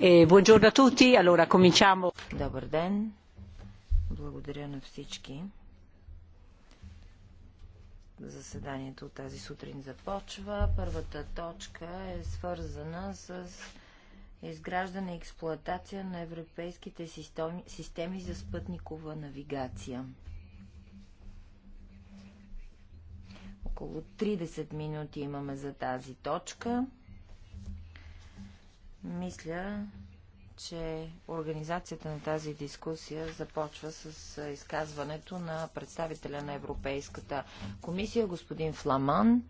E, Добър ден. Благодаря на всички. Заседанието от тази сутрин започва. Първата точка е свързана с изграждане и експлоатация на европейските системи за спътникова навигация. Около 30 минути имаме за тази точка. Мисля, че организацията на тази дискусия започва с изказването на представителя на Европейската комисия, господин Фламан.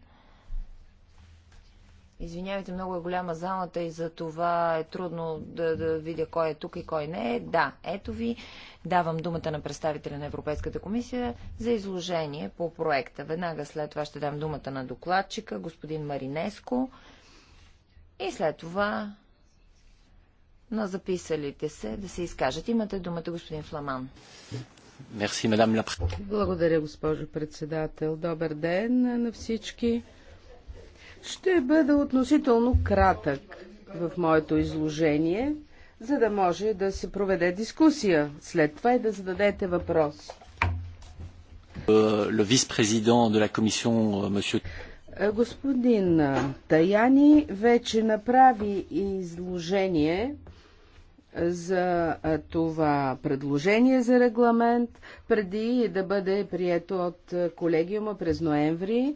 Извинявайте, много е голяма залата и за това е трудно да, да видя кой е тук и кой не е. Да, ето ви, давам думата на представителя на Европейската комисия за изложение по проекта. Веднага след това ще дам думата на докладчика, господин Маринеско. И след това на записалите се да се изкажат. Имате думата, господин Фламан. Merci, la... Благодаря, госпожо председател. Добър ден на всички. Ще бъда относително кратък в моето изложение, за да може да се проведе дискусия след това и да зададете въпрос. Е, е, е, господин Таяни вече направи изложение за това предложение за регламент, преди да бъде прието от колегиума през ноември.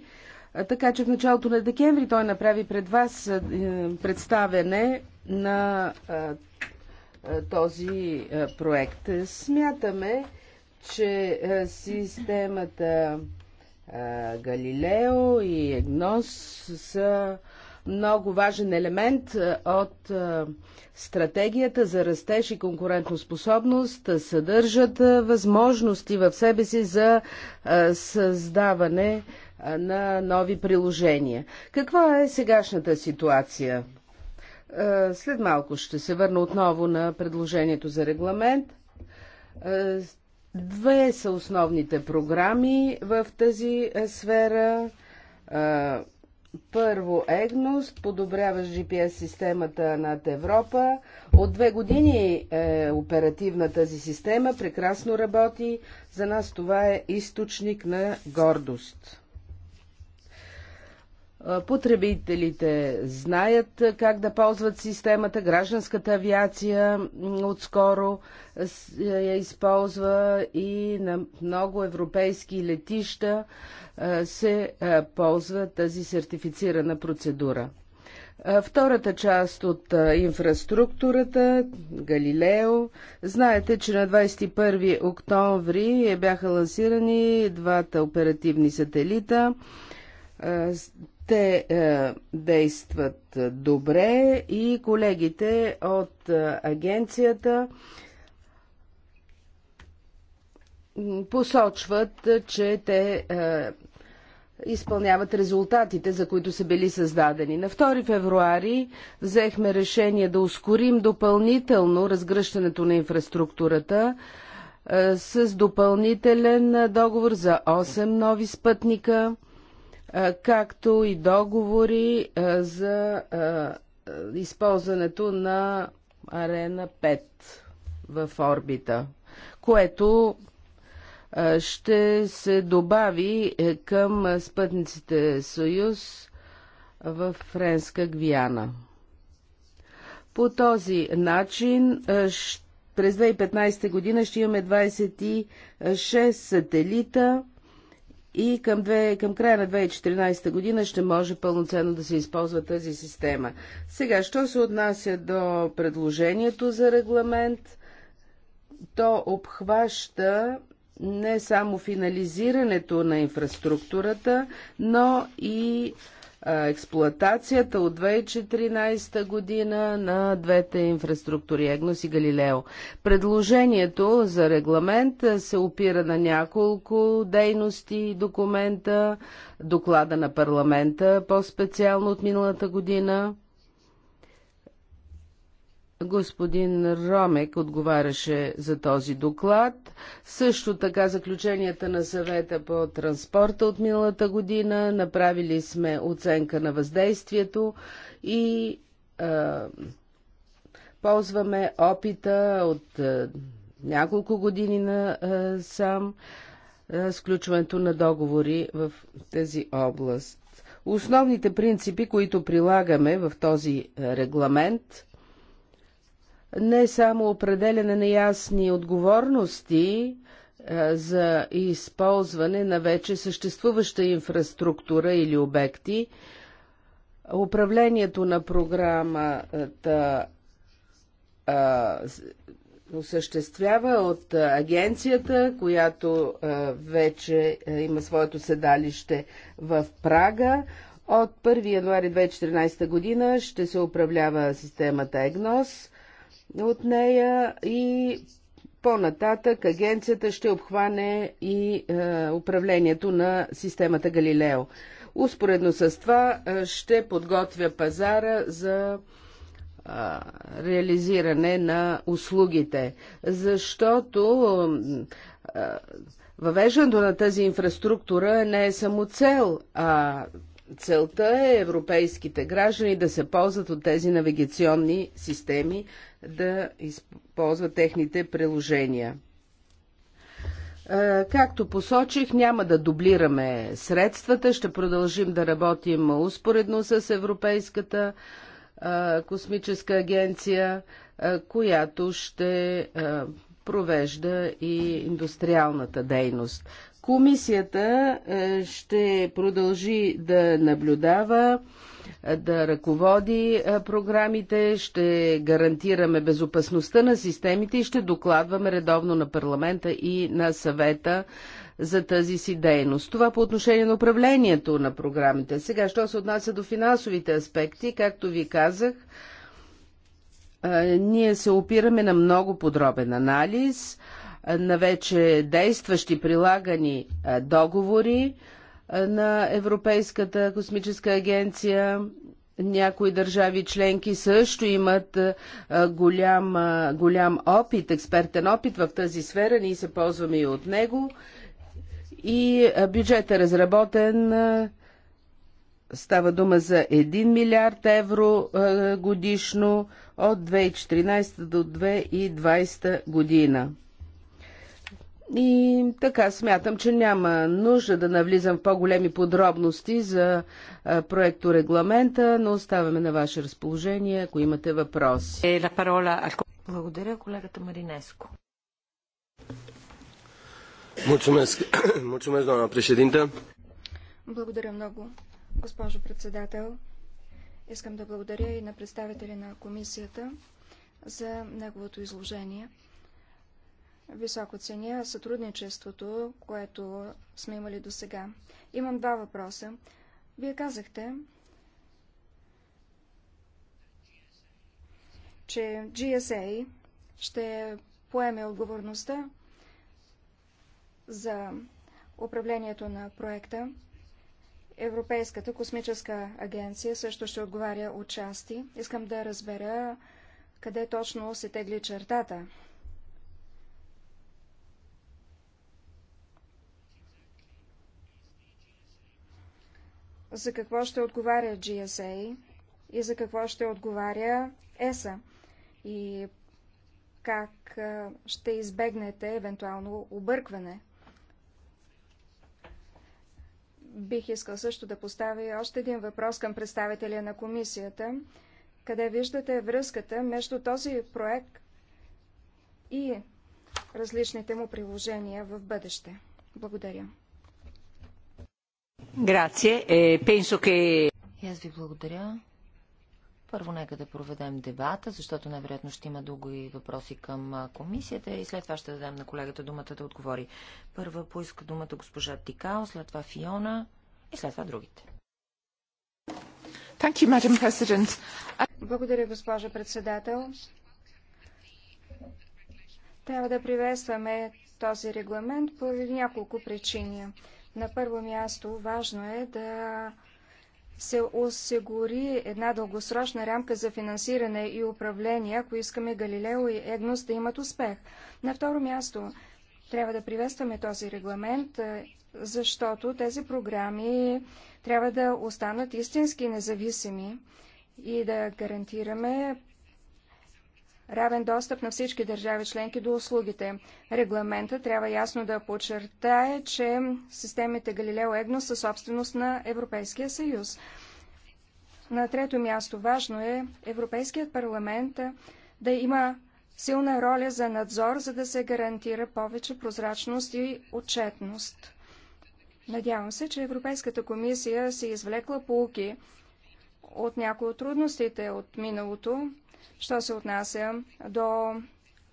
Така че в началото на декември той направи пред вас е, представене на този проект. Смятаме, че системата Галилео и Егнос са много важен елемент е, от е, стратегията за растеж и конкурентоспособност, съдържат е, възможности в себе си за създаване на нови приложения. Каква е сегашната ситуация? След малко ще се върна отново на предложението за регламент. Две са основните програми в тази сфера първо Егност подобряваш GPS системата над Европа. От две години е оперативна тази система, прекрасно работи. За нас това е източник на гордост. Потребителите знаят как да ползват системата. Гражданската авиация отскоро е, я използва и на много европейски летища се ползва тази сертифицирана процедура. Втората част от инфраструктурата, Галилео. Знаете, че на 21 октомври е бяха лансирани двата оперативни сателита те е, действат добре и колегите от е, агенцията посочват, че те е, изпълняват резултатите, за които са били създадени. На 2 февруари взехме решение да ускорим допълнително разгръщането на инфраструктурата е, с допълнителен договор за 8 нови спътника – както и договори за използването на Арена 5 в орбита, което ще се добави е, към спътниците Союз в Френска Гвиана. По този начин през 2015 година ще имаме 26 сателита, и към, две, към края на 2014 година ще може пълноценно да се използва тази система. Сега, що се отнася до предложението за регламент, то обхваща не само финализирането на инфраструктурата, но и експлоатацията от 2014 година на двете инфраструктури Егнос и Галилео. Предложението за регламент се опира на няколко дейности и документа, доклада на парламента, по-специално от миналата година, Господин Ромек отговаряше за този доклад. Също така заключенията на съвета по транспорта от миналата година. Направили сме оценка на въздействието и а, ползваме опита от а, няколко години на а, сам а, сключването на договори в тази област. Основните принципи, които прилагаме в този регламент – не само определяне на ясни отговорности е, за използване на вече съществуваща инфраструктура или обекти, управлението на програмата е, осъществява от агенцията, която е, вече има своето седалище в Прага. От 1 януари 2014 година ще се управлява системата ЕГНОС от нея и по-нататък агенцията ще обхване и е, управлението на системата Галилео. Успоредно с това е, ще подготвя пазара за е, реализиране на услугите, защото е, въвеждането на тази инфраструктура не е само цел, а Целта е европейските граждани да се ползват от тези навигационни системи, да използват техните приложения. Както посочих, няма да дублираме средствата, ще продължим да работим успоредно с Европейската космическа агенция, която ще провежда и индустриалната дейност. Комисията е, ще продължи да наблюдава, е, да ръководи е, програмите, ще гарантираме безопасността на системите и ще докладваме редовно на парламента и на съвета за тази си дейност. Това по отношение на управлението на програмите. Сега, що се отнася до финансовите аспекти, както ви казах, ние се опираме на много подробен анализ – на вече действащи прилагани договори на Европейската космическа агенция. Някои държави членки също имат голям, голям опит, експертен опит в тази сфера. Ние се ползваме и от него. И бюджет е разработен. Става дума за 1 милиард евро годишно от 2014 до 2020 година. И така смятам, че няма нужда да навлизам в по-големи подробности за проекто регламента, но оставяме на ваше разположение, ако имате въпроси. Е, благодаря, колегата Маринеско. doamna Благодаря много, госпожо председател. Искам да благодаря и на представители на комисията за неговото изложение. Високо ценя сътрудничеството, което сме имали до сега. Имам два въпроса. Вие казахте, че GSA ще поеме отговорността за управлението на проекта. Европейската космическа агенция също ще отговаря от части. Искам да разбера къде точно се тегли чертата за какво ще отговаря GSA и за какво ще отговаря ЕСА и как ще избегнете евентуално объркване. Бих искал също да поставя още един въпрос към представителя на комисията. Къде виждате връзката между този проект и различните му приложения в бъдеще? Благодаря. E и аз ви благодаря. Първо нека да проведем дебата, защото най-вероятно ще има дълго и въпроси към комисията и след това ще дадем на колегата думата да отговори. Първа поиска думата госпожа Тикао, след това Фиона и след това другите. You, Благодаря, госпожа председател. Трябва да приветстваме този регламент по няколко причини. На първо място важно е да се осигури една дългосрочна рамка за финансиране и управление, ако искаме Галилео и Егнос да имат успех. На второ място трябва да приветстваме този регламент, е, защото тези програми трябва да останат истински независими и да гарантираме равен достъп на всички държави членки до услугите. Регламента трябва ясно да подчертае, че системите Галилео Егно са собственост на Европейския съюз. На трето място важно е Европейският парламент да има силна роля за надзор, за да се гарантира повече прозрачност и отчетност. Надявам се, че Европейската комисия се извлекла полуки от някои от трудностите от миналото що се отнася до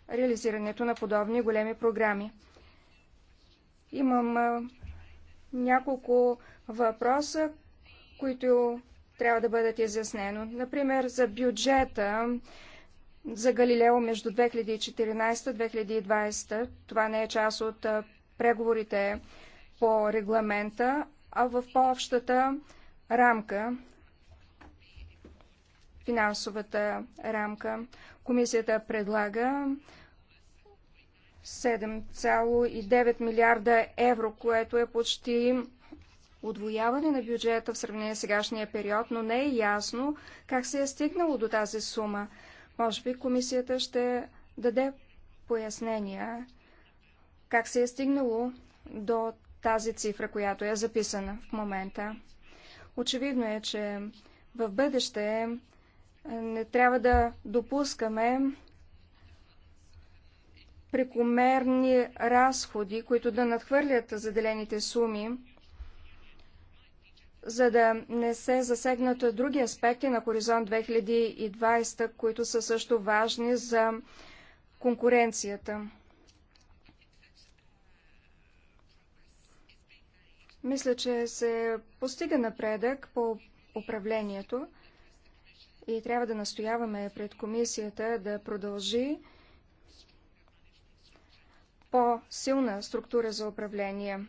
реализирането на подобни големи програми. Имам няколко въпроса, които трябва да бъдат изяснено. Например, за бюджета за Галилео между 2014-2020. Това не е част от преговорите по регламента, а в по-общата рамка финансовата рамка. Комисията предлага 7,9 милиарда евро, което е почти отвояване на бюджета в сравнение с сегашния период, но не е ясно как се е стигнало до тази сума. Може би комисията ще даде пояснения как се е стигнало до тази цифра, която е записана в момента. Очевидно е, че в бъдеще не трябва да допускаме прекомерни разходи, които да надхвърлят заделените суми, за да не се засегнат други аспекти на Хоризонт 2020, които са също важни за конкуренцията. Мисля, че се постига напредък по управлението и трябва да настояваме пред комисията да продължи по-силна структура за управление.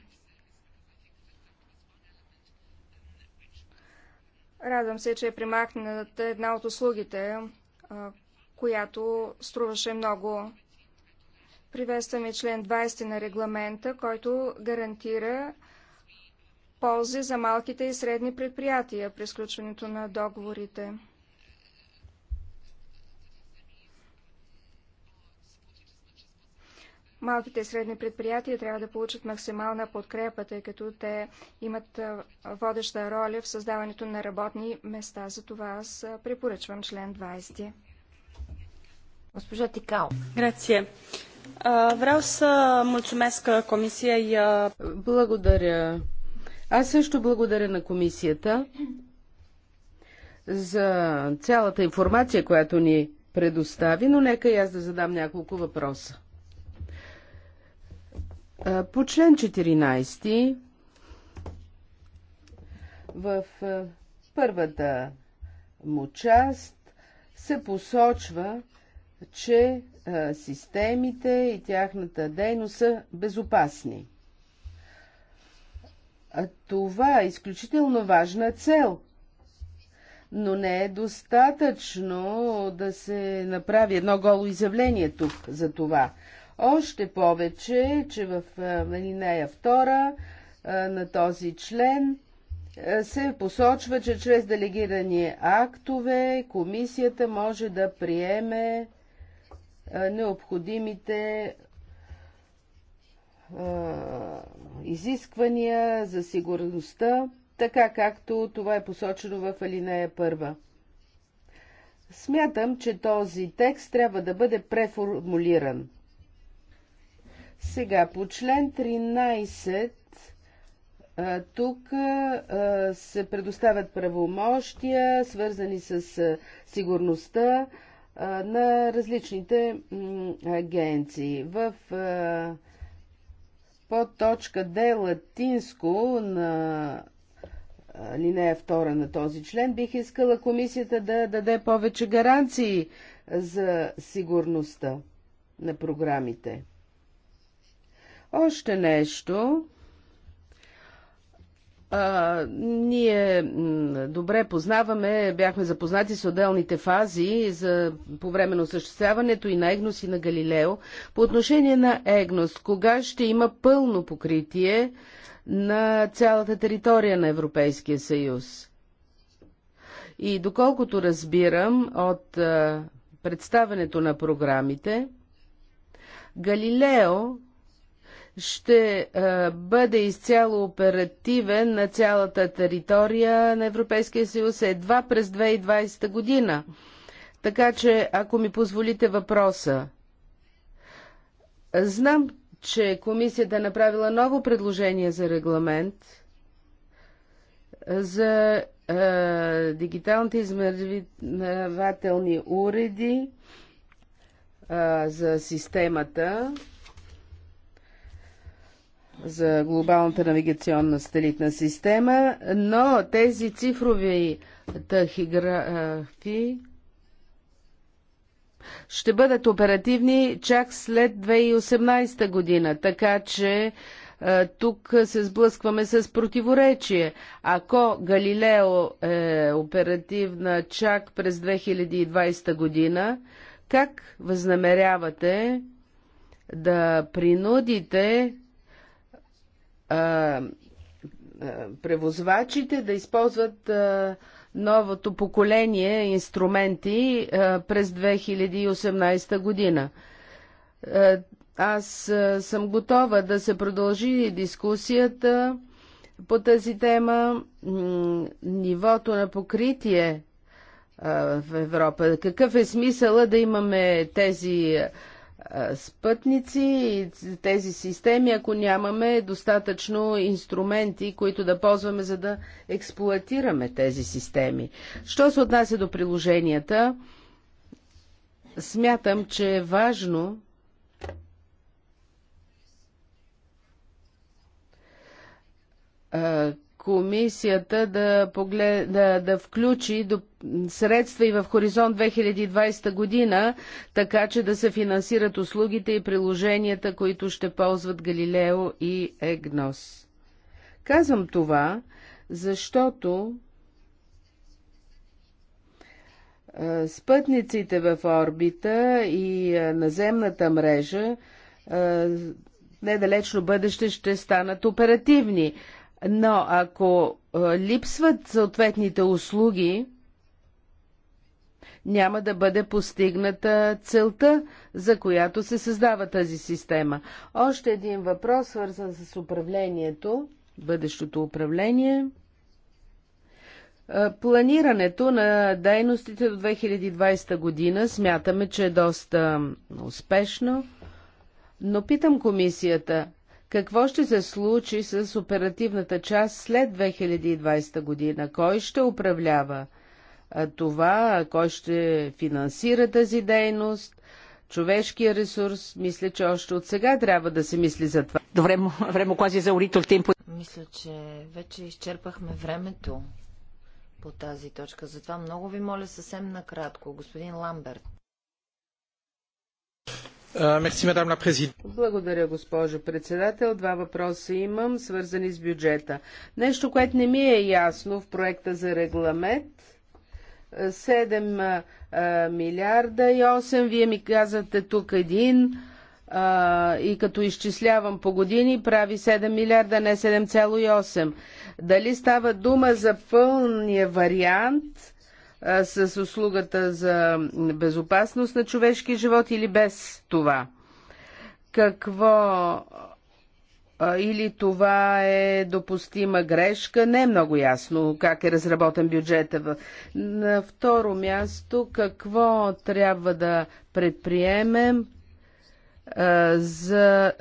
Радвам се, че е примахната една от услугите, която струваше много. Приветстваме член 20 на регламента, който гарантира ползи за малките и средни предприятия при сключването на договорите. Малките и средни предприятия трябва да получат максимална подкрепа, тъй като те имат водеща роля в създаването на работни места. За това аз препоръчвам член 20. Госпожа Тикао. Грация. Vreau să mulțumesc Comisiei. Благодаря. Аз също благодаря на Комисията за цялата информация, която ни предостави, но нека и аз да задам няколко въпроса. По член 14 в първата му част се посочва, че системите и тяхната дейност са безопасни. Това е изключително важна цел, но не е достатъчно да се направи едно голо изявление тук за това. Още повече, че в алинея 2 на този член се посочва, че чрез делегирани актове комисията може да приеме необходимите изисквания за сигурността, така както това е посочено в алинея 1. Смятам, че този текст трябва да бъде преформулиран. Сега, по член 13 тук се предоставят правомощия, свързани с сигурността на различните агенции. В под точка Д латинско на линея втора на този член бих искала комисията да даде повече гаранции за сигурността на програмите. Още нещо. А, ние добре познаваме, бяхме запознати с отделните фази за, по време на осъществяването и на Егнос и на Галилео. По отношение на Егнос, кога ще има пълно покритие на цялата територия на Европейския съюз? И доколкото разбирам от а, представенето на програмите, Галилео ще е, бъде изцяло оперативен на цялата територия на Европейския съюз едва през 2020 година. Така че, ако ми позволите въпроса, знам, че комисията е направила ново предложение за регламент за е, дигиталните измервателни уреди е, за системата за глобалната навигационна стелитна система, но тези цифрови тахиграфи ще бъдат оперативни чак след 2018 година, така че тук се сблъскваме с противоречие. Ако Галилео е оперативна чак през 2020 година, как възнамерявате да принудите превозвачите да използват новото поколение инструменти през 2018 година. Аз съм готова да се продължи дискусията по тази тема. Нивото на покритие в Европа. Какъв е смисъла да имаме тези спътници и тези системи, ако нямаме достатъчно инструменти, които да ползваме, за да експлуатираме тези системи. Що се отнася до приложенията, смятам, че е важно комисията да, поглед, да, да включи до, средства и в Хоризонт 2020 година, така че да се финансират услугите и приложенията, които ще ползват Галилео и Егнос. Казвам това, защото спътниците в орбита и наземната мрежа недалечно бъдеще ще станат оперативни. Но ако липсват съответните услуги, няма да бъде постигната целта, за която се създава тази система. Още един въпрос, свързан с управлението, бъдещото управление. Планирането на дейностите до 2020 година смятаме, че е доста успешно, но питам комисията, какво ще се случи с оперативната част след 2020 година? Кой ще управлява това? Кой ще финансира тази дейност? човешкия ресурс, мисля, че още от сега трябва да се мисли за това. Добре, време квази за урито темпо. Мисля, че вече изчерпахме времето по тази точка. Затова много ви моля съвсем накратко, господин Ламберт. Благодаря, госпожо председател. Два въпроса имам, свързани с бюджета. Нещо, което не ми е ясно в проекта за регламент. 7 милиарда и 8, вие ми казвате тук един и като изчислявам по години прави 7 милиарда, не 7,8. Дали става дума за пълния вариант с услугата за безопасност на човешки живот или без това? Какво или това е допустима грешка? Не е много ясно как е разработен бюджета. На второ място, какво трябва да предприемем за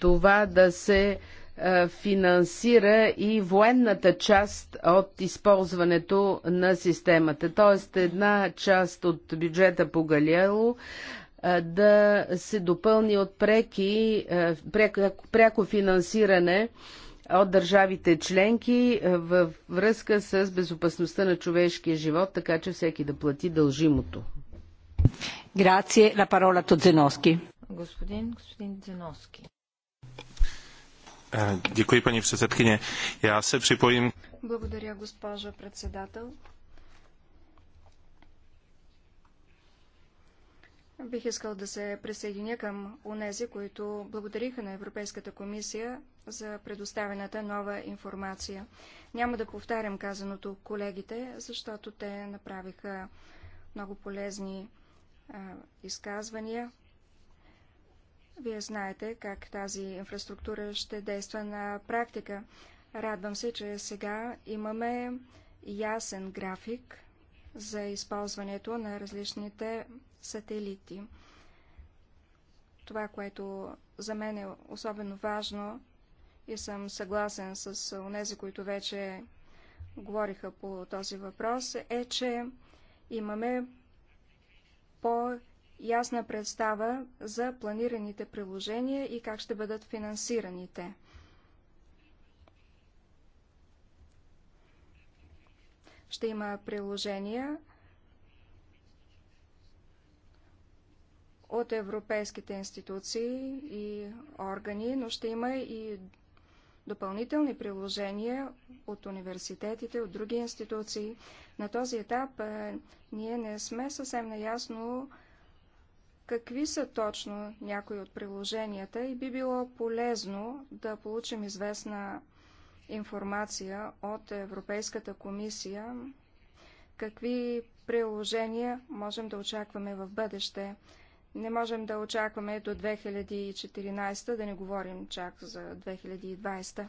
това да се е, финансира и военната част от използването на системата. Тоест една част от бюджета по Галилео е, да се допълни от преки, е, пряко, пряко финансиране от държавите членки във връзка с безопасността на човешкия живот, така че всеки да плати дължимото. Грация, на парола Тодзеновски. Господин, господин Дзеновски. Děkuji, paní předsedkyně. Já připojím. Благодаря, госпожа председател. Бих искал да се присъединя към онези, които благодариха на Европейската комисия за предоставената нова информация. Няма да повтарям казаното колегите, защото те направиха много полезни а, изказвания. Вие знаете как тази инфраструктура ще действа на практика. Радвам се, че сега имаме ясен график за използването на различните сателити. Това, което за мен е особено важно и съм съгласен с онези, които вече говориха по този въпрос, е, че имаме по ясна представа за планираните приложения и как ще бъдат финансираните. Ще има приложения от европейските институции и органи, но ще има и допълнителни приложения от университетите, от други институции. На този етап ние не сме съвсем наясно какви са точно някои от приложенията и би било полезно да получим известна информация от Европейската комисия, какви приложения можем да очакваме в бъдеще. Не можем да очакваме до 2014, да не говорим чак за 2020.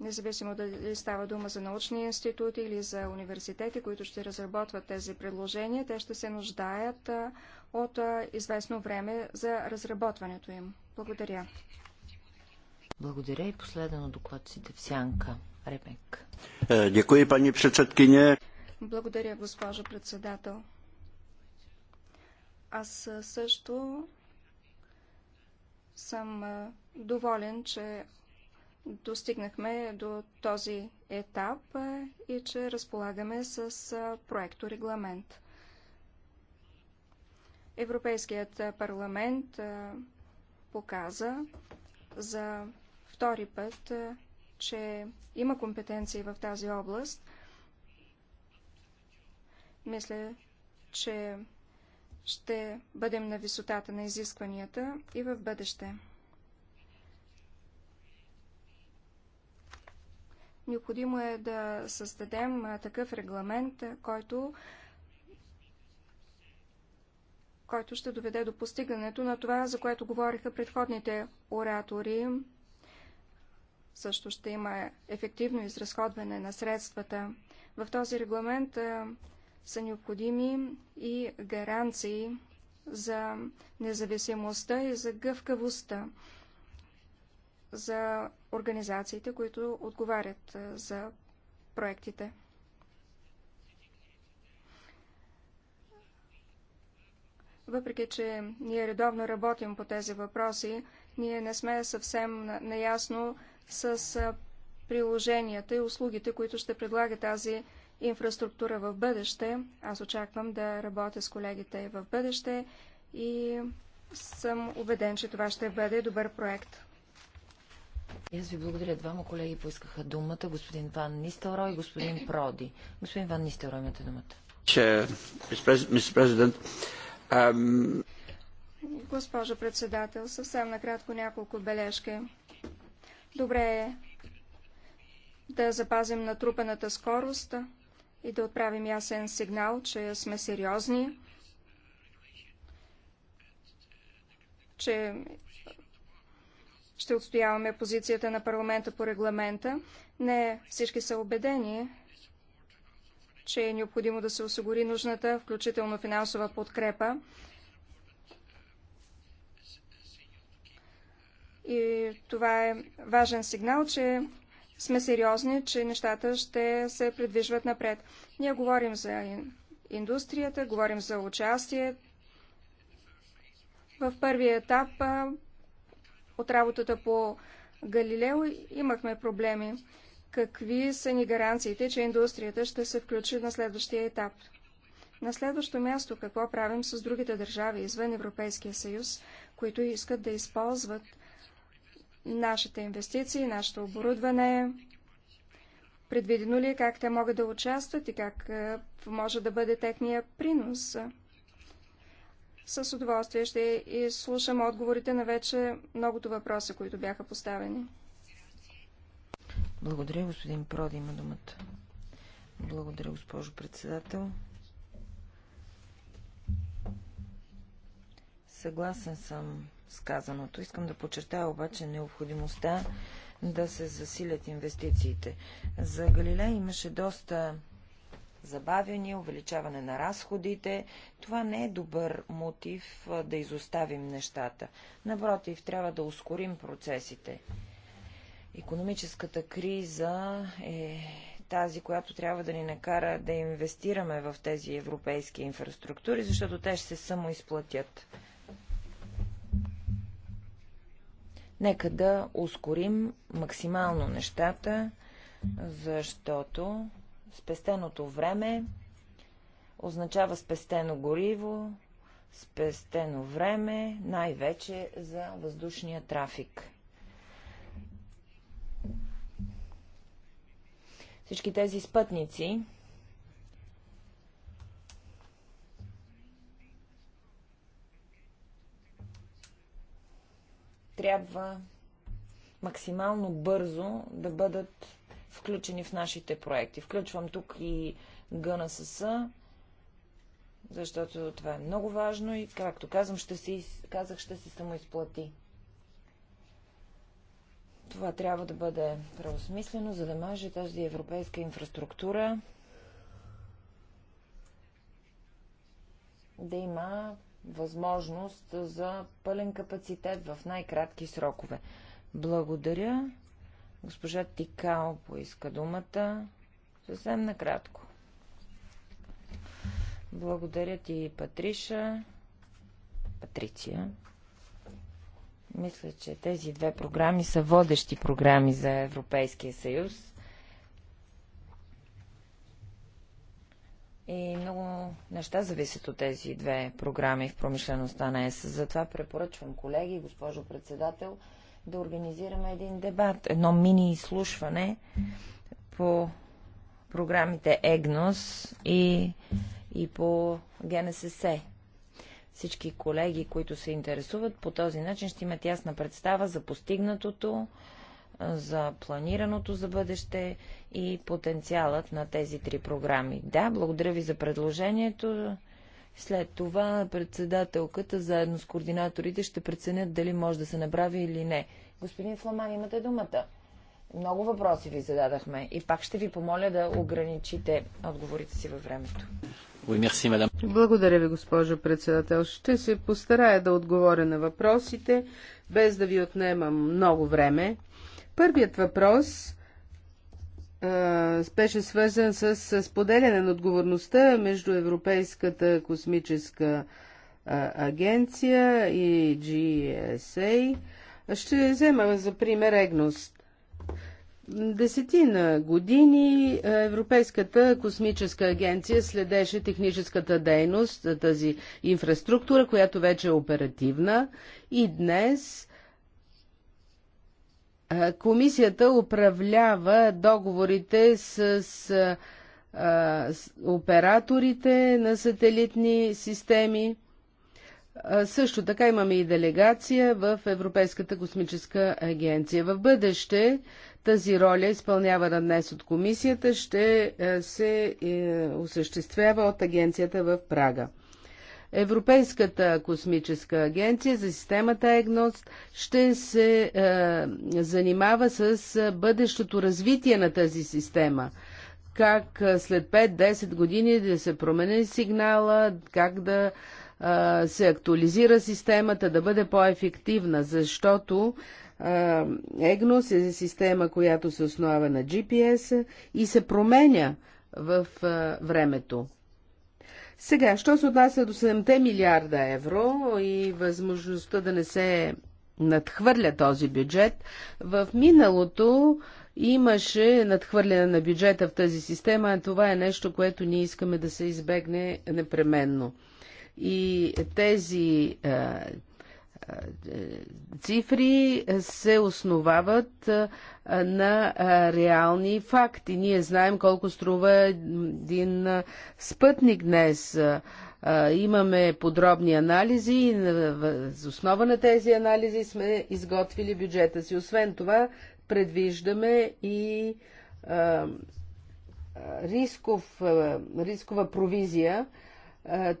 Независимо дали става дума за научни институти или за университети, които ще разработват тези предложения, те ще се нуждаят от известно време за разработването им. Благодаря. Благодаря и от докладците в Сянка. Ребек. Е, дякую, пани председкиня. Благодаря, госпожо председател. Аз също съм доволен, че достигнахме до този етап и че разполагаме с проекто регламент. Европейският парламент показа за втори път, че има компетенции в тази област. Мисля, че ще бъдем на висотата на изискванията и в бъдеще. Необходимо е да създадем такъв регламент, който който ще доведе до постигането на това, за което говориха предходните оратори. Също ще има ефективно изразходване на средствата. В този регламент са необходими и гаранции за независимостта и за гъвкавостта за организациите, които отговарят за проектите. Въпреки, че ние редовно работим по тези въпроси, ние не сме съвсем наясно с приложенията и услугите, които ще предлага тази инфраструктура в бъдеще. Аз очаквам да работя с колегите в бъдеще и съм убеден, че това ще бъде добър проект. И аз ви благодаря. Двама колеги поискаха думата. Господин Ван Нистелро и господин Проди. Господин Ван Нистелро, имате думата. Че, мис президент, Госпожо председател, съвсем накратко няколко бележки. Добре е да запазим натрупаната скорост и да отправим ясен сигнал, че сме сериозни, че ще отстояваме позицията на парламента по регламента. Не всички са убедени, че е необходимо да се осигури нужната, включително финансова подкрепа. И това е важен сигнал, че сме сериозни, че нещата ще се предвижват напред. Ние говорим за индустрията, говорим за участие. В първия етап от работата по Галилео имахме проблеми какви са ни гаранциите, че индустрията ще се включи на следващия етап. На следващо място, какво правим с другите държави извън Европейския съюз, които искат да използват нашите инвестиции, нашето оборудване, предвидено ли е как те могат да участват и как е, може да бъде техния принос. С удоволствие ще изслушам отговорите на вече многото въпроса, които бяха поставени. Благодаря, господин Проди, има думата. Благодаря, госпожо председател. Съгласен съм с казаното. Искам да подчертая обаче необходимостта да се засилят инвестициите. За Галилей имаше доста забавяне, увеличаване на разходите. Това не е добър мотив да изоставим нещата. Напротив, трябва да ускорим процесите. Економическата криза е тази, която трябва да ни накара да инвестираме в тези европейски инфраструктури, защото те ще се самоизплатят. Нека да ускорим максимално нещата, защото спестеното време означава спестено гориво, спестено време, най-вече за въздушния трафик. всички тези спътници. Трябва максимално бързо да бъдат включени в нашите проекти. Включвам тук и ГНСС, защото това е много важно и, както казвам, ще казах, ще се самоизплати. Това трябва да бъде преосмислено, за да може тази европейска инфраструктура да има възможност за пълен капацитет в най-кратки срокове. Благодаря. Госпожа Тикао поиска думата. Съвсем накратко. Благодаря ти, Патриша. Патриция. Мисля, че тези две програми са водещи програми за Европейския съюз. И много неща зависят от тези две програми в промишлеността на ЕС. Затова препоръчвам колеги, госпожо председател, да организираме един дебат, едно мини изслушване по програмите ЕГНОС и, и по ГНСС всички колеги, които се интересуват. По този начин ще имат ясна представа за постигнатото, за планираното за бъдеще и потенциалът на тези три програми. Да, благодаря ви за предложението. След това председателката заедно с координаторите ще преценят дали може да се направи или не. Господин Фламан, имате думата. Много въпроси ви зададахме и пак ще ви помоля да ограничите отговорите си във времето. Благодаря ви, госпожо председател. Ще се постарая да отговоря на въпросите, без да ви отнемам много време. Първият въпрос а, беше свързан с споделяне на отговорността между Европейската космическа а, агенция и GSA. Ще взема за пример Егност десетина години Европейската космическа агенция следеше техническата дейност, тази инфраструктура, която вече е оперативна и днес комисията управлява договорите с, с операторите на сателитни системи. Също така имаме и делегация в Европейската космическа агенция. В бъдеще тази роля, изпълнявана днес от комисията, ще е, се е, осъществява от агенцията в Прага. Европейската космическа агенция за системата ЕГНОС ще се е, занимава с е, бъдещото развитие на тази система. Как след 5-10 години да се промени сигнала, как да е, се актуализира системата, да бъде по-ефективна, защото EGNOS е, е система, която се основа на GPS и се променя в времето. Сега, що се отнася до 7 милиарда евро и възможността да не се надхвърля този бюджет, в миналото имаше надхвърляне на бюджета в тази система, а това е нещо, което ние искаме да се избегне непременно. И тези а, цифри се основават на реални факти. Ние знаем колко струва един спътник днес. Имаме подробни анализи и за основа на тези анализи сме изготвили бюджета си. Освен това, предвиждаме и рисков, рискова провизия,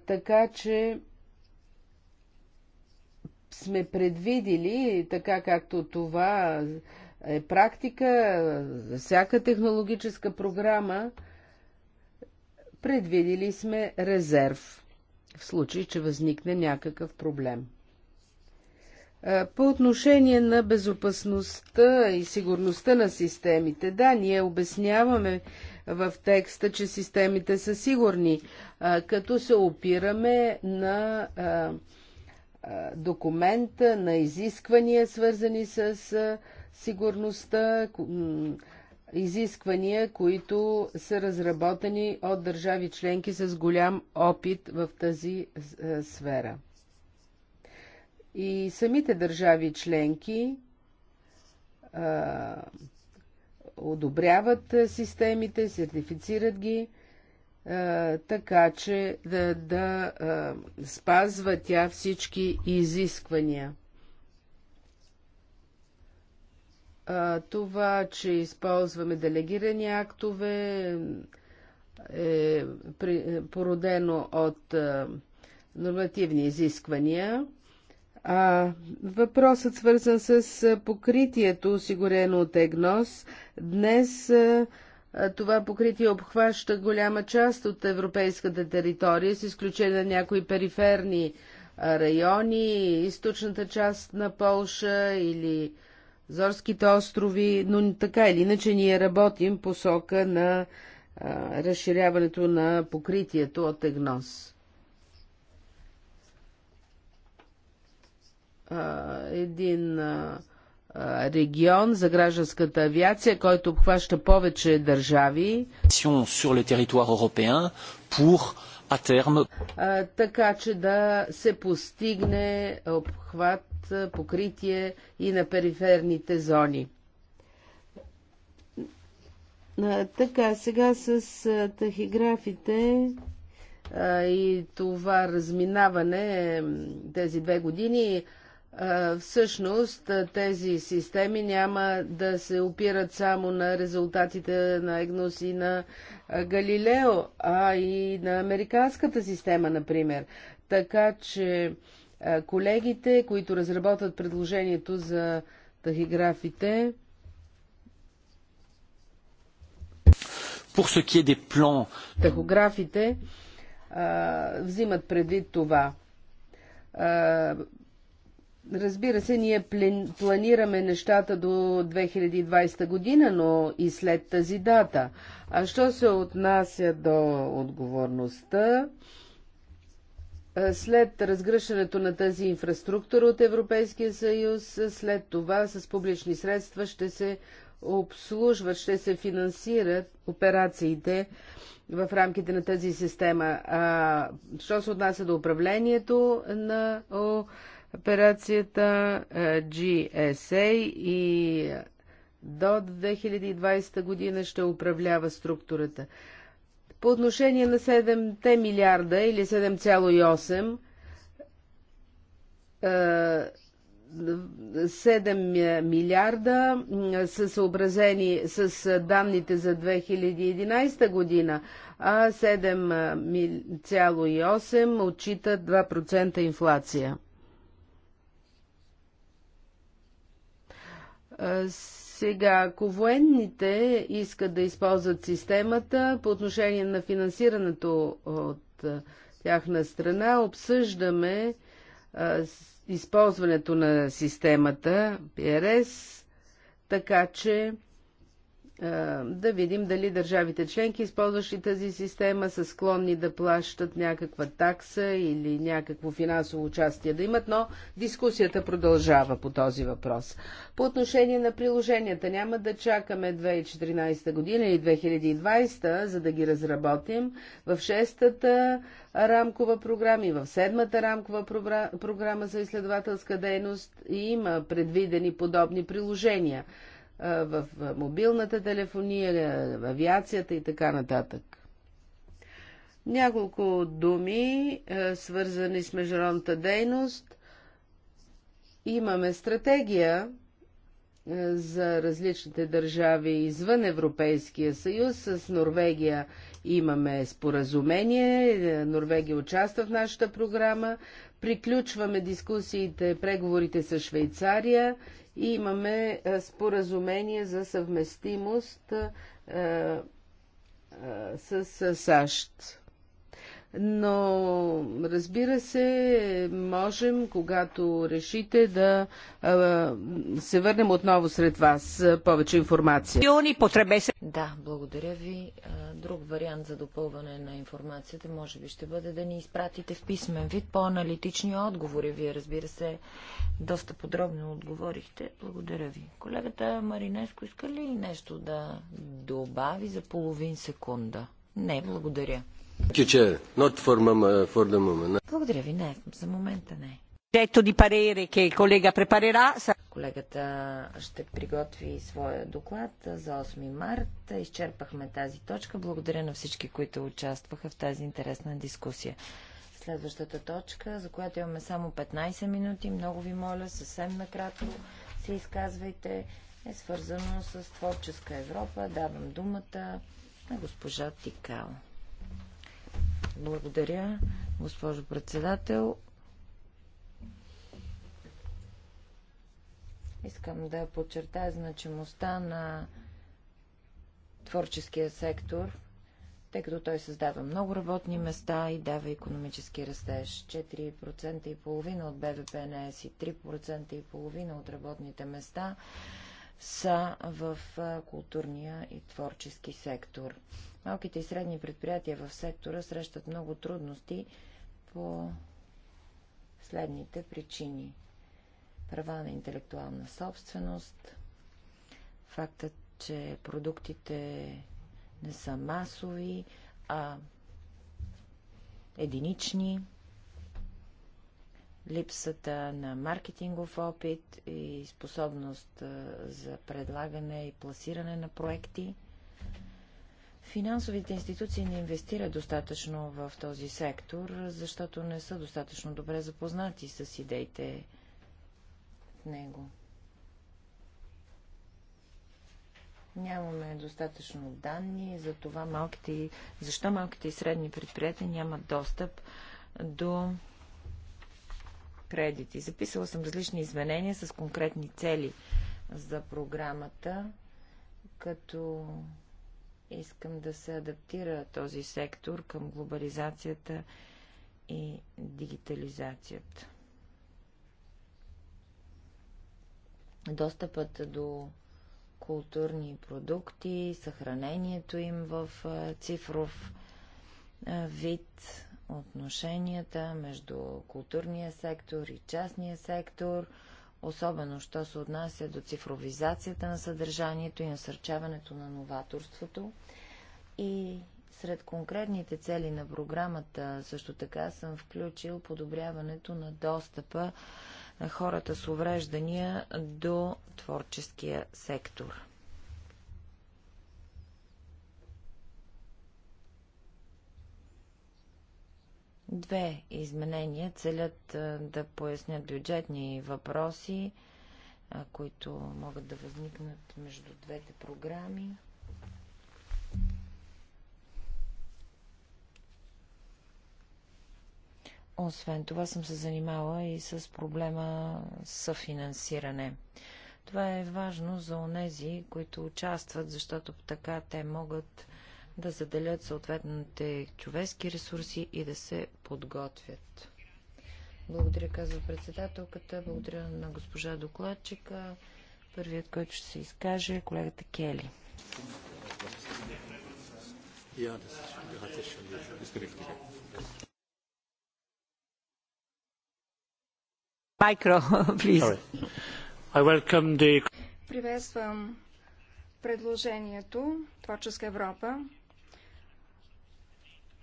така че сме предвидили, така както това е практика, всяка технологическа програма, предвидили сме резерв, в случай, че възникне някакъв проблем. По отношение на безопасността и сигурността на системите, да, ние обясняваме в текста, че системите са сигурни, като се опираме на документ на изисквания, свързани с сигурността, изисквания, които са разработени от държави членки с голям опит в тази сфера. И самите държави членки одобряват системите, сертифицират ги е, така че да, да а, е, спазва тя всички изисквания. А, е, това, че използваме делегирани актове, е при, породено от а, нормативни изисквания. А, въпросът свързан с покритието, осигурено от ЕГНОС, днес а, това покритие обхваща голяма част от европейската територия, с изключение на някои периферни райони, източната част на Полша или Зорските острови, но така или иначе ние работим посока на а, разширяването на покритието от ЕГНОС. А, един а, регион за гражданската авиация, който обхваща повече държави. Така че да се постигне обхват, покритие и на периферните зони. Така, сега с тахиграфите и това разминаване тези две години всъщност тези системи няма да се опират само на резултатите на Егнос и на Галилео, а и на американската система, например. Така че колегите, които разработват предложението за тахиграфите, Pour ce qui est des plans... Тахографите а, взимат предвид това. А, Разбира се, ние планираме нещата до 2020 година, но и след тази дата. А що се отнася до отговорността, след разгръщането на тази инфраструктура от Европейския съюз, след това с публични средства ще се обслужват, ще се финансират операциите в рамките на тази система. А, що се отнася до управлението на операцията е, GSA и до 2020 година ще управлява структурата. По отношение на 7 милиарда или 7,8, 7 е, милиарда са съобразени с данните за 2011 година, а 7,8 отчита 2% инфлация. Сега, ако военните искат да използват системата по отношение на финансирането от тяхна страна, обсъждаме използването на системата ПРС, така че е, да видим дали държавите членки, използващи тази система, са склонни да плащат някаква такса или някакво финансово участие да имат, но дискусията продължава по този въпрос. По отношение на приложенията, няма да чакаме 2014 година и 2020, за да ги разработим. В шестата рамкова програма и в седмата рамкова програма за изследователска дейност и има предвидени подобни приложения – в мобилната телефония, в авиацията и така нататък. Няколко думи, свързани с международната дейност. Имаме стратегия за различните държави извън Европейския съюз. С Норвегия имаме споразумение. Норвегия участва в нашата програма. Приключваме дискусиите, преговорите с Швейцария и имаме е, споразумение за съвместимост е, е, с САЩ но разбира се, можем, когато решите, да а, се върнем отново сред вас повече информация. Да, благодаря ви. Друг вариант за допълване на информацията може би ще бъде да ни изпратите в писмен вид по-аналитични отговори. Вие, разбира се, доста подробно отговорихте. Благодаря ви. Колегата Маринеско иска ли нещо да добави за половин секунда? Не, благодаря. Uh, Благодаря ви. Не, за момента не. Колегата ще приготви своя доклад за 8 март. Изчерпахме тази точка. Благодаря на всички, които участваха в тази интересна дискусия. Следващата точка, за която имаме само 15 минути, много ви моля, съвсем накратко се изказвайте, е свързано с творческа Европа. Давам думата на госпожа Тикао. Благодаря, госпожо председател. Искам да подчертая значимостта на творческия сектор, тъй като той създава много работни места и дава економически растеж. 4% и половина от БВП на ЕС и 3% и половина от работните места са в културния и творчески сектор. Малките и средни предприятия в сектора срещат много трудности по следните причини. Права на интелектуална собственост, фактът, че продуктите не са масови, а единични, липсата на маркетингов опит и способност за предлагане и пласиране на проекти. Финансовите институции не инвестират достатъчно в този сектор, защото не са достатъчно добре запознати с идеите в него. Нямаме достатъчно данни за това малките, защо малките и средни предприятия нямат достъп до кредити. Записала съм различни изменения с конкретни цели за програмата, като искам да се адаптира този сектор към глобализацията и дигитализацията. Достъпът до културни продукти, съхранението им в цифров вид отношенията между културния сектор и частния сектор, особено що се отнася до цифровизацията на съдържанието и насърчаването на новаторството. И сред конкретните цели на програмата също така съм включил подобряването на достъпа на хората с увреждания до творческия сектор. Две изменения целят да пояснят бюджетни въпроси, които могат да възникнат между двете програми. Освен това съм се занимала и с проблема съфинансиране. Това е важно за онези, които участват, защото така те могат да заделят съответните човешки ресурси и да се подготвят. Благодаря, казва председателката. Благодаря на госпожа докладчика. Първият, който ще се изкаже, е колегата Кели. Micro, the... Приветствам предложението Творческа Европа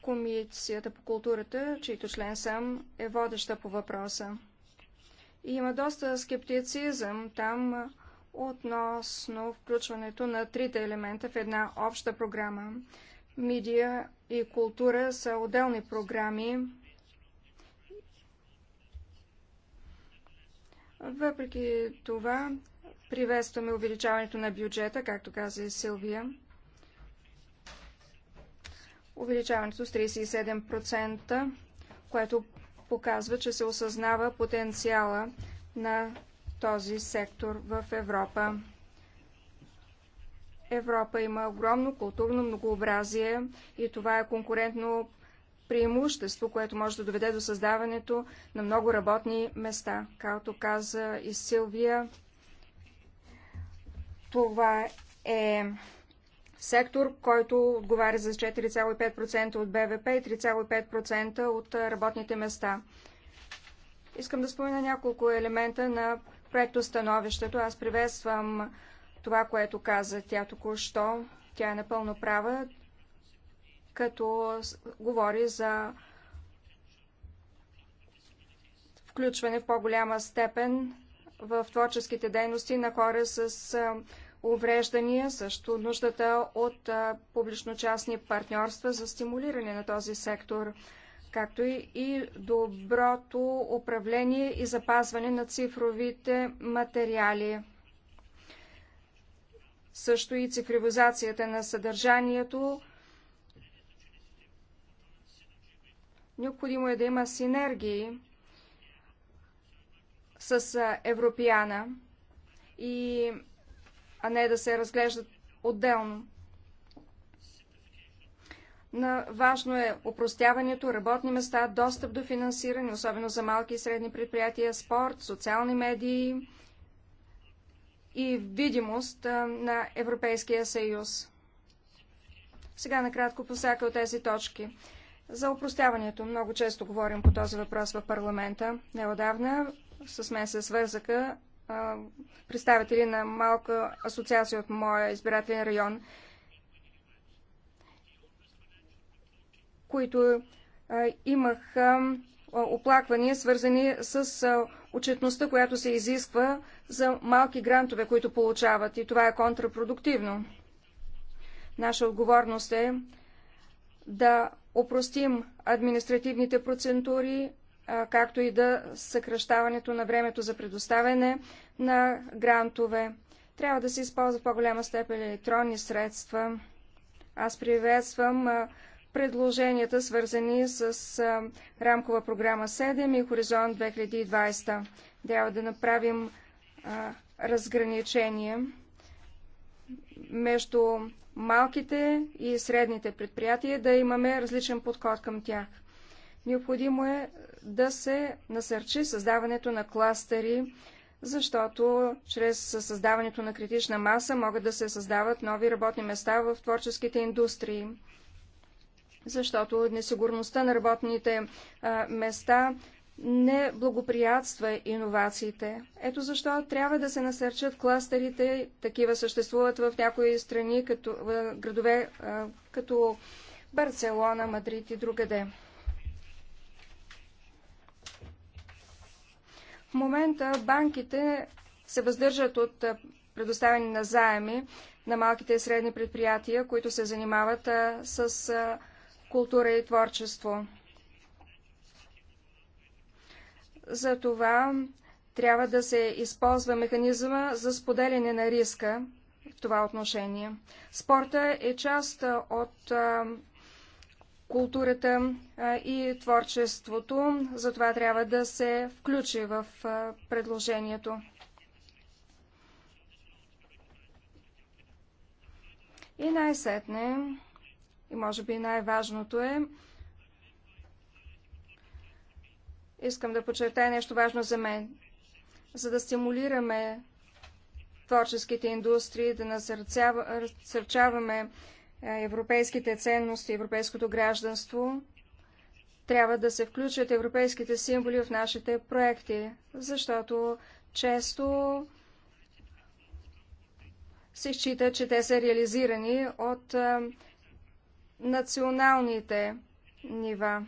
Комисията по културата, чийто член съм, е водеща по въпроса. И има доста скептицизъм там относно включването на трите елемента в една обща програма. Мидия и култура са отделни програми. Въпреки това, приветстваме увеличаването на бюджета, както каза и Силвия увеличаването с 37%, което показва, че се осъзнава потенциала на този сектор в Европа. Европа има огромно културно многообразие и това е конкурентно преимущество, което може да доведе до създаването на много работни места. Както каза и Силвия, това е сектор, който отговаря за 4,5% от БВП и 3,5% от работните места. Искам да спомена няколко елемента на проектостановището. Аз приветствам това, което каза тя току-що. Тя е напълно права, като говори за включване в по-голяма степен в творческите дейности на хора с увреждания, също нуждата от публично-частни партньорства за стимулиране на този сектор, както и доброто управление и запазване на цифровите материали. Също и цифровизацията на съдържанието. Необходимо е да има синергии с Европеяна и а не да се разглеждат отделно. На важно е упростяването, работни места, достъп до финансиране, особено за малки и средни предприятия, спорт, социални медии и видимост на Европейския съюз. Сега накратко по всяка от тези точки. За упростяването много често говорим по този въпрос в парламента. Неодавна с мен се свързаха представители на малка асоциация от моя избирателен район, които имаха оплаквания, свързани с отчетността, която се изисква за малки грантове, които получават. И това е контрапродуктивно. Наша отговорност е да опростим административните процедури, както и да съкръщаването на времето за предоставяне на грантове. Трябва да се използва в по-голяма степен електронни средства. Аз приветствам предложенията, свързани с рамкова програма 7 и Хоризонт 2020. Трябва да направим разграничение между малките и средните предприятия, да имаме различен подход към тях. Необходимо е да се насърчи създаването на кластери, защото чрез създаването на критична маса могат да се създават нови работни места в творческите индустрии. Защото несигурността на работните а, места не благоприятства иновациите. Ето защо трябва да се насърчат кластерите. Такива съществуват в някои страни, като в градове, а, като Барселона, Мадрид и другаде. В момента банките се въздържат от предоставяне на заеми на малките и средни предприятия, които се занимават с култура и творчество. За това трябва да се използва механизма за споделяне на риска в това отношение. Спорта е част от културата и творчеството. Затова трябва да се включи в предложението. И най-сетне, и може би най-важното е, искам да подчертая нещо важно за мен. За да стимулираме творческите индустрии, да насърчаваме е, европейските ценности, европейското гражданство, трябва да се включат европейските символи в нашите проекти, защото често се счита, че те са реализирани от е, националните нива.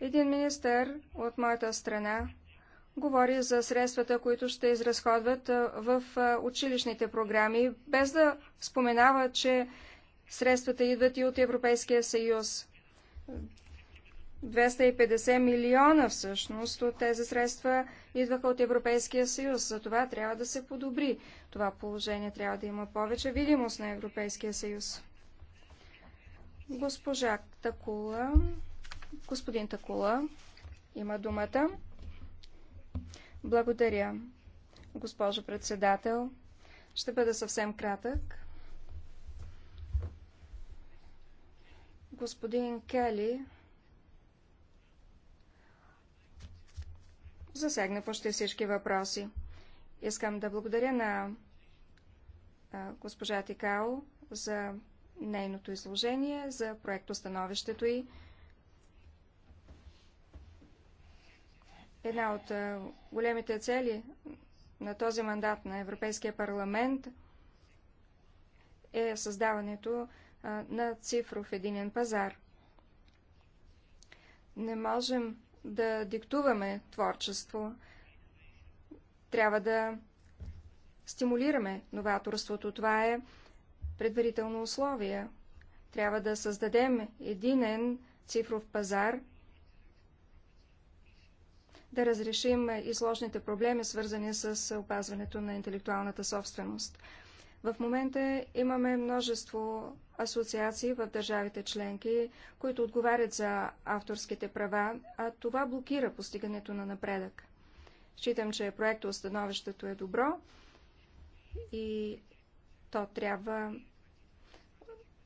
Един министър от моята страна говори за средствата, които ще изразходват в училищните програми, без да споменава, че средствата идват и от Европейския съюз. 250 милиона всъщност от тези средства идваха от Европейския съюз. За това трябва да се подобри. Това положение трябва да има повече видимост на Европейския съюз. Госпожа Такула, господин Такула, има думата. Благодаря, госпожо председател. Ще бъда съвсем кратък. Господин Кели засегна почти всички въпроси. Искам да благодаря на госпожа Тикао за нейното изложение, за становището й. Една от е, големите цели на този мандат на Европейския парламент е създаването е, на цифров единен пазар. Не можем да диктуваме творчество. Трябва да стимулираме новаторството. Това е предварително условие. Трябва да създадем единен цифров пазар – да разрешим и сложните проблеми, свързани с опазването на интелектуалната собственост. В момента имаме множество асоциации в държавите членки, които отговарят за авторските права, а това блокира постигането на напредък. Считам, че проекто становището е добро и то трябва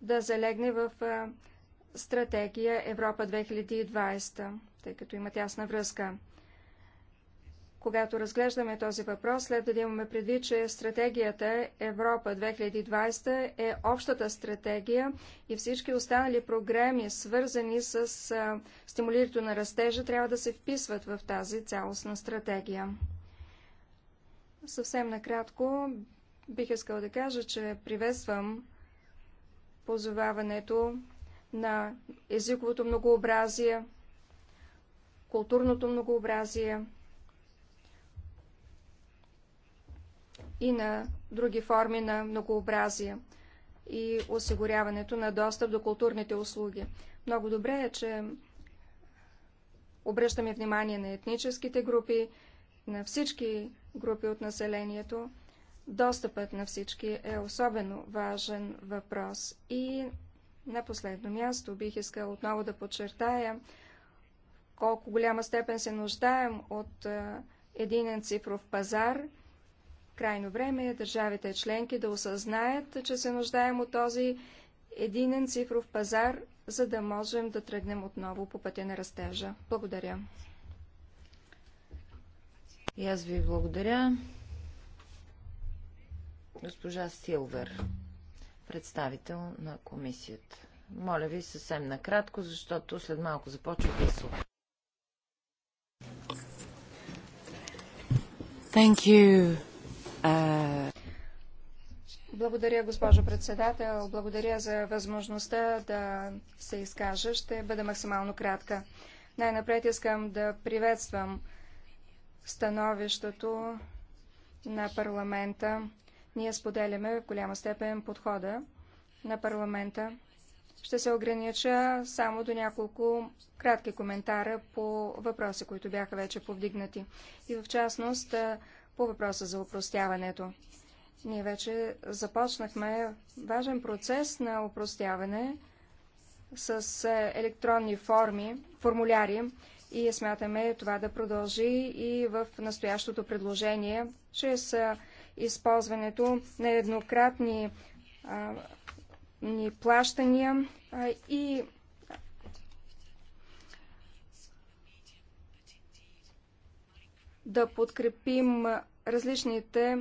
да залегне в стратегия Европа 2020, тъй като има тясна връзка. Когато разглеждаме този въпрос, следва да имаме предвид, че стратегията Европа 2020 е общата стратегия и всички останали програми, свързани с стимулирането на растежа, трябва да се вписват в тази цялостна стратегия. Съвсем накратко бих искал да кажа, че приветствам позоваването на езиковото многообразие, културното многообразие, и на други форми на многообразие и осигуряването на достъп до културните услуги. Много добре е, че обръщаме внимание на етническите групи, на всички групи от населението. Достъпът на всички е особено важен въпрос. И на последно място бих искал отново да подчертая колко голяма степен се нуждаем от единен цифров пазар – Крайно време е държавите членки да осъзнаят, че се нуждаем от този единен цифров пазар, за да можем да тръгнем отново по пътя на растежа. Благодаря. И аз ви благодаря. Госпожа Силвер, представител на комисията. Моля ви съвсем накратко, защото след малко започва гласуване. Thank you. Благодаря, госпожо председател. Благодаря за възможността да се изкажа. Ще бъда максимално кратка. Най-напред искам да приветствам становището на парламента. Ние споделяме в голяма степен подхода на парламента. Ще се огранича само до няколко кратки коментара по въпроси, които бяха вече повдигнати. И в частност по въпроса за упростяването. Ние вече започнахме важен процес на упростяване с е, електронни форми, формуляри и смятаме това да продължи и в настоящото предложение, чрез е, използването на еднократни а, ни плащания а, и да подкрепим различните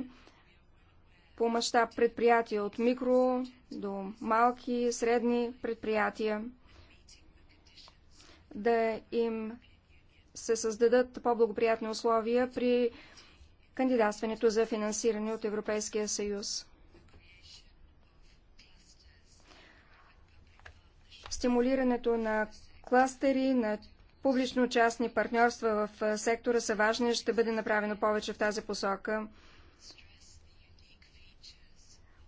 по мащаб предприятия от микро до малки, средни предприятия, да им се създадат по-благоприятни условия при кандидатстването за финансиране от Европейския съюз. Стимулирането на кластери, на Публично-частни партньорства в сектора са важни, ще бъде направено повече в тази посока.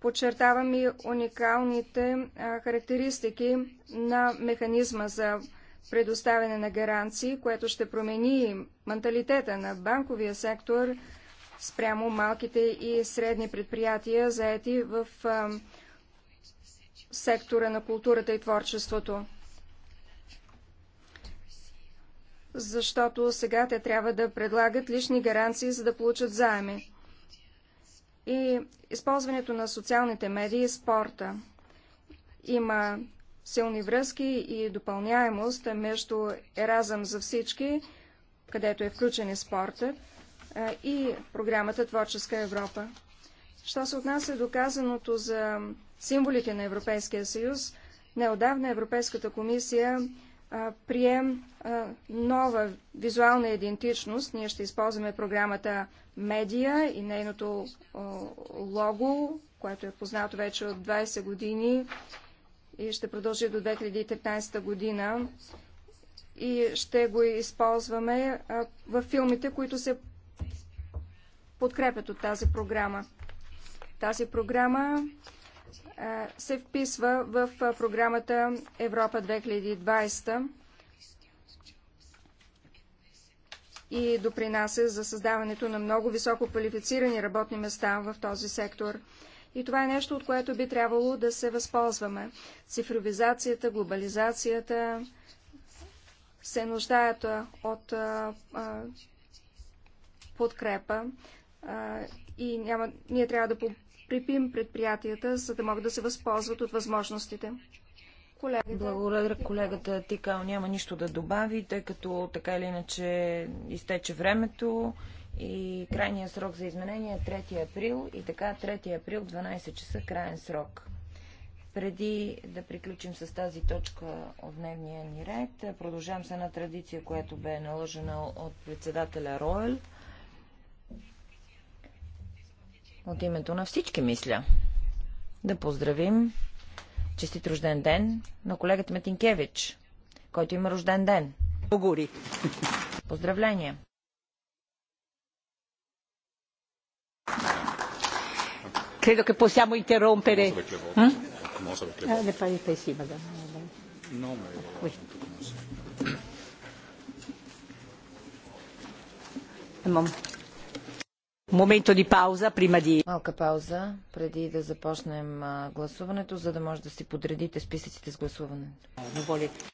Подчертавам и уникалните характеристики на механизма за предоставяне на гаранции, което ще промени менталитета на банковия сектор спрямо малките и средни предприятия, заети в сектора на културата и творчеството. защото сега те трябва да предлагат лични гаранции, за да получат заеми. И използването на социалните медии и е спорта. Има силни връзки и допълняемост между Еразъм за всички, където е включен и спорта, и програмата Творческа Европа. Що се отнася до казаното за символите на Европейския съюз, неодавна Европейската комисия прием нова визуална идентичност. Ние ще използваме програмата Медия и нейното лого, което е познато вече от 20 години и ще продължи до 2013 година. И ще го използваме в филмите, които се подкрепят от тази програма. Тази програма се вписва в програмата Европа 2020 и допринася за създаването на много високо квалифицирани работни места в този сектор. И това е нещо, от което би трябвало да се възползваме. Цифровизацията, глобализацията се нуждаят от подкрепа и няма, ние трябва да подкрепим предприятията, за да могат да се възползват от възможностите. Колегата... Благодаря колегата Тикал. Няма нищо да добави, тъй като така или иначе изтече времето и крайния срок за изменение е 3 април и така 3 април 12 часа крайен срок. Преди да приключим с тази точка от дневния ни ред, продължавам се на традиция, която бе наложена от председателя Ройл – от името на всички, мисля. Да поздравим. Честит рожден ден на колегата Метинкевич, който има рожден ден. Огури. Поздравления. Credo che possiamo interrompere. Un hm? moment. Моменто ди пауза, прима ди... Малка пауза, преди да започнем гласуването, за да може да си подредите списъците с гласуването.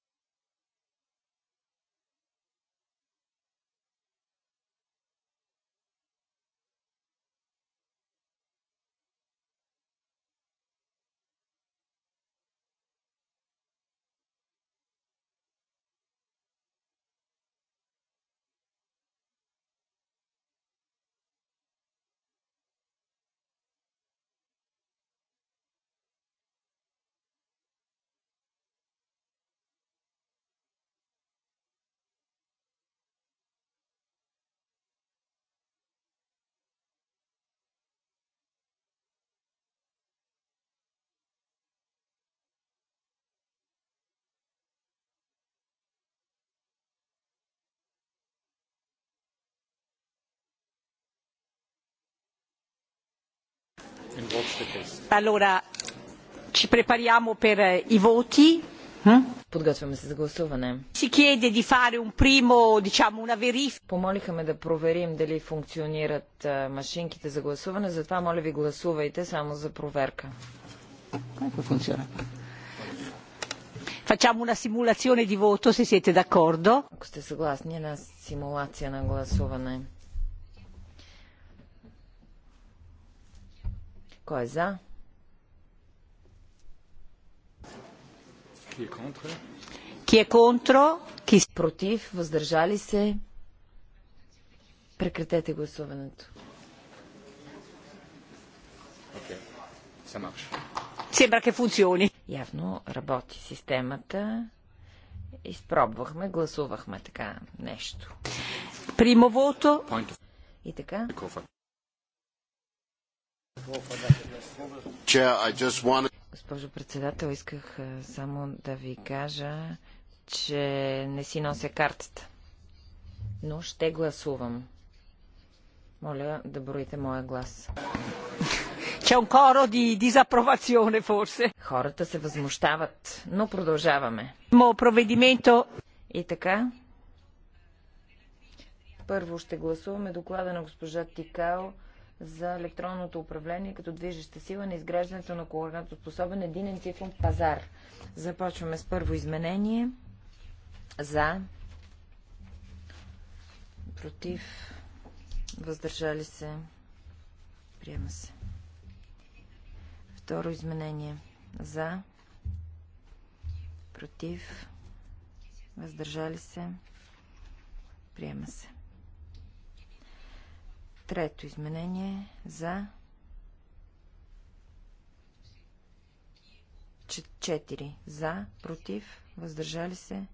Allora, ci prepariamo per eh, i voti. Hm? Подготвяме се за гласуване. Помолиха ме да проверим дали функционират е, машинките за гласуване, затова моля ви гласувайте само за проверка. Ecco funziona. Facciamo una simulazione di voto se siete d'accordo. Ако сте съгласни, една симулация на гласуване. Кой е за? Ки е контро? Ки е против? Въздържали се? Прекратете гласуването. Сембра ке функциони. Явно работи системата. Изпробвахме, гласувахме така нещо. Примовото. И така. Госпожо председател, исках само да ви кажа, че не си нося картата. Но ще гласувам. Моля да броите моя глас. Хората се възмущават, но продължаваме. И така. Първо ще гласуваме доклада на госпожа Тикао за електронното управление като движеща сила на изграждането на способен единен цифров пазар. Започваме с първо изменение. За. Против. Въздържали се. Приема се. Второ изменение. За. Против. Въздържали се. Приема се. Трето изменение за 4 за, против, въздържали се,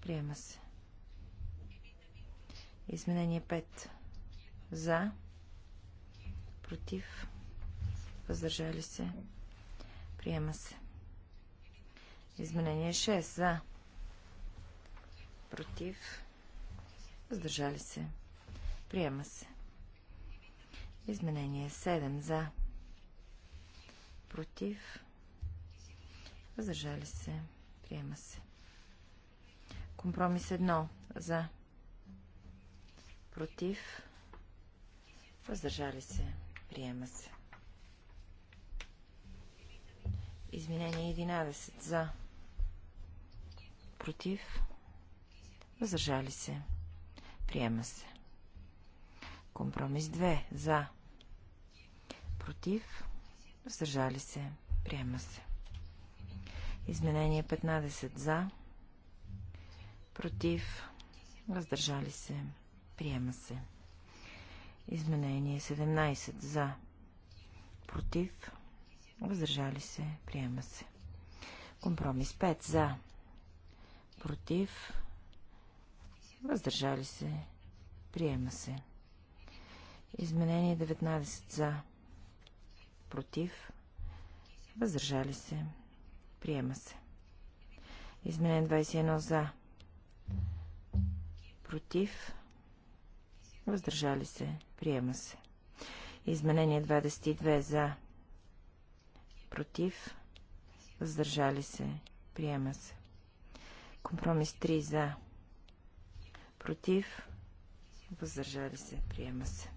приема се. Изменение 5 за, против, въздържали се, приема се. Изменение 6 за, против, въздържали се, Приема се. Изменение 7 за. Против. Въздържали се. Приема се. Компромис 1 за. Против. Въздържали се. Приема се. Изменение 11 за. Против. Въздържали се. Приема се. Компромис 2. За. Против. Въздържали се. Приема се. Изменение 15. За. Против. Въздържали се. Приема се. Изменение 17. За. Против. Въздържали се. Приема се. Компромис 5. За. Против. Въздържали се. Приема се. Изменение 19 за. Против. Въздържали се. Приема се. Изменение 21 за. Против. Въздържали се. Приема се. Изменение 22 за. Против. Въздържали се. Приема се. Компромис 3 за. Против. Въздържали се. Приема се.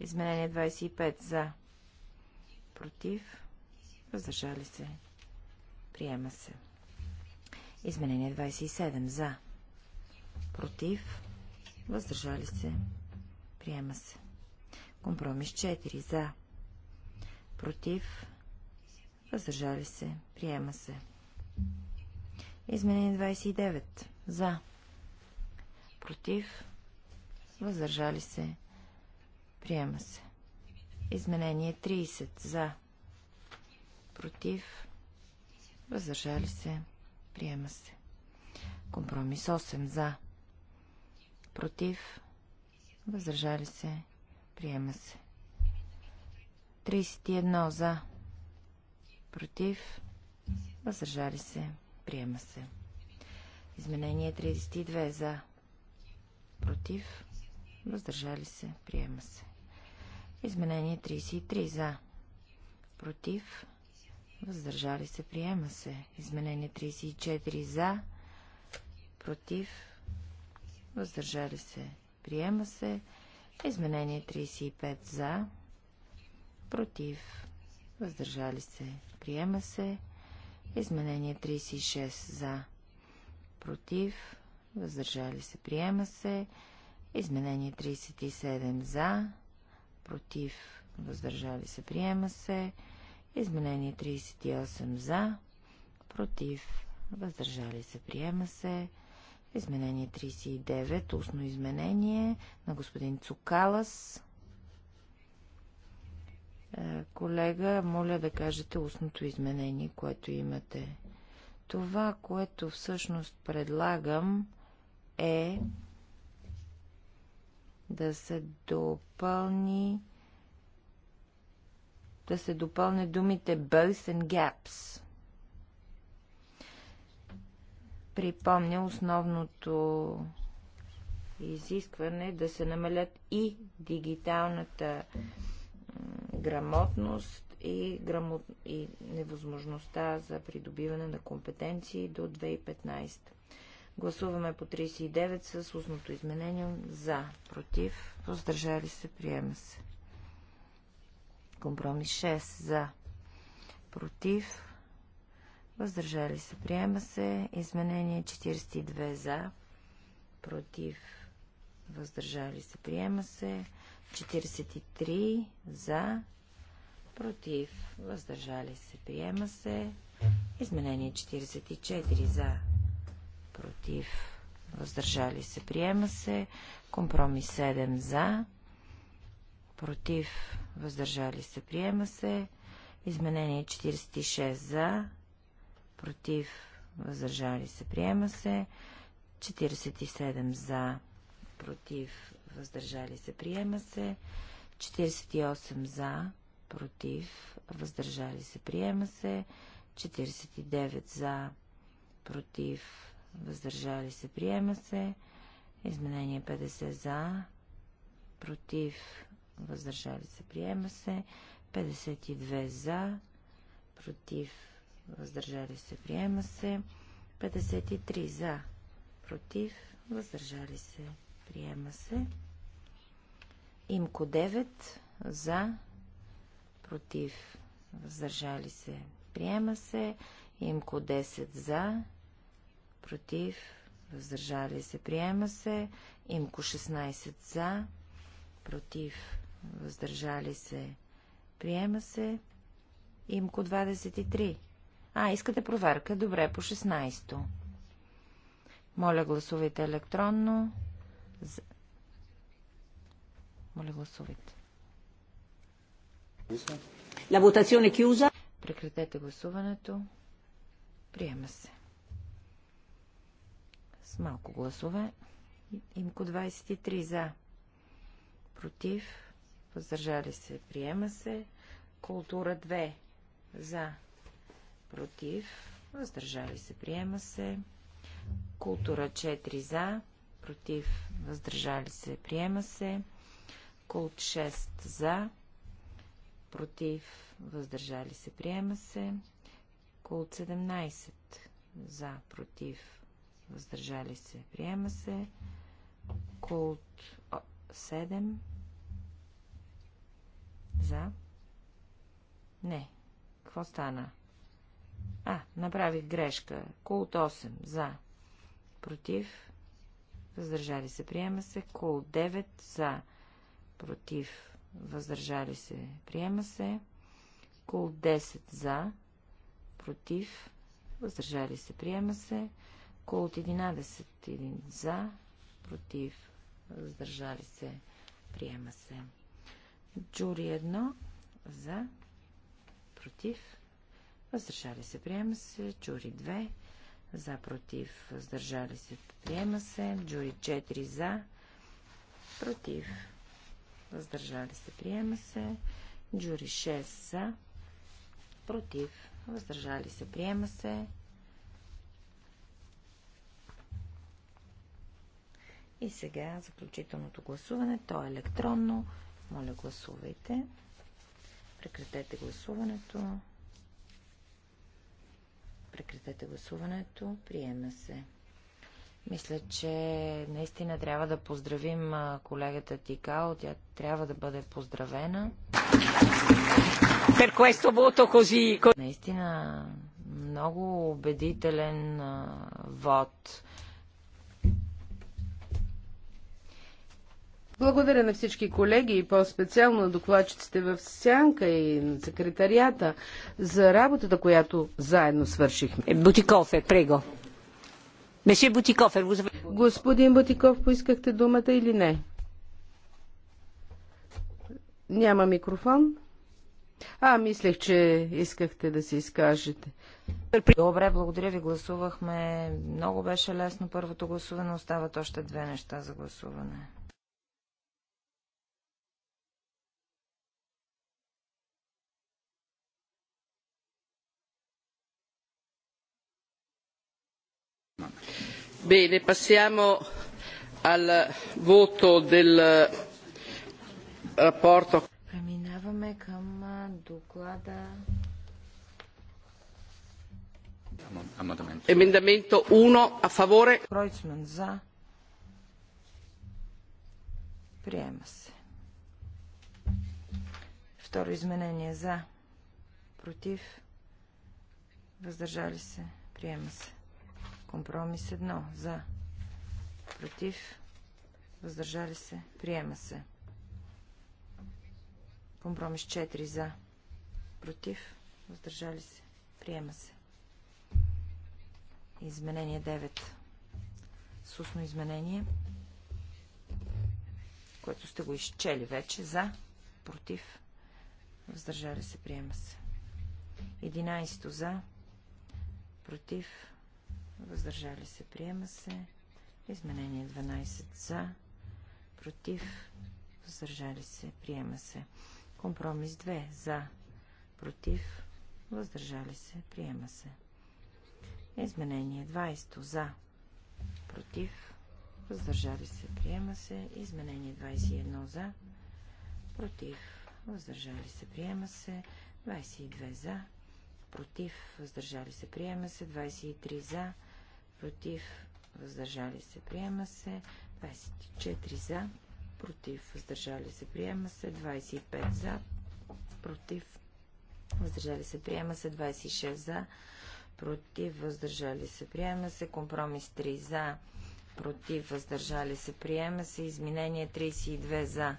Изменение 25 за. Против. Въздържали се. Приема се. Изменение 27 за. Против. Въздържали се. Приема се. Компромис 4 за. Против. Въздържали се. Приема се. Изменение 29 за. Против. Въздържали се. Приема се. Изменение 30. За. Против. Въздържали се. Приема се. Компромис 8. За. Против. Въздържали се. Приема се. 31. За. Против. Въздържали се. Приема се. Изменение 32. За. Против. Въздържали се. Приема се. Изменение 33 за. Против. Въздържали се. Приема се. Изменение 34 за. Против. Въздържали се. Приема се. Изменение 35 за. Против. Въздържали се. Приема се. Изменение 36 за. Против. Въздържали се. Приема се. Изменение 37 за против, въздържали се, приема се. Изменение 38 за, против, въздържали се, приема се. Изменение 39, устно изменение на господин Цукалас. Е, колега, моля да кажете устното изменение, което имате. Това, което всъщност предлагам е да се допълни да се допълне думите both and gaps. Припомня основното изискване да се намалят и дигиталната грамотност и, грамот... и невъзможността за придобиване на компетенции до 2015. Гласуваме по 39 с устното изменение за, против, въздържали се, приема се. Компромис 6 за, против, въздържали се, приема се. Изменение 42 за, против, въздържали се, приема се. 43 за, против, въздържали се, приема се. Изменение 44 за, против, въздържали се, приема се. Компромис 7 за, против, въздържали се, приема се. Изменение 46 за, против, въздържали се, приема се. 47 за, против, въздържали се, приема се. 48 за, против, въздържали се, приема се. 49 за, против, въздържали се, приема се. Изменение 50 за, против, въздържали се, приема се. 52 за, против, въздържали се, приема се. 53 за, против, въздържали се, приема се. Имко 9 за, против, въздържали се, приема се. Имко 10 за, против, въздържали се, приема се. Имко 16 за, против, въздържали се, приема се. Имко 23. А, искате проверка? Добре, по 16-то. Моля, гласувайте електронно. Моля, гласувайте. Прекратете гласуването. Приема се с малко гласове. Имко 23 за. Против. Въздържали се. Приема се. Култура 2 за. Против. Въздържали се. Приема се. Култура 4 за. Против. Въздържали се. Приема се. Култ 6 за. Против. Въздържали се. Приема се. Култ 17 за. Против въздържали се, приема се. Култ 7 за. Не. Какво стана? А, направих грешка. Култ 8 за. Против. Въздържали се, приема се. Култ 9 за. Против. Въздържали се, приема се. Култ 10 за. Против. Въздържали се, приема се. От 11. 1 за, против, въздържали се, приема се. Джури 1 за, против, въздържали се, приема се. Джури 2 за, против, въздържали се, приема се. Джури 4 за, против, въздържали се, приема се. Джури 6 за, против, въздържали се, приема се. И сега заключителното гласуване. То е електронно. Моля, гласувайте. Прекратете гласуването. Прекратете гласуването. Приема се. Мисля, че наистина трябва да поздравим колегата Тикао. Тя трябва да бъде поздравена. Per questo voto così. Наистина много убедителен вод. Благодаря на всички колеги и по-специално на докладчиците в Сянка и на секретарията за работата, която заедно свършихме. Бутиков е, прего. Меше Бутиков е... Господин Бутиков, поискахте думата или не? Няма микрофон. А, мислех, че искахте да се изкажете. Добре, благодаря ви. Гласувахме. Много беше лесно първото гласуване. Остават още две неща за гласуване. Bene, passiamo al voto del eh, rapporto. Преминаваме към доклада. Приема се. Второ изменение за. Против. Въздържали се. Приема се. Компромис 1 за. Против. Въздържали се. Приема се. Компромис 4 за. Против. Въздържали се. Приема се. Изменение 9. Сусно изменение, което сте го изчели вече. За. Против. Въздържали се. Приема се. 11 за. Против въздържали се, приема се. Изменение 12 за, против, въздържали се, приема се. Компромис 2 за, против, въздържали се, приема се. Изменение 20 за, против, въздържали се, приема се. Изменение 21 за, против, въздържали се, приема се. 22 за, против, въздържали се, приема се. 23 за, против, въздържали се, приема се. 24 за, против, въздържали се, приема се. 25 за, против, въздържали се, приема се. 26 за, против, въздържали се, приема се. Компромис 3 за, против, въздържали се, приема се. Изменение 32 за,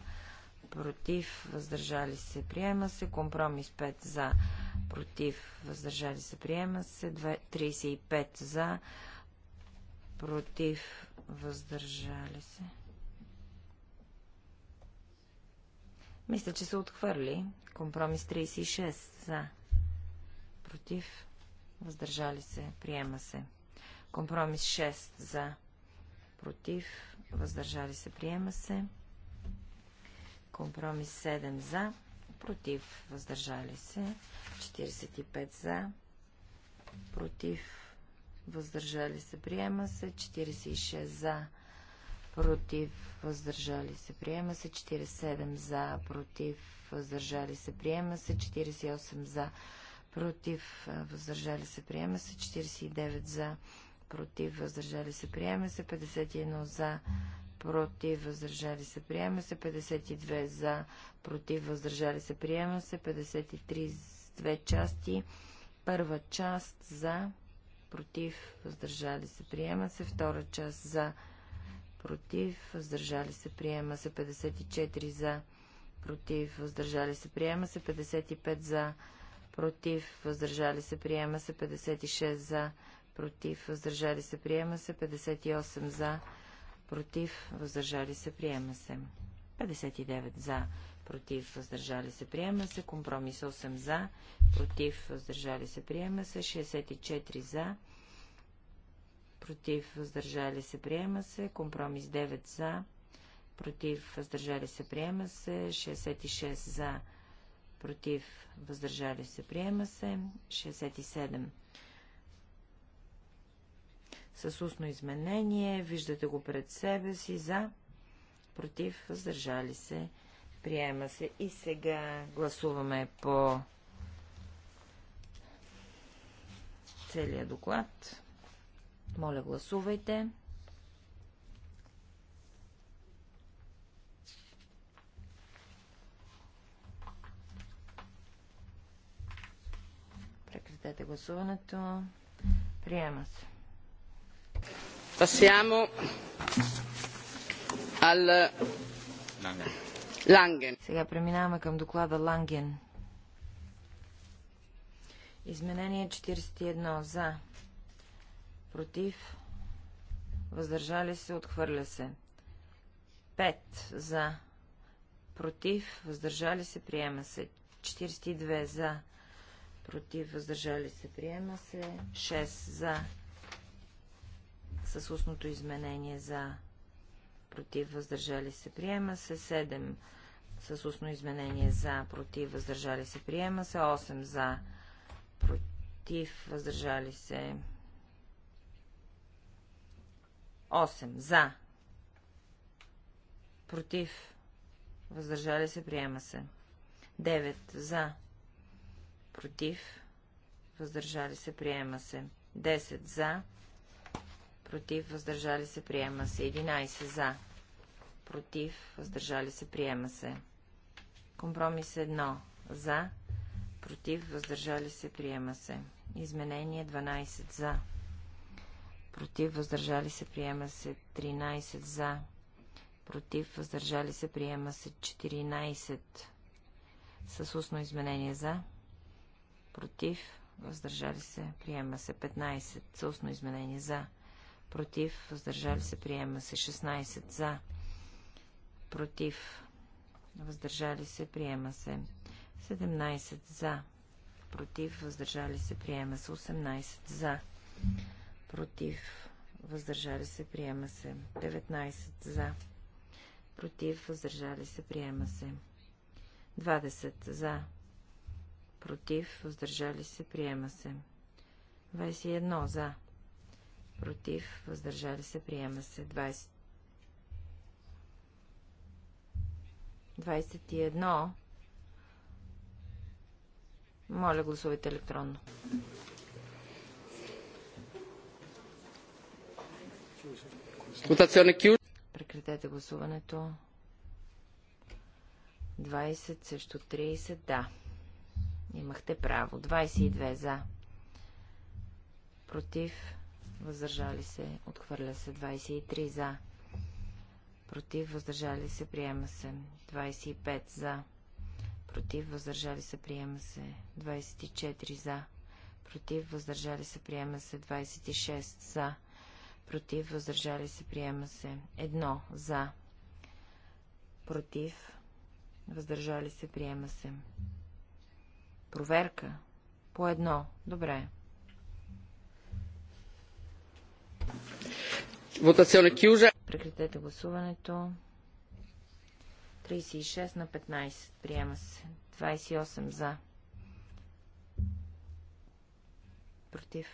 против, въздържали се, приема се. Компромис 5 за, против, въздържали се, приема се. 35 за, против, въздържали се. Мисля, че се отхвърли. Компромис 36 за. Против. Въздържали се. Приема се. Компромис 6 за. Против. Въздържали се. Приема се. Компромис 7 за. Против. Въздържали се. 45 за. Против въздържали се, приема се, 46 за, против, въздържали се, приема се, 47 за, против, въздържали се, приема се, 48 за, против, въздържали се, приема се, 49 за, против, въздържали се, приема се, 51 за, против, въздържали се, приема се, 52 за, против, въздържали се, приема се, 53 две части, първа част за, против, въздържали се, приема се. Втора част за, против, въздържали се, приема се. 54 за, против, въздържали се, приема се. 55 за, против, въздържали се, приема се. 56 за, против, въздържали се, приема се. 58 за, против, въздържали се, приема се. 59 за, против, въздържали се, приема се. Компромис 8 за, против, въздържали се, приема се. 64 за, против, въздържали се, приема се. Компромис 9 за, против, въздържали се, приема се. 66 за, против, въздържали се, приема се. 67 с устно изменение, виждате го пред себе си, за, против, въздържали се, се. Приема се. И сега гласуваме по целия доклад. Моля, гласувайте. Прекратете гласуването. Приема се. Passiamo al... Ланген. Сега преминаваме към доклада Ланген. Изменение 41. За. Против. Въздържали се. Отхвърля се. 5. За. Против. Въздържали се. Приема се. 42. За. Против. Въздържали се. Приема се. 6. За. С устното изменение. За против, въздържали се, приема се. 7 с устно изменение за, против, въздържали се, приема се. 8 за, против, въздържали се. 8 за, против, въздържали се, приема се. 9 за, против, въздържали се, приема се. 10 за, против, въздържали се, приема се. 11 за, против, въздържали се, приема се. Компромис 1 за, против, въздържали се, приема се. Изменение 12 за, против, въздържали се, приема се. 13 за, против, въздържали се, приема се. 14 с устно изменение за, против, въздържали се, приема се 15, устно изменение за, против, въздържали се, приема се 16 за, против, въздържали се, приема се 17 за, против, въздържали се, приема се 18 за, против, въздържали се, приема се 19 за, против, въздържали се, приема се 20 за, против, въздържали се, приема се 21 за, против, въздържали се, приема се. 20... 21. Моля, гласувайте електронно. Прекратете гласуването. 20 също 30, да. Имахте право. 22 за. Против въздържали се, отхвърля се 23 за, против, въздържали се, приема се 25 за, против, въздържали се, приема се 24 за, против, въздържали се, приема се 26 за, против, въздържали се, приема се 1 за, против, въздържали се, приема се. Проверка по едно. Добре. Votazione chiusa. Прекратете гласуването. 36 на 15. Приема се. 28 за. Против.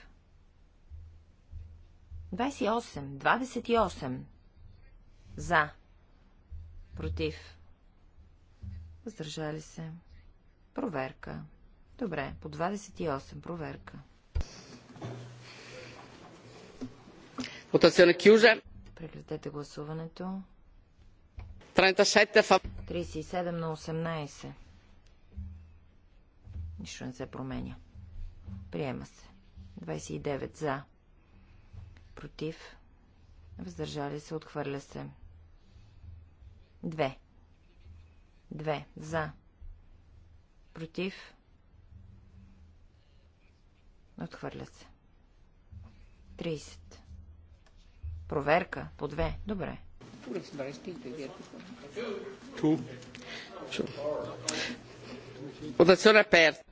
28. 28. За. Против. Въздържали се. Проверка. Добре, по 28. Проверка. Прекратете гласуването. 37 на 18. Нищо не се променя. Приема се. 29 за. Против. Въздържали се. Отхвърля се. 2. 2 за. Против. Отхвърля се. 30. Проверка. По две. Добре.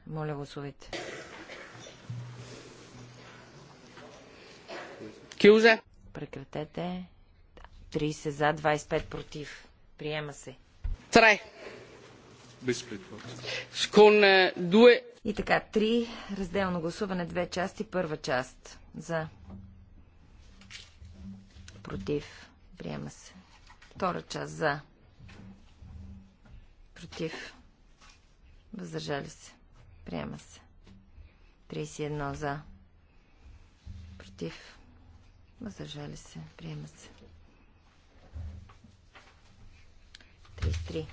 Моля, гласувайте. Кюза. Прекратете. 30 за, 25 против. Приема се. Тре. И така, три разделно гласуване, две части, първа част за против, приема се. Втора част за, против, въздържали се, приема се. 31 за, против, въздържали се, приема се. 33.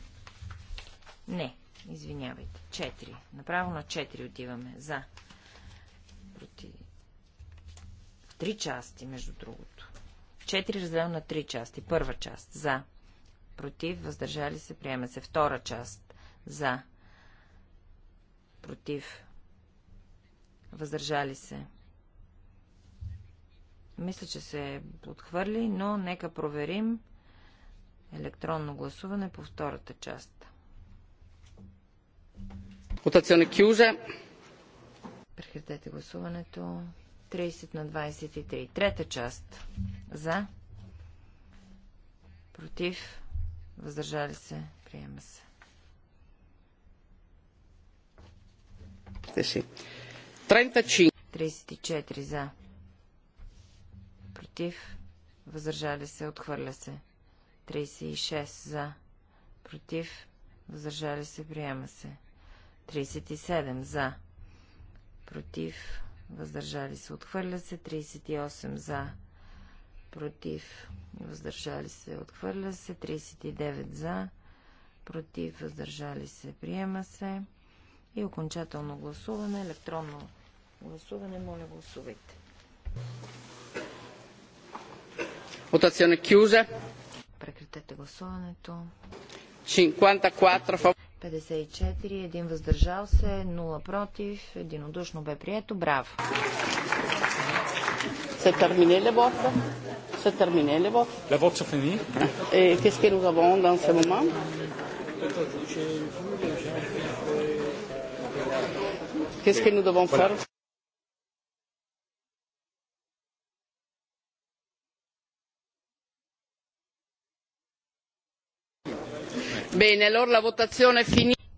Не, извинявайте. 4. Направо на 4 отиваме. За. Против. В три части, между другото. 4 разделено на 3 части. Първа част. За. Против. Въздържали се. Приема се. Втора част. За. Против. Въздържали се. Мисля, че се отхвърли, но нека проверим електронно гласуване по втората част. Votazione chiusa. Прекратете гласуването. 30 на 23. Трета част. За. Против. Въздържали се. Приема се. Теши. 34 за. Против. Въздържали се. Отхвърля се. 36 за. Против. Въздържали се. Приема се. 37 за. Против въздържали се, отхвърля се, 38 за, против, въздържали се, отхвърля се, 39 за, против, въздържали се, приема се и окончателно гласуване, електронно гласуване, моля гласувайте. Votazione chiusa. Прекратете гласуването. 54 54, един въздържал се, 0 против, единодушно бе прието. Браво! Се термине ли вота? Се термине ли вота? La vote se фини. Et е, qu'est-ce que nous avons dans Qu'est-ce que nous devons faire? Bene, allora la votazione è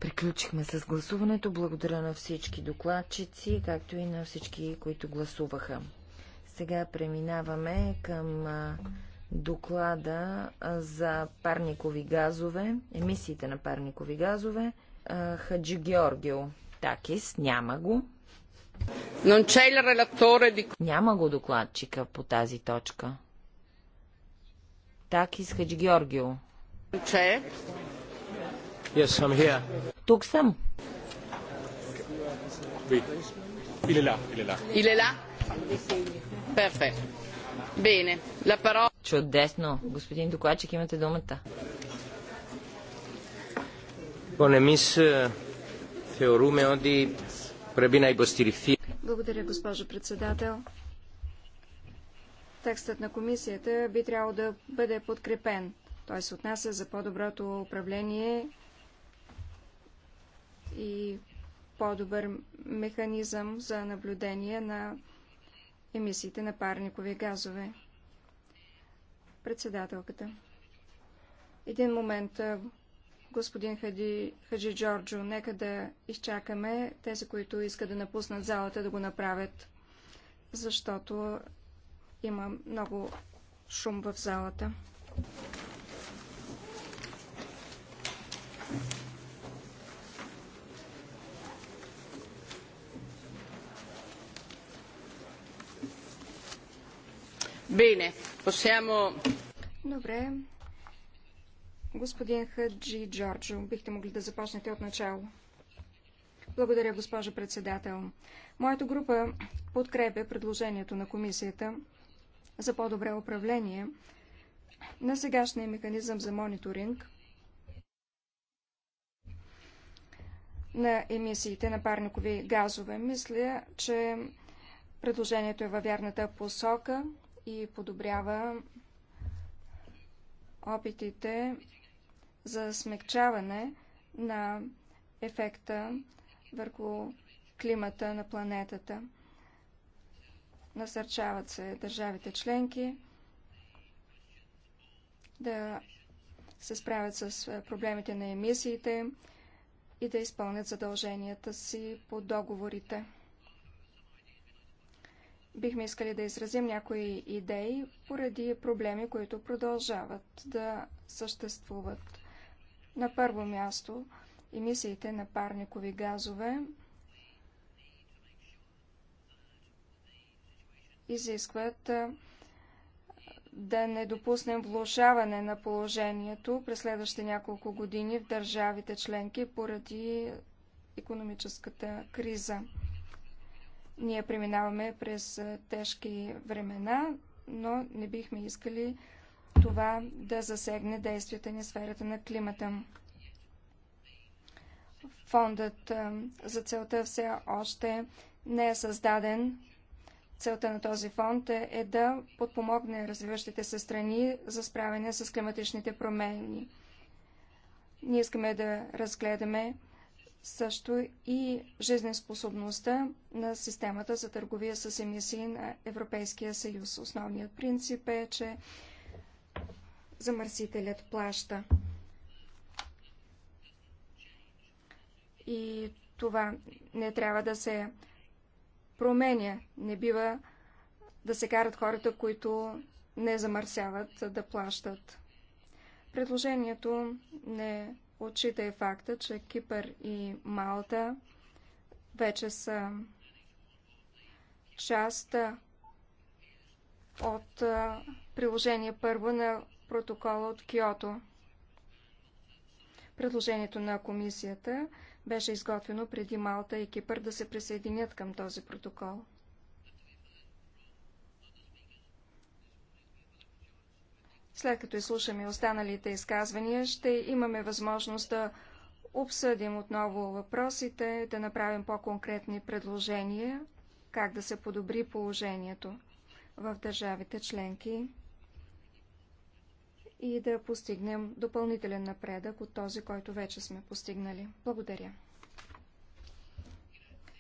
Приключихме с гласуването. Благодаря на всички докладчици, както и на всички, които гласуваха. Сега преминаваме към доклада за парникови газове, емисиите на парникови газове. Хаджи Георгио Такис, няма го. Няма го докладчика по тази точка. Такис Хаджи Георгио. Yes, I'm here. Тук съм. Oui. Il est La parola... Чудесно. Господин докладчик, имате думата. Е, Благодаря, госпожо председател. Текстът на комисията би трябвало да бъде подкрепен. Той се отнася за по-доброто управление и по-добър механизъм за наблюдение на емисиите на парникови газове. Председателката. Един момент, господин Хади, Хаджи Джорджо, нека да изчакаме тези, които искат да напуснат залата, да го направят, защото има много шум в залата. Thank you. Bene, possiamo... Добре. Господин Хаджи Джорджо, бихте могли да започнете от начало. Благодаря, госпожо председател. Моята група подкрепя предложението на комисията за по-добре управление на сегашния механизъм за мониторинг на емисиите на парникови газове. Мисля, че предложението е във вярната посока – и подобрява опитите за смягчаване на ефекта върху климата на планетата. Насърчават се държавите членки да се справят с проблемите на емисиите и да изпълнят задълженията си по договорите бихме искали да изразим някои идеи поради проблеми, които продължават да съществуват. На първо място емисиите на парникови газове изискват да не допуснем влушаване на положението през следващите няколко години в държавите членки поради економическата криза. Ние преминаваме през тежки времена, но не бихме искали това да засегне действията ни в сферата на климата. Фондът за целта все още не е създаден. Целта на този фонд е, е да подпомогне развиващите се страни за справяне с климатичните промени. Ние искаме да разгледаме също и жизнеспособността на системата за търговия с емисии на Европейския съюз. Основният принцип е, че замърсителят плаща. И това не трябва да се променя. Не бива да се карат хората, които не замърсяват, да плащат. Предложението не Отчита и факта, че Кипър и Малта вече са част от приложение първо на протокола от Киото. Предложението на комисията беше изготвено преди Малта и Кипър да се присъединят към този протокол. След като изслушаме останалите изказвания, ще имаме възможност да обсъдим отново въпросите, да направим по-конкретни предложения, как да се подобри положението в държавите членки и да постигнем допълнителен напредък от този, който вече сме постигнали. Благодаря.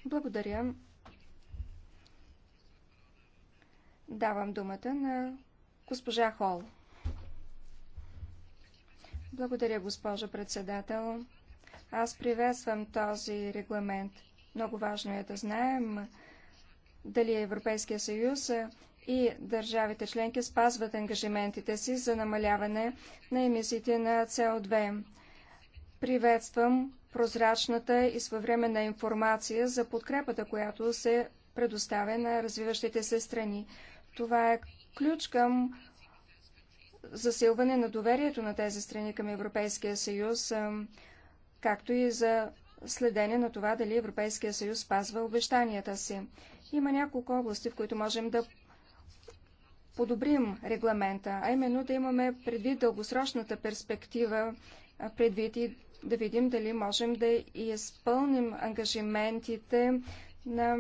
Благодаря. Давам думата на госпожа Хол. Благодаря, госпожо председател. Аз приветствам този регламент. Много важно е да знаем дали Европейския съюз и държавите членки спазват ангажиментите си за намаляване на емисиите на СО2. Приветствам прозрачната и своевременна информация за подкрепата, която се предоставя на развиващите се страни. Това е ключ към засилване на доверието на тези страни към Европейския съюз, както и за следене на това дали Европейския съюз спазва обещанията си. Има няколко области, в които можем да подобрим регламента, а именно да имаме предвид дългосрочната перспектива, предвид и да видим дали можем да изпълним ангажиментите на,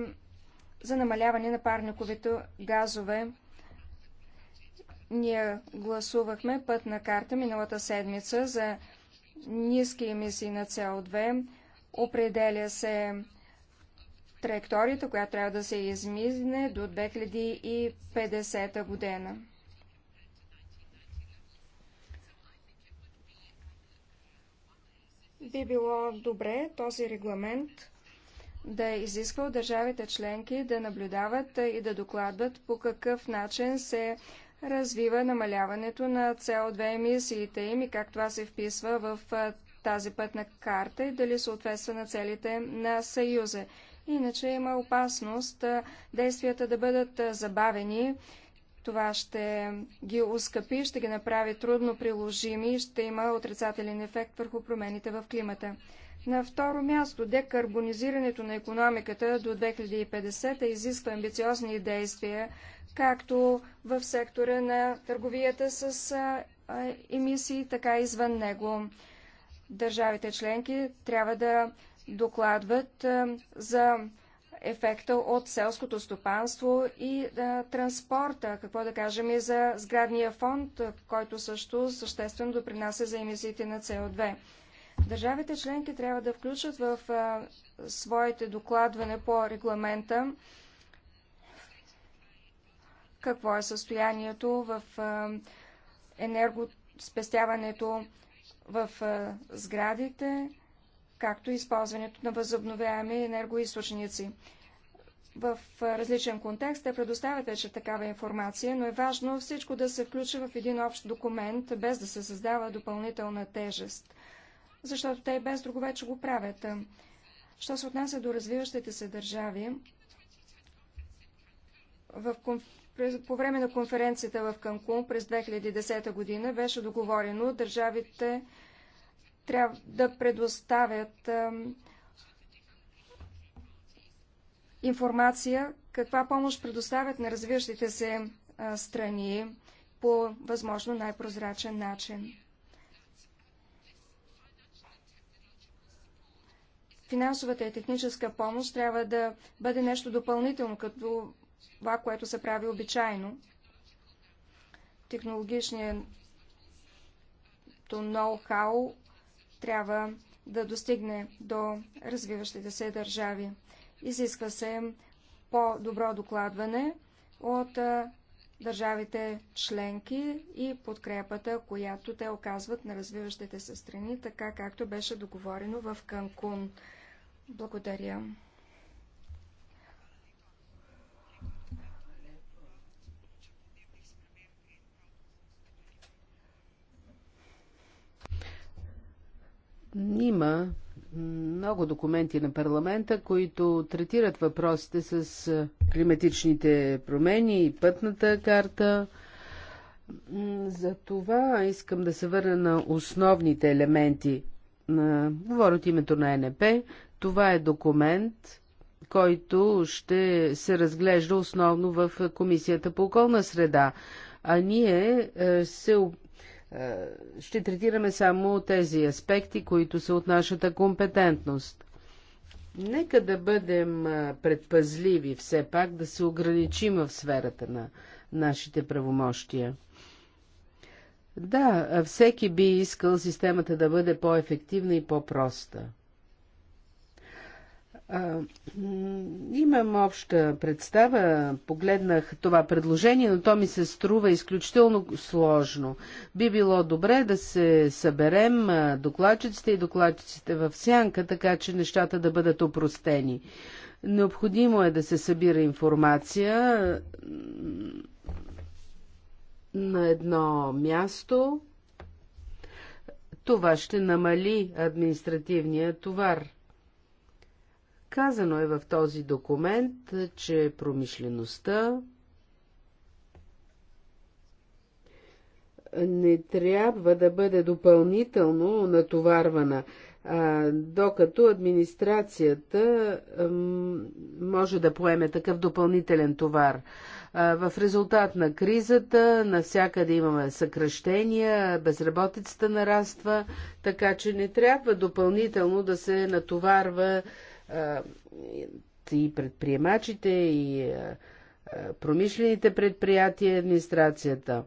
за намаляване на парниковите газове ние гласувахме пътна карта миналата седмица за ниски емисии на со 2 Определя се траекторията, която трябва да се измизне до 2050 година. Би било добре този регламент да изисква от държавите членки да наблюдават и да докладват по какъв начин се развива намаляването на CO2 емисиите им и как това се вписва в тази пътна карта и дали съответства на целите на Съюза. Иначе има опасност действията да бъдат забавени. Това ще ги ускъпи, ще ги направи трудно приложими и ще има отрицателен ефект върху промените в климата. На второ място, декарбонизирането на економиката до 2050 изисква амбициозни действия, както в сектора на търговията с емисии, така и извън него. Държавите членки трябва да докладват за ефекта от селското стопанство и да транспорта, какво да кажем и за сградния фонд, който също съществено допринася за емисиите на СО2. Държавите членки трябва да включат в а, своите докладване по регламента какво е състоянието в а, енергоспестяването в а, сградите, както и използването на възобновяеми енергоисточници. В различен контекст те предоставят вече такава информация, но е важно всичко да се включи в един общ документ, без да се създава допълнителна тежест защото те и без друго вече го правят. Що се отнася до развиващите се държави, в конф... по време на конференцията в Канкун през 2010 година беше договорено държавите трябва да предоставят информация каква помощ предоставят на развиващите се страни по възможно най-прозрачен начин. Финансовата и техническа помощ трябва да бъде нещо допълнително, като това, което се прави обичайно. Технологичният ноу-хау трябва да достигне до развиващите се държави. Изисква се по-добро докладване от държавите членки и подкрепата, която те оказват на развиващите се страни, така както беше договорено в Канкун. Благодаря. Има много документи на парламента, които третират въпросите с климатичните промени и пътната карта. За това искам да се върна на основните елементи. Говоря от името на НП. Това е документ, който ще се разглежда основно в Комисията по околна среда, а ние е, се, е, ще третираме само тези аспекти, които са от нашата компетентност. Нека да бъдем е, предпазливи все пак, да се ограничим в сферата на нашите правомощия. Да, всеки би искал системата да бъде по-ефективна и по-проста – Имам обща представа, погледнах това предложение, но то ми се струва изключително сложно. Би било добре да се съберем докладчиците и докладчиците в сянка, така че нещата да бъдат опростени. Необходимо е да се събира информация на едно място. Това ще намали административния товар – Казано е в този документ, че промишлеността не трябва да бъде допълнително натоварвана, докато администрацията може да поеме такъв допълнителен товар. в резултат на кризата навсякъде имаме съкръщения, безработицата нараства, така че не трябва допълнително да се натоварва и предприемачите, и промишлените предприятия, и администрацията.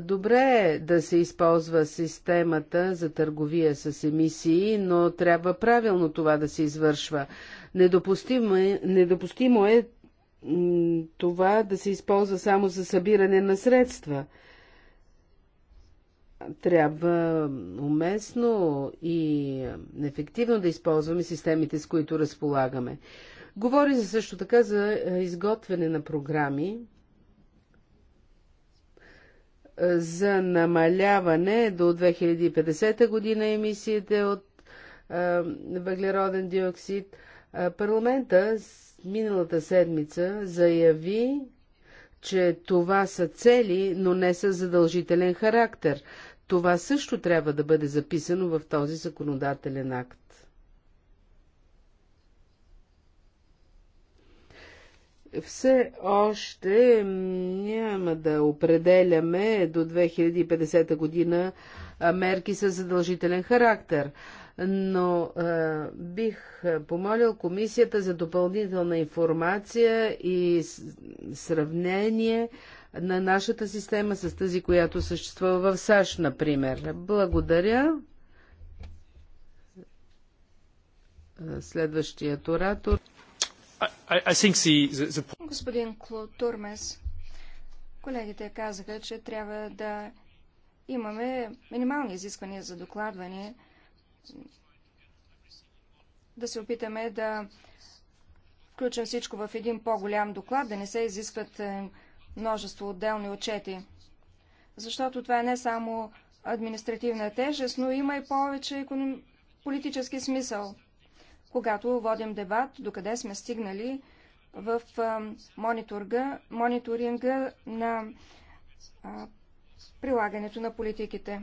Добре е да се използва системата за търговия с емисии, но трябва правилно това да се извършва. Недопустимо е, недопустимо е това да се използва само за събиране на средства – трябва уместно и ефективно да използваме системите, с които разполагаме. Говори се също така за е, изготвяне на програми е, за намаляване до 2050 година емисиите от е, въглероден диоксид. Парламента миналата седмица заяви, че това са цели, но не са задължителен характер. Това също трябва да бъде записано в този законодателен акт. Все още няма да определяме до 2050 година мерки с задължителен характер, но а, бих помолил комисията за допълнителна информация и сравнение на нашата система с тази, която съществува в САЩ, например. Благодаря. Следващият оратор. Господин Клотурмес, колегите казаха, че трябва да имаме минимални изисквания за докладване, да се опитаме да включим всичко в един по-голям доклад, да не се изискват е, множество отделни отчети. Защото това е не само административна тежест, но има и повече економ... политически смисъл. Когато водим дебат, докъде сме стигнали в мониторга, мониторинга на а, прилагането на политиките.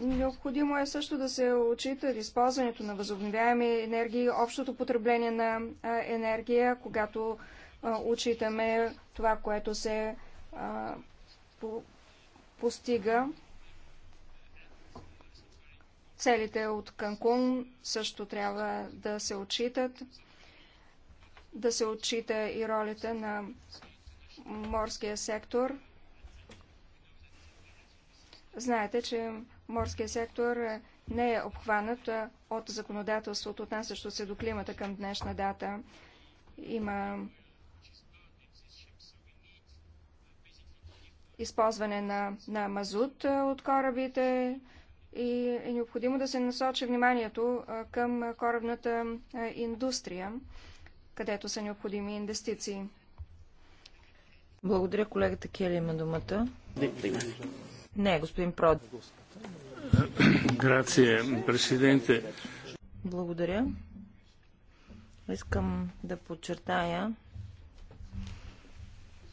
Необходимо е също да се отчита използването на възобновяеми енергии, общото потребление на енергия, когато отчитаме това, което се постига. Целите от Канкун също трябва да се отчитат, да се отчита и ролята на морския сектор. Знаете, че морския сектор е, не е обхванат е, от законодателството, отнасящо се до климата към днешна дата. Има използване на, на мазут е, от корабите и е необходимо да се насочи вниманието към корабната индустрия, където са необходими инвестиции. Благодаря, колегата Кели има думата. Не, господин Прод. Благодаря. Искам да подчертая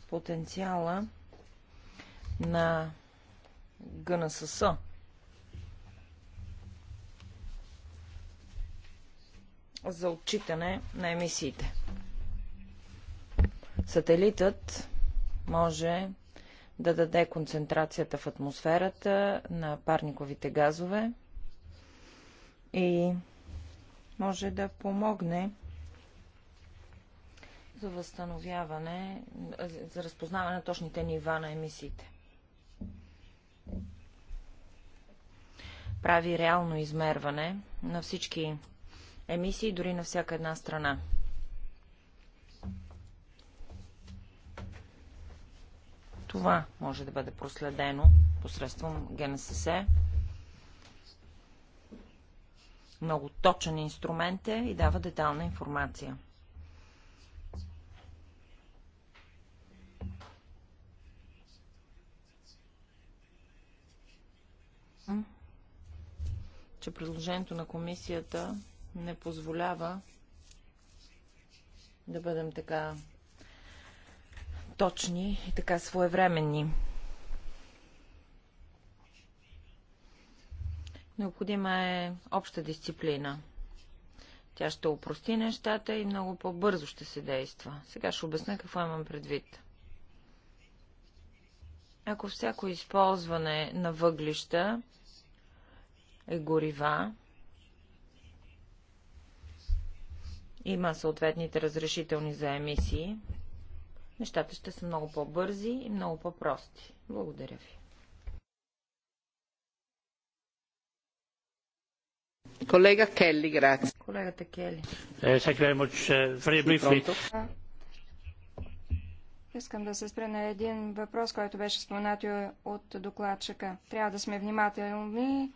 потенциала на ГНСС. за отчитане на емисиите. Сателитът може да даде концентрацията в атмосферата на парниковите газове и може да помогне за възстановяване, за разпознаване на точните нива на емисиите. Прави реално измерване на всички емисии, дори на всяка една страна. Това може да бъде проследено посредством ГНСС. Много точен инструмент е и дава детална информация. че предложението на комисията не позволява да бъдем така точни и така своевременни. Необходима е обща дисциплина. Тя ще упрости нещата и много по-бързо ще се действа. Сега ще обясня какво имам предвид. Ако всяко използване на въглища е горива, има съответните разрешителни за емисии, нещата ще са много по-бързи и много по-прости. Благодаря ви. Колега Келли, грац. Колегата Кели. Е, uh, Искам да се спре на един въпрос, който беше споменат от докладчика. Трябва да сме внимателни,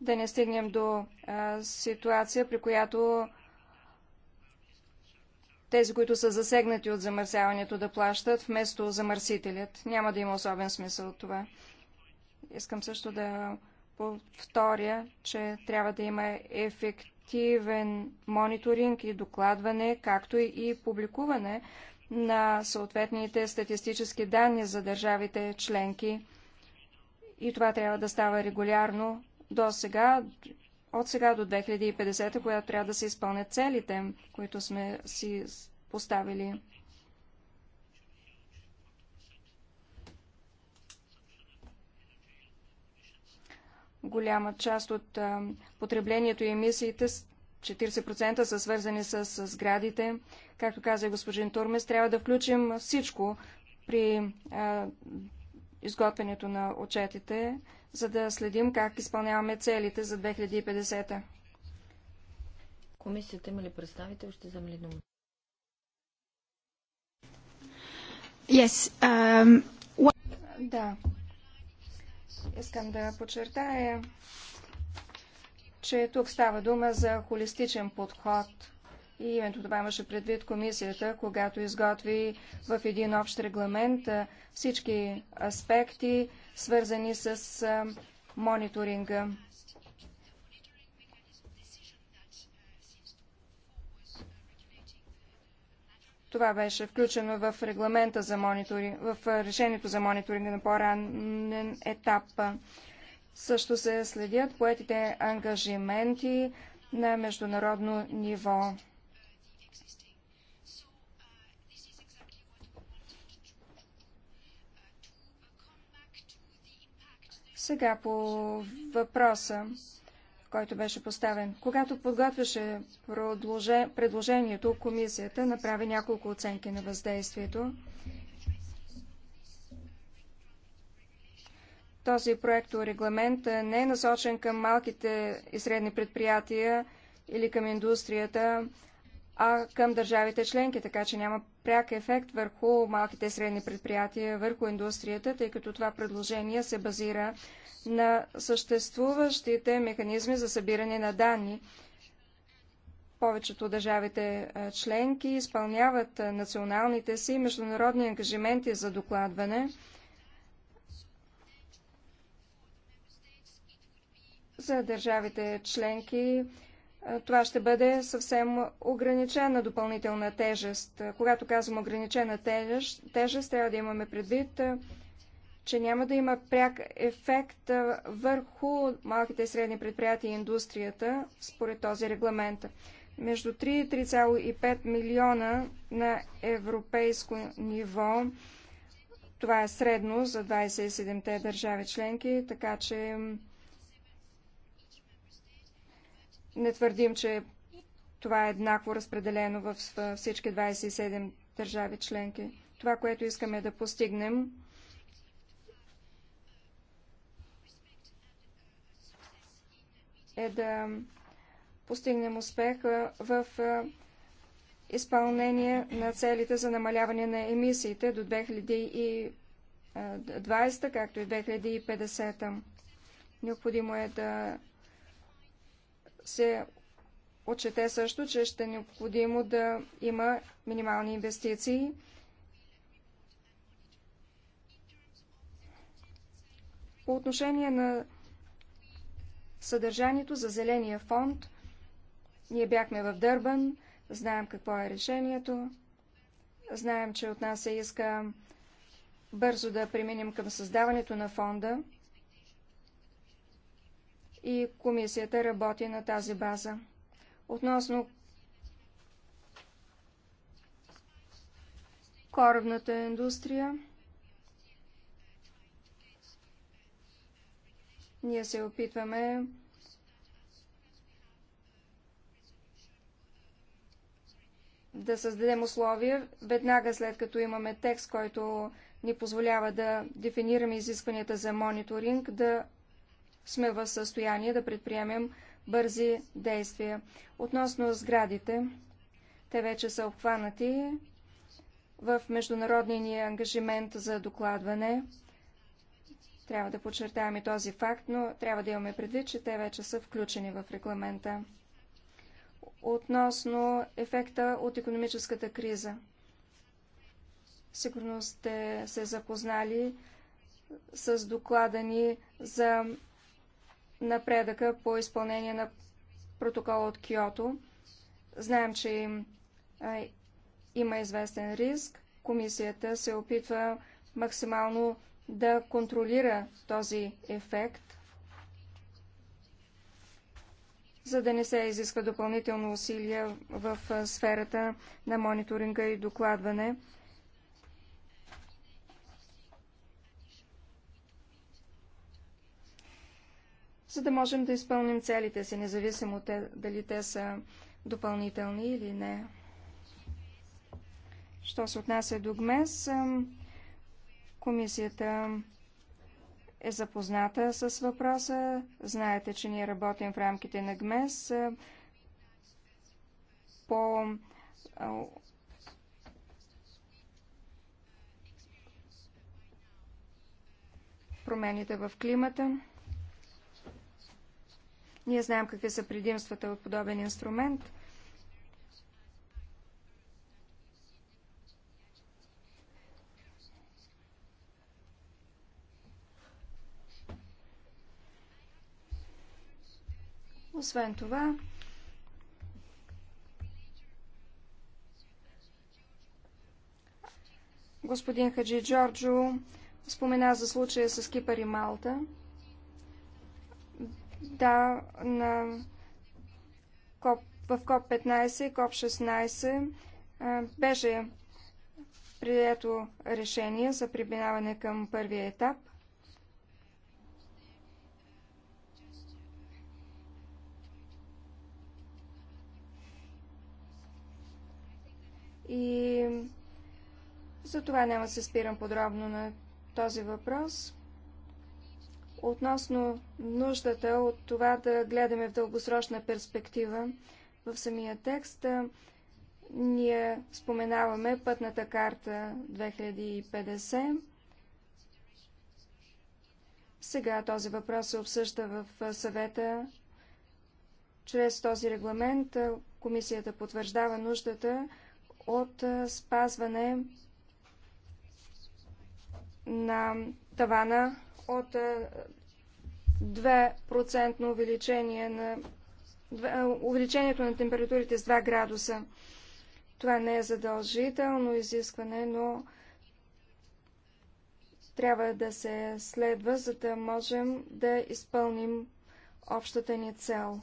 да не стигнем до а, ситуация, при която тези, които са засегнати от замърсяването, да плащат вместо замърсителят. Няма да има особен смисъл от това. Искам също да повторя, че трябва да има ефективен мониторинг и докладване, както и публикуване на съответните статистически данни за държавите членки. И това трябва да става регулярно. До сега от сега до 2050, която трябва да се изпълнят целите, които сме си поставили. Голяма част от потреблението и емисиите 40% са свързани с сградите. Както каза господин Турмес, трябва да включим всичко при изготвянето на отчетите за да следим как изпълняваме целите за 2050. Комисията има ли представител? Ще взема дума? Yes, um... Да. Искам да подчертая, че тук става дума за холистичен подход – и именно това имаше предвид комисията, когато изготви в един общ регламент всички аспекти, свързани с мониторинга. Това беше включено в регламента за мониторинг, в решението за мониторинга на по-ранен етап. Също се следят поетите ангажименти на международно ниво. Сега по въпроса, който беше поставен. Когато подготвяше предложението, комисията направи няколко оценки на въздействието. Този регламент не е насочен към малките и средни предприятия или към индустрията, а към държавите членки, така че няма пряк ефект върху малките и средни предприятия, върху индустрията, тъй като това предложение се базира на съществуващите механизми за събиране на данни. Повечето държавите членки изпълняват националните си международни ангажименти за докладване. За държавите членки това ще бъде съвсем ограничена допълнителна тежест. Когато казвам ограничена тежест, тежест трябва да имаме предвид, че няма да има пряк ефект върху малките и средни предприятия и индустрията според този регламент. Между 3 и 3,5 милиона на европейско ниво. Това е средно за 27-те държави членки, така че не твърдим, че това е еднакво разпределено в всички 27 държави членки. Това, което искаме да постигнем, е да постигнем успех в изпълнение на целите за намаляване на емисиите до 2020, както и 2050. Необходимо е да се отчете също, че ще е необходимо да има минимални инвестиции. По отношение на съдържанието за Зеления фонд, ние бяхме в Дърбан, знаем какво е решението, знаем, че от нас се иска бързо да преминем към създаването на фонда и комисията работи на тази база. Относно корабната индустрия, ние се опитваме да създадем условия, веднага след като имаме текст, който ни позволява да дефинираме изискванията за мониторинг, да сме в състояние да предприемем бързи действия. Относно сградите, те вече са обхванати в международния ни ангажимент за докладване. Трябва да подчертаваме този факт, но трябва да имаме предвид, че те вече са включени в регламента. Относно ефекта от економическата криза. Сигурно сте се запознали с доклада ни за напредъка по изпълнение на протокола от Киото. Знаем, че а, има известен риск. Комисията се опитва максимално да контролира този ефект, за да не се изисква допълнително усилия в сферата на мониторинга и докладване. за да можем да изпълним целите си, независимо те, дали те са допълнителни или не. Що се отнася до ГМЕС, комисията е запозната с въпроса. Знаете, че ние работим в рамките на ГМЕС по промените в климата. Ние знаем какви са предимствата от подобен инструмент. Освен това, господин Хаджи Джорджо спомена за случая с Кипър и Малта да на КОП, в КОП-15 и КОП-16 беше прието решение за прибинаване към първия етап. И за това няма се спирам подробно на този въпрос. Относно нуждата от това да гледаме в дългосрочна перспектива, в самия текст ние споменаваме пътната карта 2050. Сега този въпрос се обсъжда в съвета. Чрез този регламент комисията потвърждава нуждата от спазване на тавана от 2% увеличение на увеличението на температурите с 2 градуса. Това не е задължително изискване, но трябва да се следва, за да можем да изпълним общата ни цел.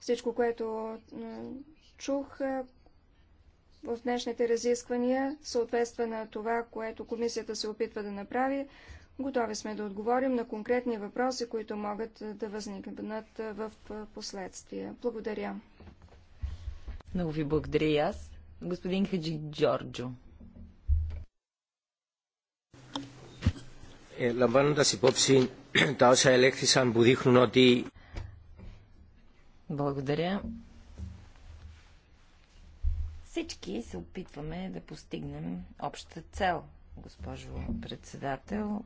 Всичко, което чух в днешните разисквания съответства на това, което комисията се опитва да направи. Готови сме да отговорим на конкретни въпроси, които могат да възникнат в последствия. Благодаря. Много ви благодаря и аз. Господин Хаджи Джорджо. Λαμβάνοντας υπόψη τα όσα ελέγχθησαν που δείχνουν Благодаря. Всички се опитваме да постигнем обща цел, госпожо председател.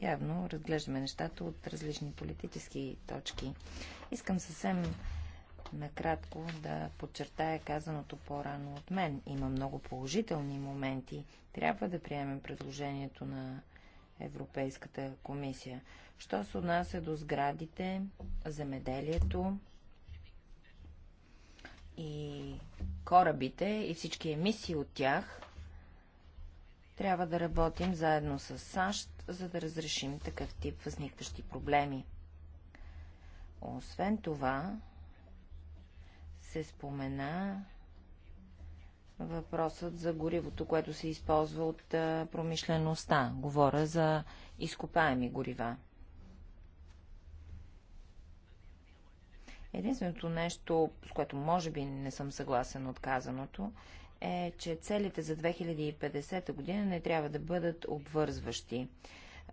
Явно разглеждаме нещата от различни политически точки. Искам съвсем накратко да подчертая казаното по-рано от мен. Има много положителни моменти. Трябва да приемем предложението на Европейската комисия. Що се отнася до сградите, земеделието, и корабите и всички емисии от тях, трябва да работим заедно с САЩ, за да разрешим такъв тип възникващи проблеми. Освен това, се спомена въпросът за горивото, което се използва от промишлеността. Говоря за изкопаеми горива. Единственото нещо, с което може би не съм съгласен от казаното, е, че целите за 2050 година не трябва да бъдат обвързващи.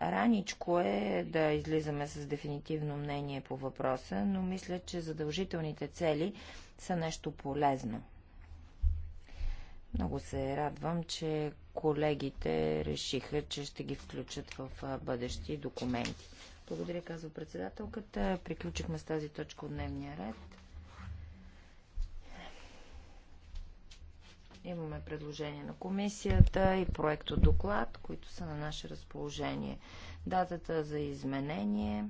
Раничко е да излизаме с дефинитивно мнение по въпроса, но мисля, че задължителните цели са нещо полезно. Много се радвам, че колегите решиха, че ще ги включат в бъдещи документи. Благодаря, казва председателката. Приключихме с тази точка от дневния ред. Имаме предложение на комисията и проекто доклад, които са на наше разположение. Датата за изменение,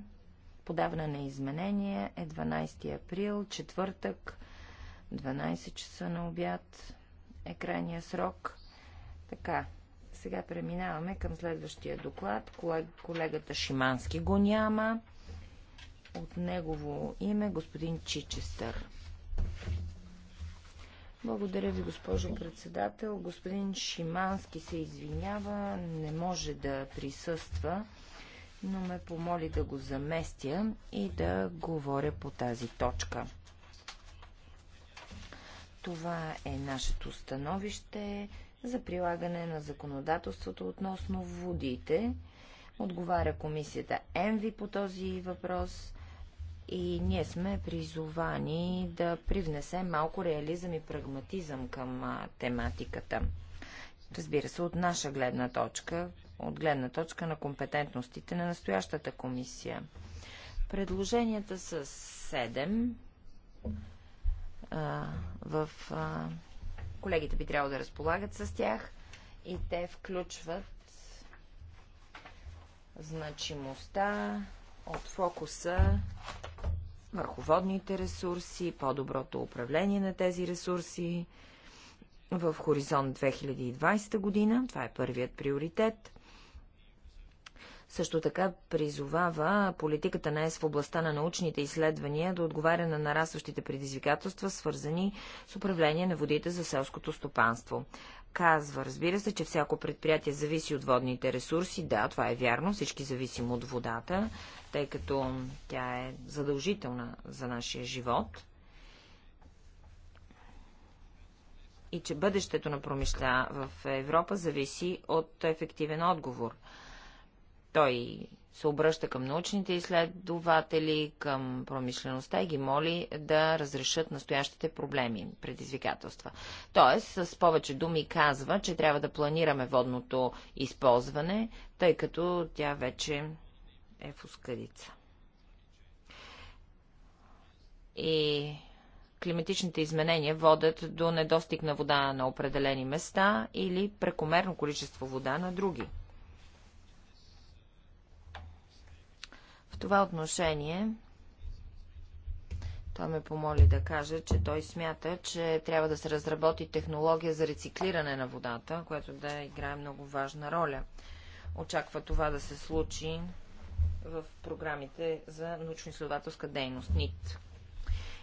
подаване на изменение е 12 април, четвъртък, 12 часа на обяд е крайния срок. Така, сега преминаваме към следващия доклад. Колегата Шимански го няма. От негово име господин Чичестър. Благодаря ви, госпожо председател. Господин Шимански се извинява, не може да присъства, но ме помоли да го заместя и да говоря по тази точка. Това е нашето становище за прилагане на законодателството относно водите. Отговаря комисията ЕМВИ по този въпрос и ние сме призовани да привнесем малко реализъм и прагматизъм към тематиката. Разбира се, от наша гледна точка, от гледна точка на компетентностите на настоящата комисия. Предложенията са 7 в Колегите би трябвало да разполагат с тях и те включват значимостта от фокуса върху водните ресурси, по-доброто управление на тези ресурси в Хоризонт 2020 година. Това е първият приоритет. Също така призовава политиката на ЕС в областта на научните изследвания да отговаря на нарастващите предизвикателства, свързани с управление на водите за селското стопанство. Казва, разбира се, че всяко предприятие зависи от водните ресурси. Да, това е вярно, всички зависим от водата, тъй като тя е задължителна за нашия живот. и че бъдещето на промишля в Европа зависи от ефективен отговор. Той се обръща към научните изследователи, към промишлеността и ги моли да разрешат настоящите проблеми, предизвикателства. Тоест, с повече думи казва, че трябва да планираме водното използване, тъй като тя вече е в ускъдица. И климатичните изменения водят до недостиг на вода на определени места или прекомерно количество вода на други. това отношение той ме помоли да кажа, че той смята, че трябва да се разработи технология за рециклиране на водата, което да играе много важна роля. Очаква това да се случи в програмите за научно-изследователска дейност НИТ.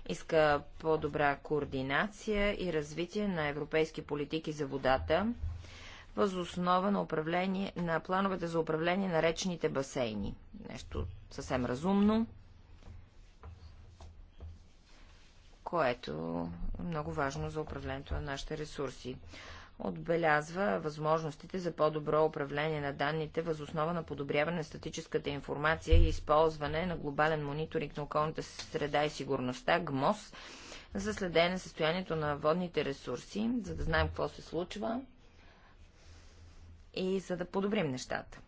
Иска по-добра координация и развитие на европейски политики за водата, въз основа на, управление, на плановете за управление на речните басейни. Нещо съвсем разумно, което е много важно за управлението на нашите ресурси. Отбелязва възможностите за по-добро управление на данните въз основа на подобряване на статическата информация и използване на глобален мониторинг на околната среда и сигурността, ГМОС, за следене на състоянието на водните ресурси, за да знаем какво се случва и за да подобрим нещата.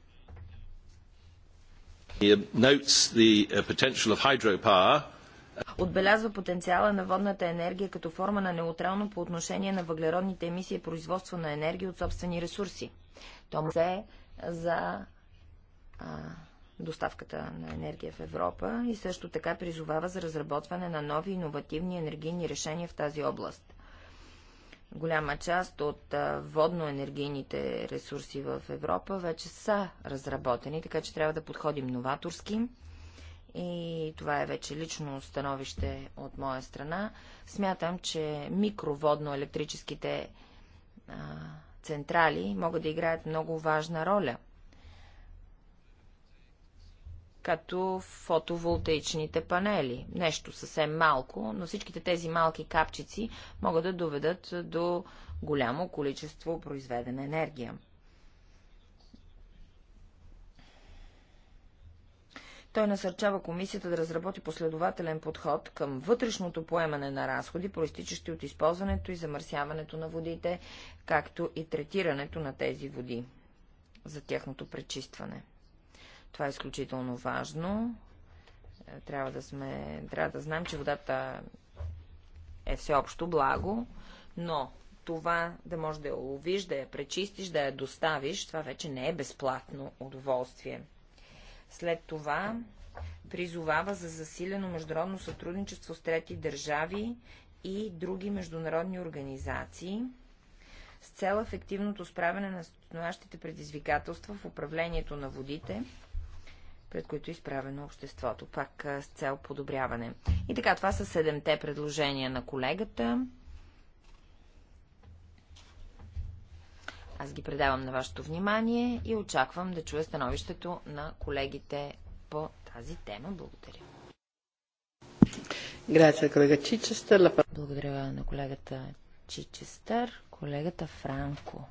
Uh, Отбелязва потенциала на водната енергия като форма на неутрално по отношение на въглеродните емисии и производство на енергия от собствени ресурси. То се за а, доставката на енергия в Европа и също така призовава за разработване на нови иновативни енергийни решения в тази област. Голяма част от водно-енергийните ресурси в Европа вече са разработени, така че трябва да подходим новаторски. И това е вече лично становище от моя страна. Смятам, че микроводно-електрическите централи могат да играят много важна роля – като фотоволтаичните панели. Нещо съвсем малко, но всичките тези малки капчици могат да доведат до голямо количество произведена енергия. Той насърчава комисията да разработи последователен подход към вътрешното поемане на разходи, проистичащи от използването и замърсяването на водите, както и третирането на тези води за тяхното пречистване. Това е изключително важно. Е, трябва да, сме, трябва да знаем, че водата е всеобщо благо, но това да можеш да я ловиш, да я пречистиш, да я доставиш, това вече не е безплатно удоволствие. След това призовава за засилено международно сътрудничество с трети държави и други международни организации с цел ефективното справяне на настоящите предизвикателства в управлението на водите пред които е изправено обществото, пак с цел подобряване. И така, това са седемте предложения на колегата. Аз ги предавам на вашето внимание и очаквам да чуя становището на колегите по тази тема. Благодаря. колега Чичестър, Благодаря на колегата Чичестър, колегата Франко.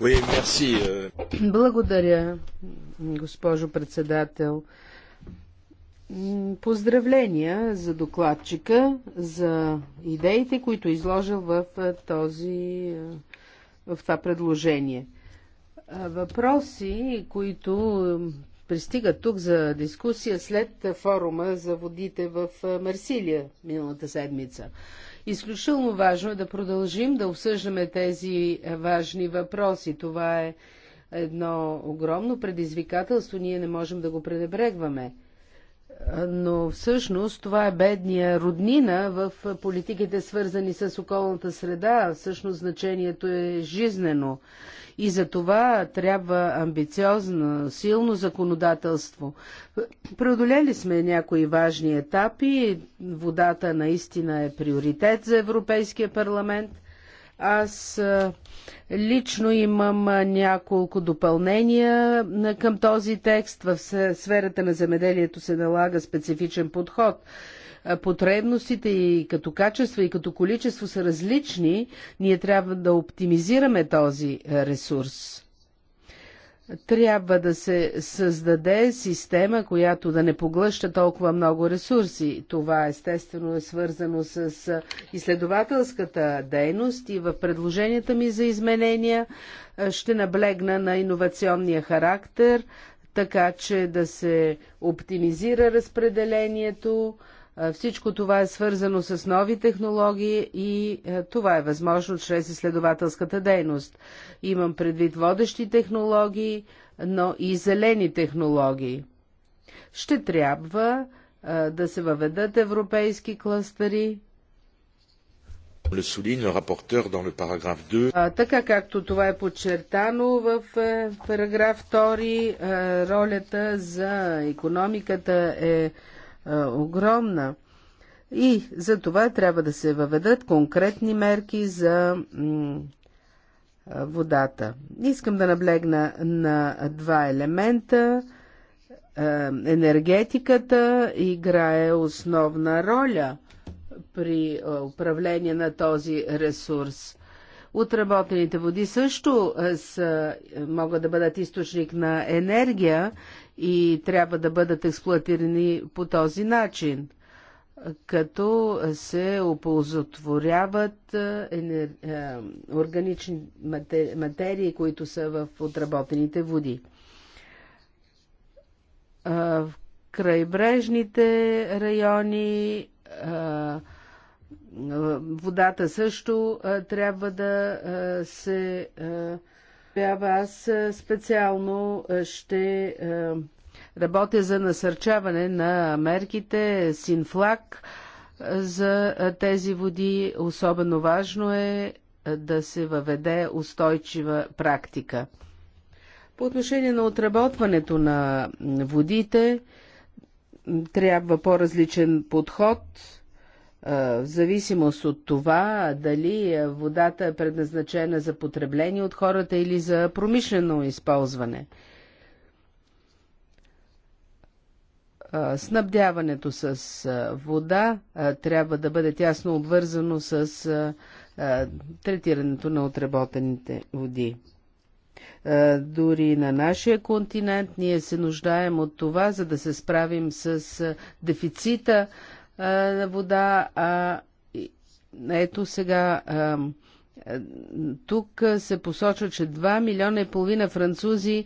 Euh. Благодаря, госпожо председател. Поздравления за докладчика, за идеите, които е изложил в, този, в това предложение. Въпроси, които пристигат тук за дискусия след форума за водите в Марсилия миналата седмица. Изключително важно е да продължим да обсъждаме тези важни въпроси. Това е едно огромно предизвикателство, ние не можем да го пренебрегваме но всъщност това е бедния роднина в политиките свързани с околната среда. Всъщност значението е жизнено. И за това трябва амбициозно, силно законодателство. Преодолели сме някои важни етапи. Водата наистина е приоритет за Европейския парламент – аз лично имам няколко допълнения към този текст. В сферата на земеделието се налага специфичен подход. Потребностите и като качество, и като количество са различни. Ние трябва да оптимизираме този ресурс. Трябва да се създаде система, която да не поглъща толкова много ресурси. Това естествено е свързано с изследователската дейност и в предложенията ми за изменения ще наблегна на иновационния характер, така че да се оптимизира разпределението, е, всичко това е свързано с нови технологии и е, това е възможно чрез изследователската дейност. Имам предвид водещи технологии, но и зелени технологии. Ще трябва е, да се въведат европейски кластери. Le souligne le rapporteur dans le 2. А, така както това е подчертано в е, параграф 2, е, ролята за економиката е огромна. И за това трябва да се въведат конкретни мерки за водата. Искам да наблегна на два елемента. Енергетиката играе основна роля при управление на този ресурс. Отработените води също е, са, е, могат да бъдат източник на енергия и трябва да бъдат експлуатирани по този начин, като се оползотворяват е, енер... органични материи, които са в отработените води. В крайбрежните райони Водата също трябва да се трябва аз специално ще работя за насърчаване на мерките Синфлак за тези води. Особено важно е да се въведе устойчива практика. По отношение на отработването на водите, трябва по-различен подход – в зависимост от това дали водата е предназначена за потребление от хората или за промишлено използване. Снабдяването с вода трябва да бъде тясно обвързано с третирането на отработените води. Дори на нашия континент ние се нуждаем от това, за да се справим с дефицита на вода. А, ето сега. А, тук се посочва, че 2 милиона и половина французи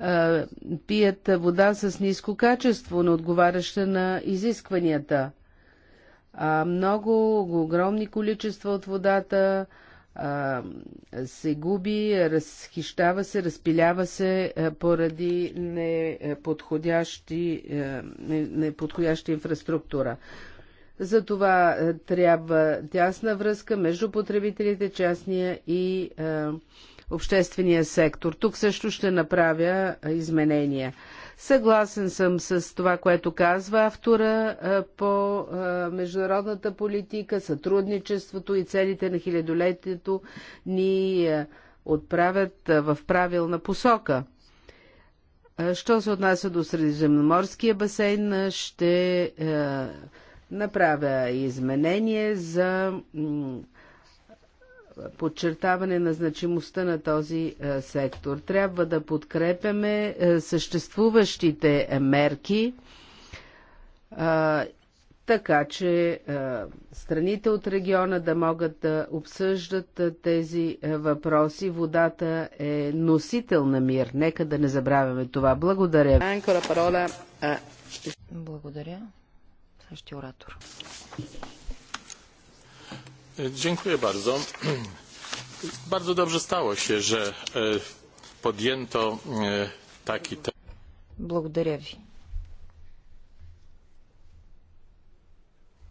а, пият вода с ниско качество, не отговаряща на изискванията. А, много огромни количества от водата а, се губи, разхищава се, разпилява се а, поради неподходящи, а, неподходяща инфраструктура. За това е, трябва тясна връзка между потребителите, частния и е, обществения сектор. Тук също ще направя е, изменения. Съгласен съм с това, което казва автора е, по международната политика, сътрудничеството и целите на хилядолетието ни отправят в правилна посока. Що се отнася до Средиземноморския басейн, ще направя изменение за подчертаване на значимостта на този е, сектор. Трябва да подкрепяме е, съществуващите мерки, е, така че страните от региона да могат да обсъждат тези въпроси. Водата е носител на мир. Нека да не забравяме това. Благодаря. Благодаря. Следващия оратор. Е, Dziękuję bardzo. Bardzo dobrze stało się, że e, podjęto e, taki temat. Благодаря ви.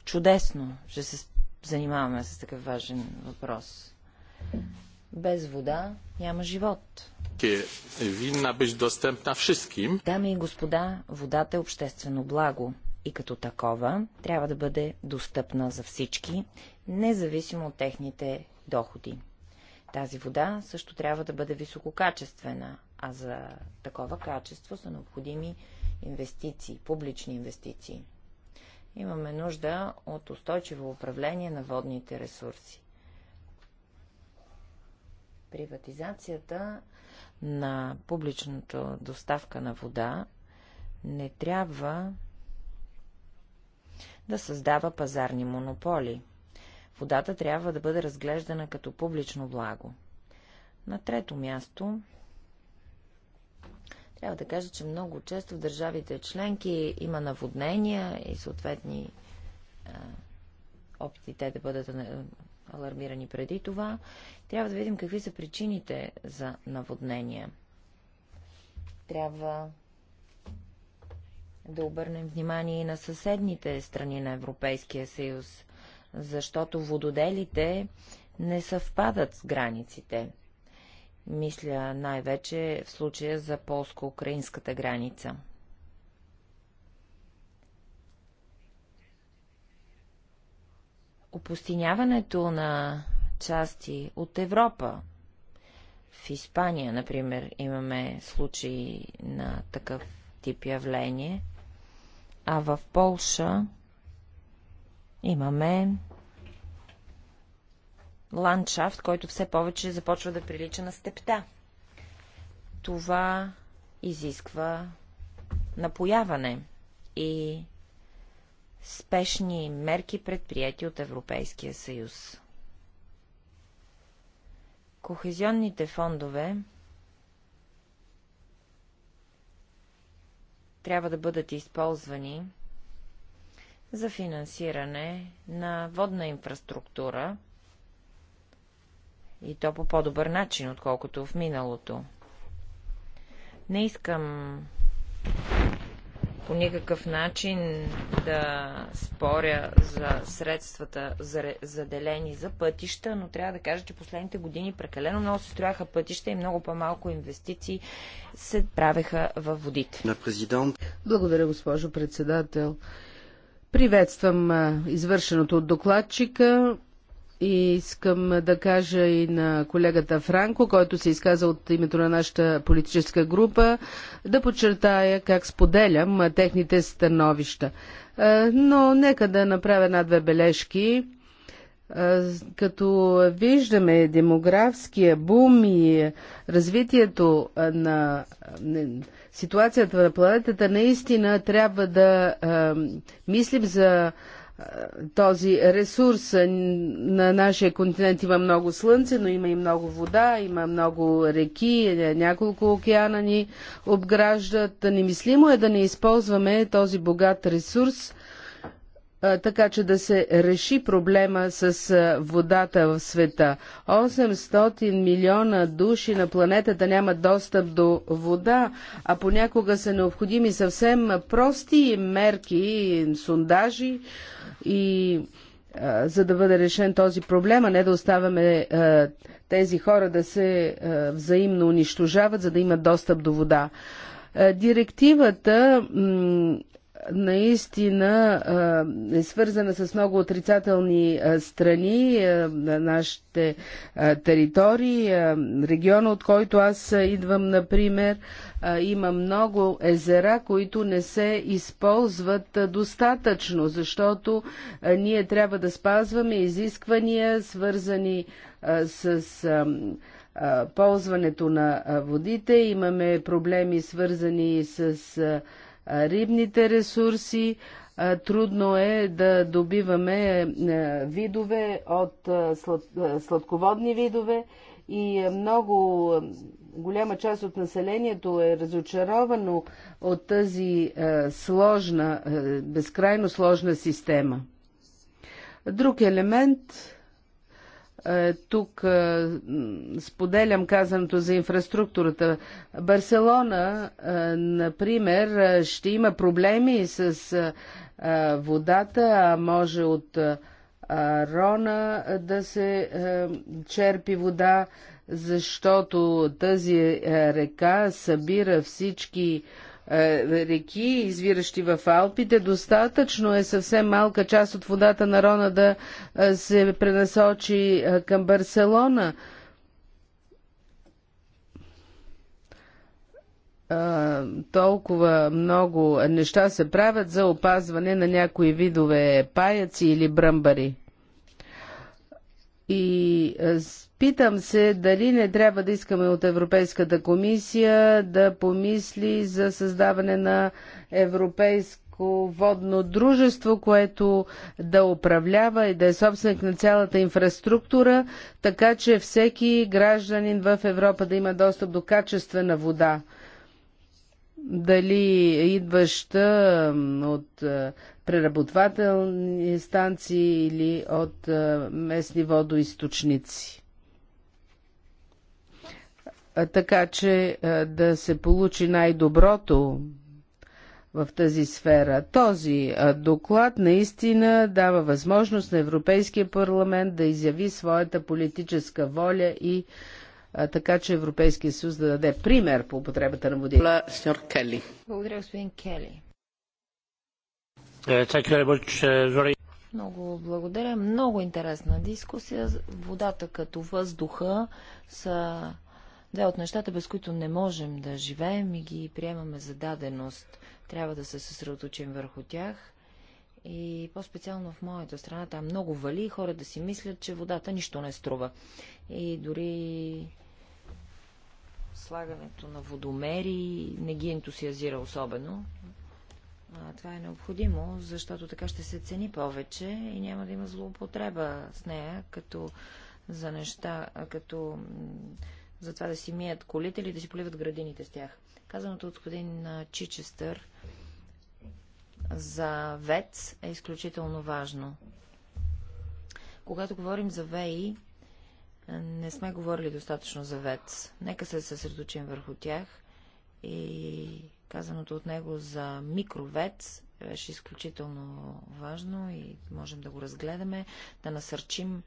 Чудесно, че се занимаваме с такъв важен въпрос. Без вода няма живот. Е, Винна бъде достъпна всичким. Дами и господа, водата е обществено благо и като такова трябва да бъде достъпна за всички, независимо от техните доходи. Тази вода също трябва да бъде висококачествена, а за такова качество са необходими инвестиции, публични инвестиции. Имаме нужда от устойчиво управление на водните ресурси. Приватизацията на публичната доставка на вода не трябва да създава пазарни монополи. Водата трябва да бъде разглеждана като публично благо. На трето място трябва да кажа, че много често в държавите членки има наводнения и съответни а, опити те да бъдат алармирани преди това. Трябва да видим какви са причините за наводнения. Трябва да обърнем внимание и на съседните страни на Европейския съюз, защото вододелите не съвпадат с границите. Мисля най-вече в случая за полско-украинската граница. Опустиняването на части от Европа, в Испания, например, имаме случаи на такъв тип явление – а в Полша имаме ландшафт, който все повече започва да прилича на степта. Това изисква напояване и спешни мерки предприяти от Европейския съюз. Кохезионните фондове трябва да бъдат използвани за финансиране на водна инфраструктура и то по по-добър начин, отколкото в миналото. Не искам по никакъв начин да споря за средствата заделени за пътища, но трябва да кажа, че последните години прекалено много се строяха пътища и много по-малко инвестиции се правеха във водите. На президент. Благодаря, госпожо председател. Приветствам извършеното от докладчика. И искам да кажа и на колегата Франко, който се изказа от името на нашата политическа група, да подчертая как споделям техните становища. Но нека да направя една-две бележки. Като виждаме демографския бум и развитието на ситуацията на планетата, наистина трябва да мислим за този ресурс. На нашия континент има много слънце, но има и много вода, има много реки, няколко океана ни обграждат. Немислимо е да не използваме този богат ресурс, така че да се реши проблема с водата в света. 800 милиона души на планетата нямат достъп до вода, а понякога са необходими съвсем прости мерки, сундажи и а, за да бъде решен този проблем, а не да оставяме а, тези хора да се а, взаимно унищожават, за да имат достъп до вода. Директивата наистина е свързана с много отрицателни страни на нашите територии. Региона, от който аз идвам, например, има много езера, които не се използват достатъчно, защото ние трябва да спазваме изисквания, свързани с ползването на водите. Имаме проблеми, свързани с рибните ресурси. Трудно е да добиваме видове от сладководни видове и много голяма част от населението е разочаровано от тази сложна, безкрайно сложна система. Друг елемент е, тук е, споделям казаното за инфраструктурата. Барселона, е, например, ще има проблеми с водата, а може от Рона да се черпи вода, защото тази река събира всички е, реки, извиращи в Алпите, достатъчно е съвсем малка част от водата на Рона да е, се пренасочи е, към Барселона. толкова много неща се правят за опазване на някои видове паяци или бръмбари. И Питам се дали не трябва да искаме от Европейската комисия да помисли за създаване на европейско водно дружество, което да управлява и да е собственик на цялата инфраструктура, така че всеки гражданин в Европа да има достъп до качествена вода. Дали идваща от е, преработвателни станции или от е, местни водоисточници така че е, да се получи най-доброто в тази сфера. Този е, доклад наистина дава възможност на Европейския парламент да изяви своята политическа воля и е, така, че Европейския съюз да даде пример по употребата на водите. Благодаря, господин Кели. Много благодаря. Много интересна дискусия. Водата като въздуха са да, от нещата, без които не можем да живеем и ги приемаме за даденост. Трябва да се съсредоточим върху тях. И по-специално в моята страна там много вали, хора да си мислят, че водата нищо не струва. И дори слагането на водомери не ги ентусиазира особено. А, това е необходимо, защото така ще се цени повече и няма да има злоупотреба с нея, като за неща, като за това да си мият колите или да си поливат градините с тях. Казаното от господин Чичестър за ВЕЦ е изключително важно. Когато говорим за ВЕИ, не сме говорили достатъчно за ВЕЦ. Нека се съсредоточим върху тях и казаното от него за микровец беше изключително важно и можем да го разгледаме, да насърчим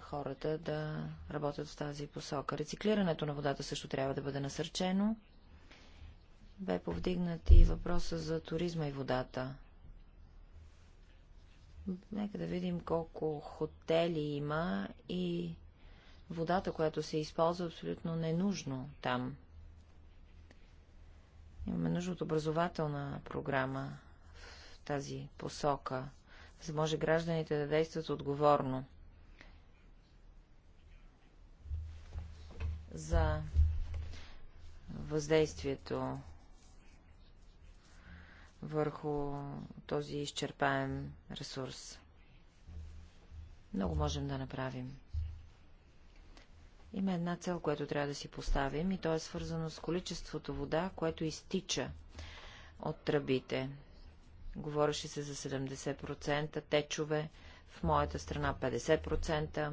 хората да работят в тази посока. Рециклирането на водата също трябва да бъде насърчено. Бе повдигнат и въпроса за туризма и водата. Нека да видим колко хотели има и водата, която се използва е абсолютно ненужно там. Имаме нужда от образователна програма в тази посока, за да може гражданите да действат отговорно. за въздействието върху този изчерпаем ресурс. Много можем да направим. Има една цел, която трябва да си поставим и то е свързано с количеството вода, което изтича от тръбите. Говореше се за 70% течове, в моята страна 50%,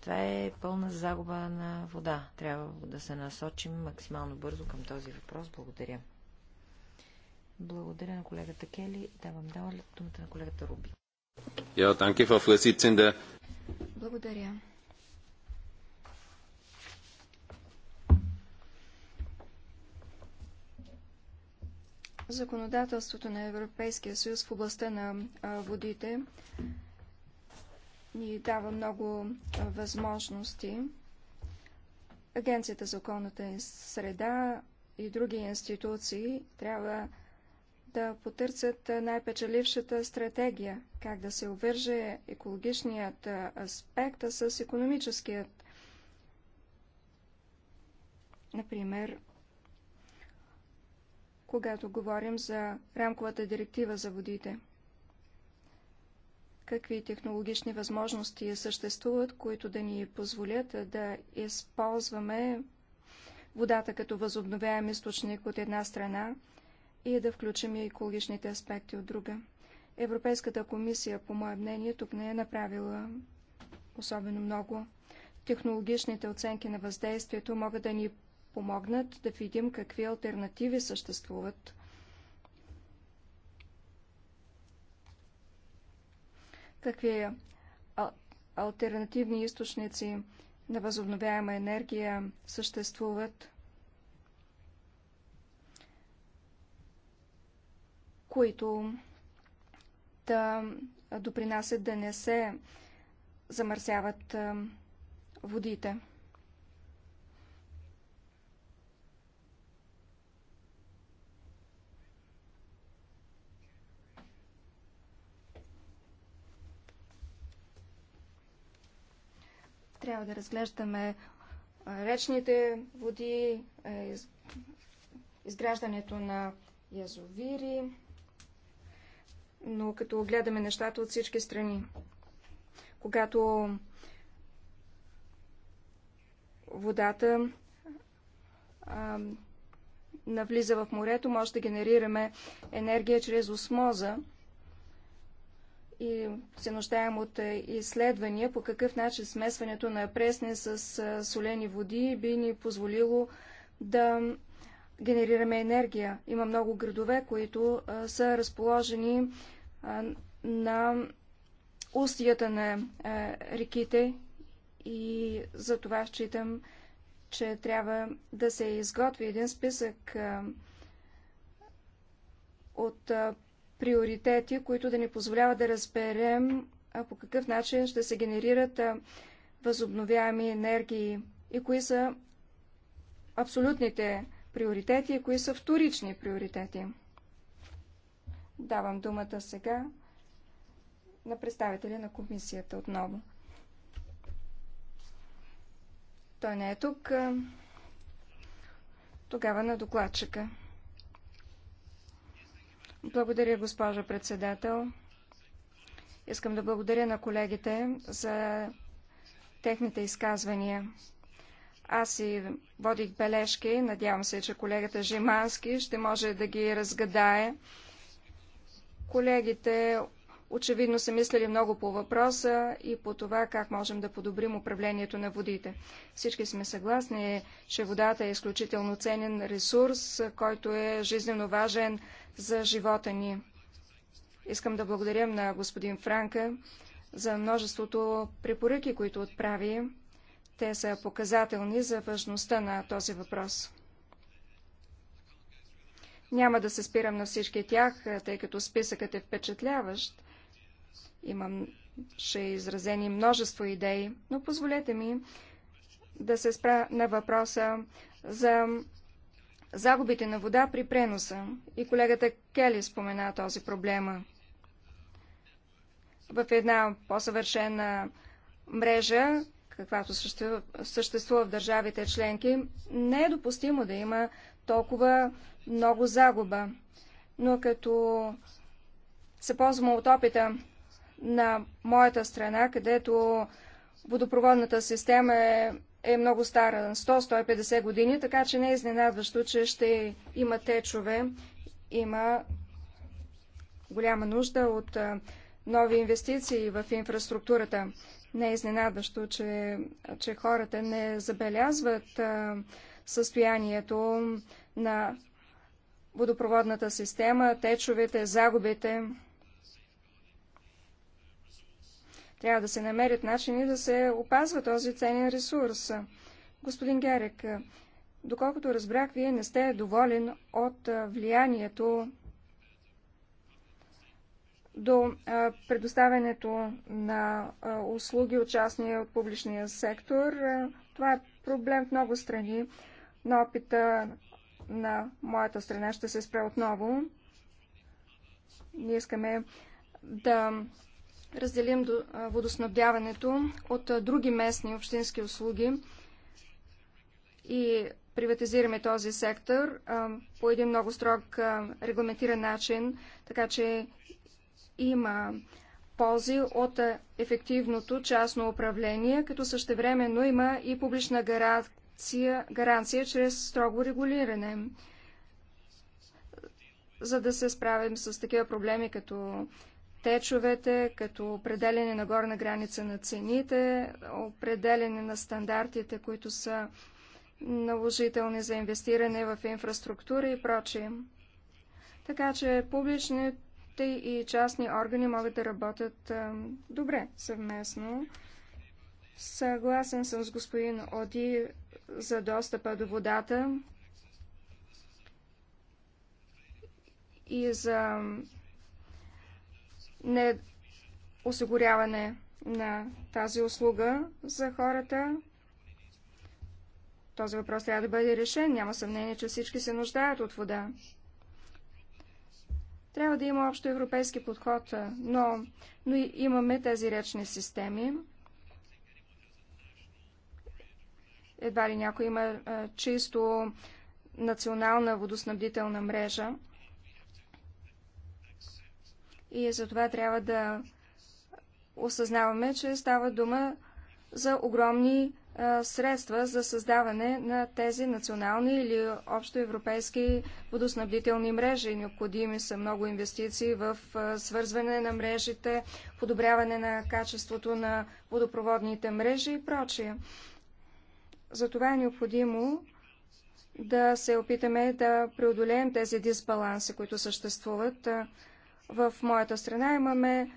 това е пълна загуба на вода. Трябва да се насочим максимално бързо към този въпрос. Благодаря. Благодаря на колегата Кели. Давам дава думата на колегата Руби. Ja, danke, Frau Vorsitzende. Благодаря. Законодателството на Европейския съюз в областта на водите ни дава много възможности. Агенцията за околната среда и други институции трябва да потърсят най-печелившата стратегия, как да се обвърже екологичният аспект с економическият. Например, когато говорим за рамковата директива за водите – какви технологични възможности съществуват, които да ни позволят да използваме водата като възобновяем източник от една страна и да включим и екологичните аспекти от друга. Европейската комисия, по мое мнение, тук не е направила особено много. Технологичните оценки на въздействието могат да ни помогнат да видим какви альтернативи съществуват – Какви альтернативни източници на възобновяема енергия съществуват, които да допринасят да не се замърсяват водите. Трябва да разглеждаме речните води, изграждането на язовири, но като гледаме нещата от всички страни. Когато водата навлиза в морето, може да генерираме енергия чрез осмоза и се нощаем от е, изследвания по какъв начин смесването на пресни с е, солени води би ни позволило да генерираме енергия. Има много градове, които е, са разположени на устията на реките и за това считам, че трябва да се изготви един списък от приоритети, които да ни позволяват да разберем по какъв начин ще се генерират възобновяеми енергии и кои са абсолютните приоритети и кои са вторични приоритети. Давам думата сега на представителя на комисията отново. Той не е тук. Тогава на докладчика. Благодаря, госпожа председател. Искам да благодаря на колегите за техните изказвания. Аз си водих бележки. Надявам се, че колегата Жимански ще може да ги разгадае. Колегите Очевидно са мислили много по въпроса и по това как можем да подобрим управлението на водите. Всички сме съгласни, че водата е изключително ценен ресурс, който е жизненно важен за живота ни. Искам да благодаря на господин Франка за множеството препоръки, които отправи. Те са показателни за важността на този въпрос. Няма да се спирам на всички тях, тъй като списъкът е впечатляващ, ще изразени множество идеи, но позволете ми да се спра на въпроса за загубите на вода при преноса. И колегата Кели спомена този проблема. В една по-съвършена мрежа, каквато съществува в държавите членки, не е допустимо да има толкова много загуба. Но като се ползвам от опита на моята страна, където водопроводната система е, е много стара, 100-150 години, така че не е изненадващо, че ще има течове, има голяма нужда от нови инвестиции в инфраструктурата. Не е изненадващо, че, че хората не забелязват състоянието на водопроводната система, течовете, загубите. Трябва да се намерят начини да се опазва този ценен ресурс. Господин Герек, доколкото разбрах, вие не сте доволен от влиянието до предоставянето на услуги от частния от публичния сектор. Това е проблем в много страни. На опита на моята страна ще се спре отново. Ние искаме да разделим водоснабдяването от други местни общински услуги и приватизираме този сектор по един много строг регламентиран начин, така че има ползи от ефективното частно управление, като същевременно има и публична гаранция, гаранция чрез строго регулиране. За да се справим с такива проблеми като течовете, като определене на горна граница на цените, определене на стандартите, които са наложителни за инвестиране в инфраструктура и прочие. Така че публичните и частни органи могат да работят добре съвместно. Съгласен съм с господин Оди за достъпа до водата и за не осигуряване на тази услуга за хората. Този въпрос трябва да бъде решен. Няма съмнение, че всички се нуждаят от вода. Трябва да има общо европейски подход, но, но имаме тези речни системи. Едва ли някой има а, чисто национална водоснабдителна мрежа и затова трябва да осъзнаваме, че става дума за огромни а, средства за създаване на тези национални или общоевропейски водоснабдителни мрежи. Необходими са много инвестиции в а, свързване на мрежите, подобряване на качеството на водопроводните мрежи и прочие. Затова е необходимо да се опитаме да преодолеем тези дисбаланси, които съществуват. В моята страна имаме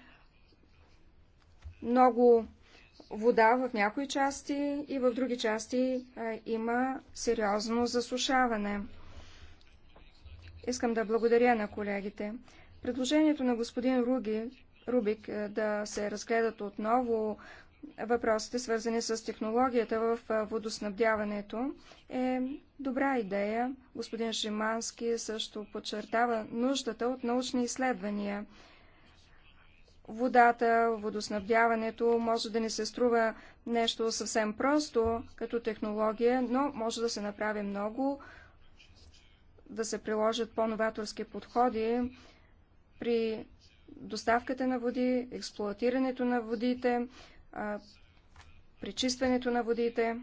много вода в някои части и в други части а, има сериозно засушаване. Искам да благодаря на колегите. Предложението на господин Руги, Рубик да се разгледат отново въпросите, свързани с технологията в водоснабдяването, е добра идея. Господин Шимански също подчертава нуждата от научни изследвания. Водата, водоснабдяването може да не се струва нещо съвсем просто като технология, но може да се направи много, да се приложат по-новаторски подходи при доставката на води, експлуатирането на водите, пречистването на водите.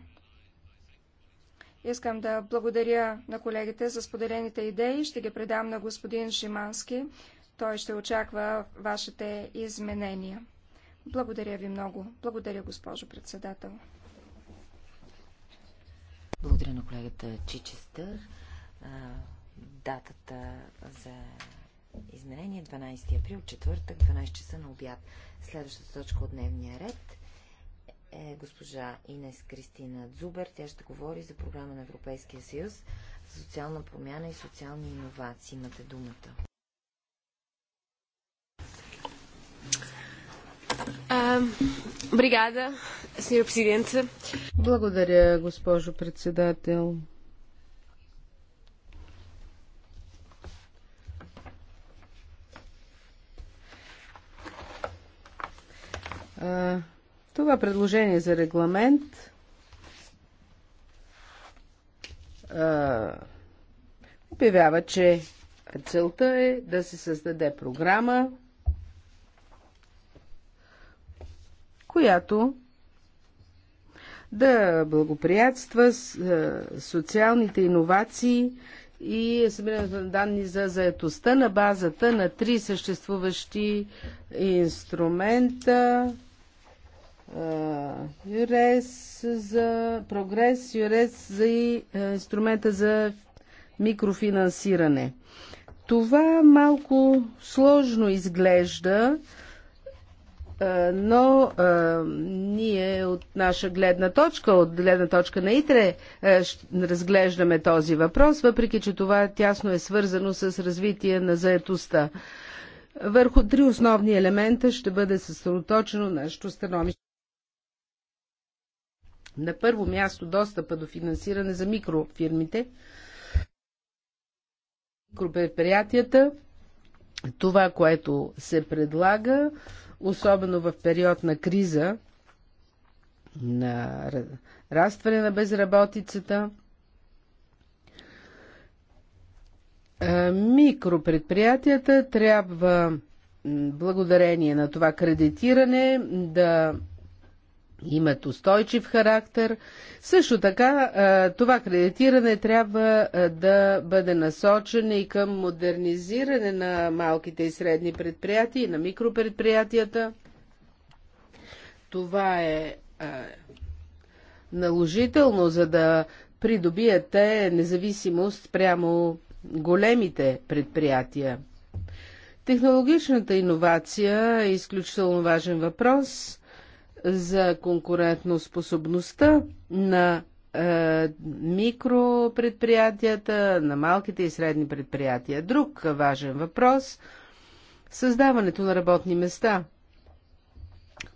Искам да благодаря на колегите за споделените идеи. Ще ги предам на господин Шимански. Той ще очаква вашите изменения. Благодаря ви много. Благодаря, госпожо председател. Благодаря на колегата Чичестър. Датата за изменение 12 е април, четвъртък, 12 часа на обяд. Следващата точка от дневния ред е госпожа Инес Кристина Дзубер. Тя ще говори за програма на Европейския съюз за социална промяна и социални иновации. Имате думата. Бригада, сеньор президент. Благодаря, госпожо председател. А, това предложение за регламент обявява, че целта е да се създаде програма, която да благоприятства социалните иновации и събирането на данни за заетостта на базата на три съществуващи инструмента е, ЮРЕС за прогрес, ЮРЕС за и е, инструмента за микрофинансиране. Това малко сложно изглежда, е, но ние от наша гледна точка, от гледна точка на ИТРЕ, разглеждаме този въпрос, въпреки че това тясно е свързано с развитие на заетостта. Върху три основни елемента ще бъде съсредоточено нашето становище. На първо място достъпа до финансиране за микрофирмите, микропредприятията, това, което се предлага, особено в период на криза, на растване на безработицата, микропредприятията трябва благодарение на това кредитиране да имат устойчив характер. Също така това кредитиране трябва да бъде насочено и към модернизиране на малките и средни предприятия и на микропредприятията. Това е наложително, за да придобиете независимост прямо големите предприятия. Технологичната иновация е изключително важен въпрос – за конкурентоспособността на е, микропредприятията, на малките и средни предприятия. Друг важен въпрос – създаването на работни места,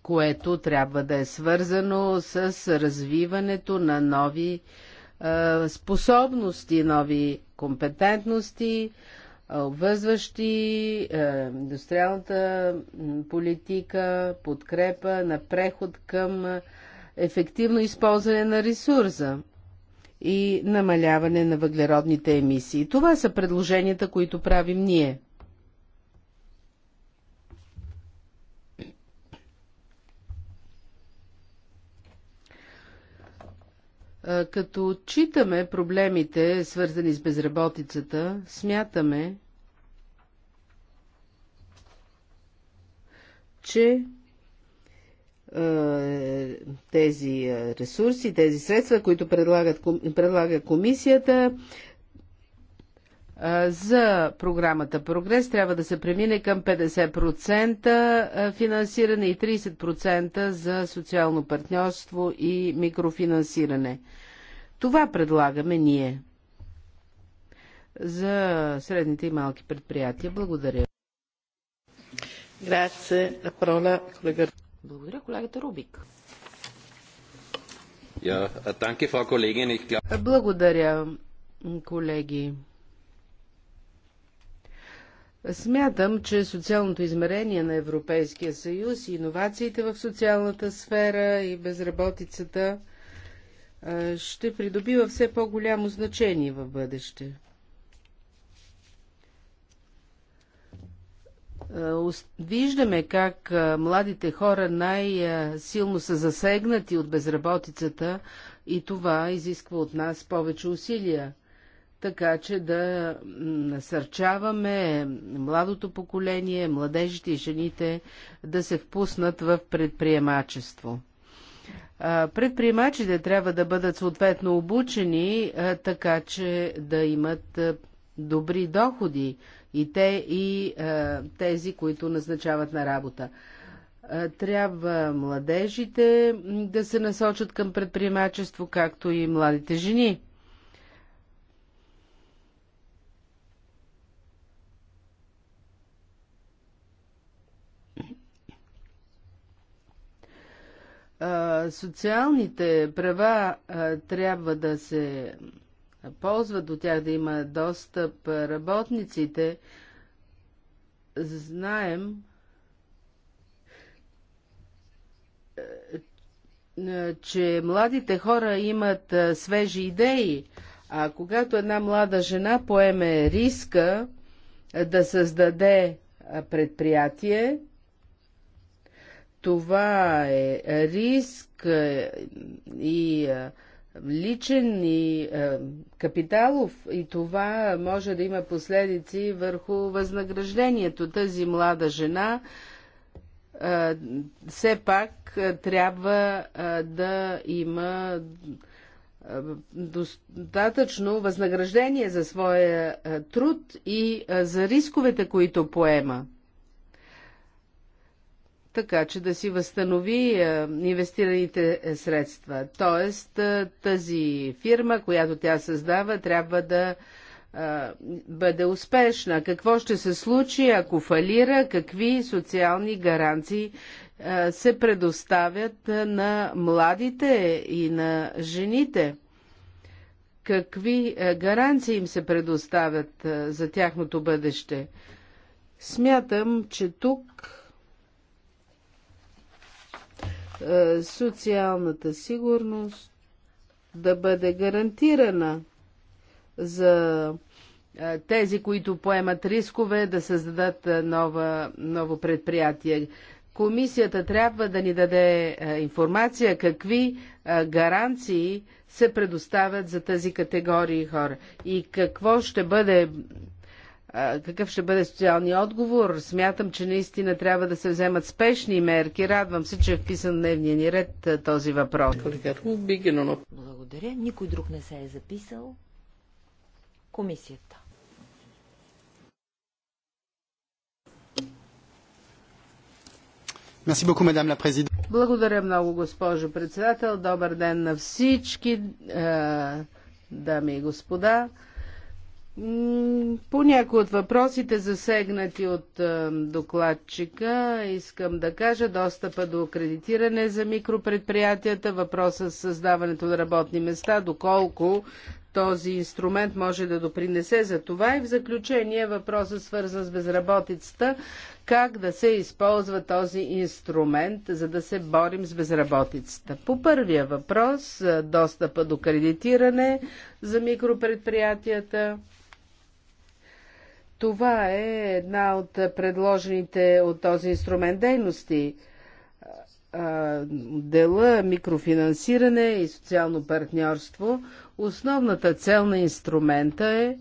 което трябва да е свързано с развиването на нови е, способности, нови компетентности, обвързващи е, индустриалната политика, подкрепа на преход към ефективно използване на ресурса и намаляване на въглеродните емисии. Това са предложенията, които правим ние. Като отчитаме проблемите, свързани с безработицата, смятаме, че тези ресурси, тези средства, които предлага комисията, за програмата Прогрес трябва да се премине към 50% финансиране и 30% за социално партньорство и микрофинансиране. Това предлагаме ние за средните и малки предприятия. Благодаря. Благодаря, колегата Рубик. Благодаря, колеги. Смятам, че социалното измерение на Европейския съюз, иновациите в социалната сфера и безработицата ще придобива все по-голямо значение в бъдеще. Виждаме как младите хора най-силно са засегнати от безработицата и това изисква от нас повече усилия така че да насърчаваме младото поколение, младежите и жените да се впуснат в предприемачество. Предприемачите трябва да бъдат съответно обучени, така че да имат добри доходи и те и тези, които назначават на работа. Трябва младежите да се насочат към предприемачество, както и младите жени социалните права трябва да се ползват до тях, да има достъп работниците, знаем, че младите хора имат свежи идеи, а когато една млада жена поеме риска да създаде предприятие, това е риск е, и е, личен и е, капиталов и това може да има последици върху възнаграждението. Тази млада жена все пак трябва да има достатъчно възнаграждение за своя труд и за рисковете, които поема така че да си възстанови е, инвестираните е, средства. Тоест е, тази фирма, която тя създава, трябва да бъде успешна. Какво ще се случи, ако фалира, какви социални гаранции се предоставят на младите и на жените? Какви гаранции им се предоставят за тяхното бъдеще? Смятам, че тук е, социалната сигурност да бъде гарантирана за е, тези, които поемат рискове да създадат е, нова, ново предприятие. Комисията трябва да ни даде информация какви гаранции се предоставят за тази категории хора и какво ще бъде какъв ще бъде социалния отговор? Смятам, че наистина трябва да се вземат спешни мерки. Радвам се, че е вписан дневния ни ред този въпрос. Благодаря. Никой друг не се е записал. Комисията. Благодаря много, госпожо председател. Добър ден на всички, дами и господа. По някои от въпросите, засегнати от е, докладчика, искам да кажа достъпа до кредитиране за микропредприятията, въпроса с създаването на работни места, доколко този инструмент може да допринесе за това и в заключение въпроса свързан с безработицата, как да се използва този инструмент, за да се борим с безработицата. По първия въпрос, е, достъпа до кредитиране за микропредприятията, това е една от предложените от този инструмент дейности. Дела, микрофинансиране и социално партньорство. Основната цел на инструмента е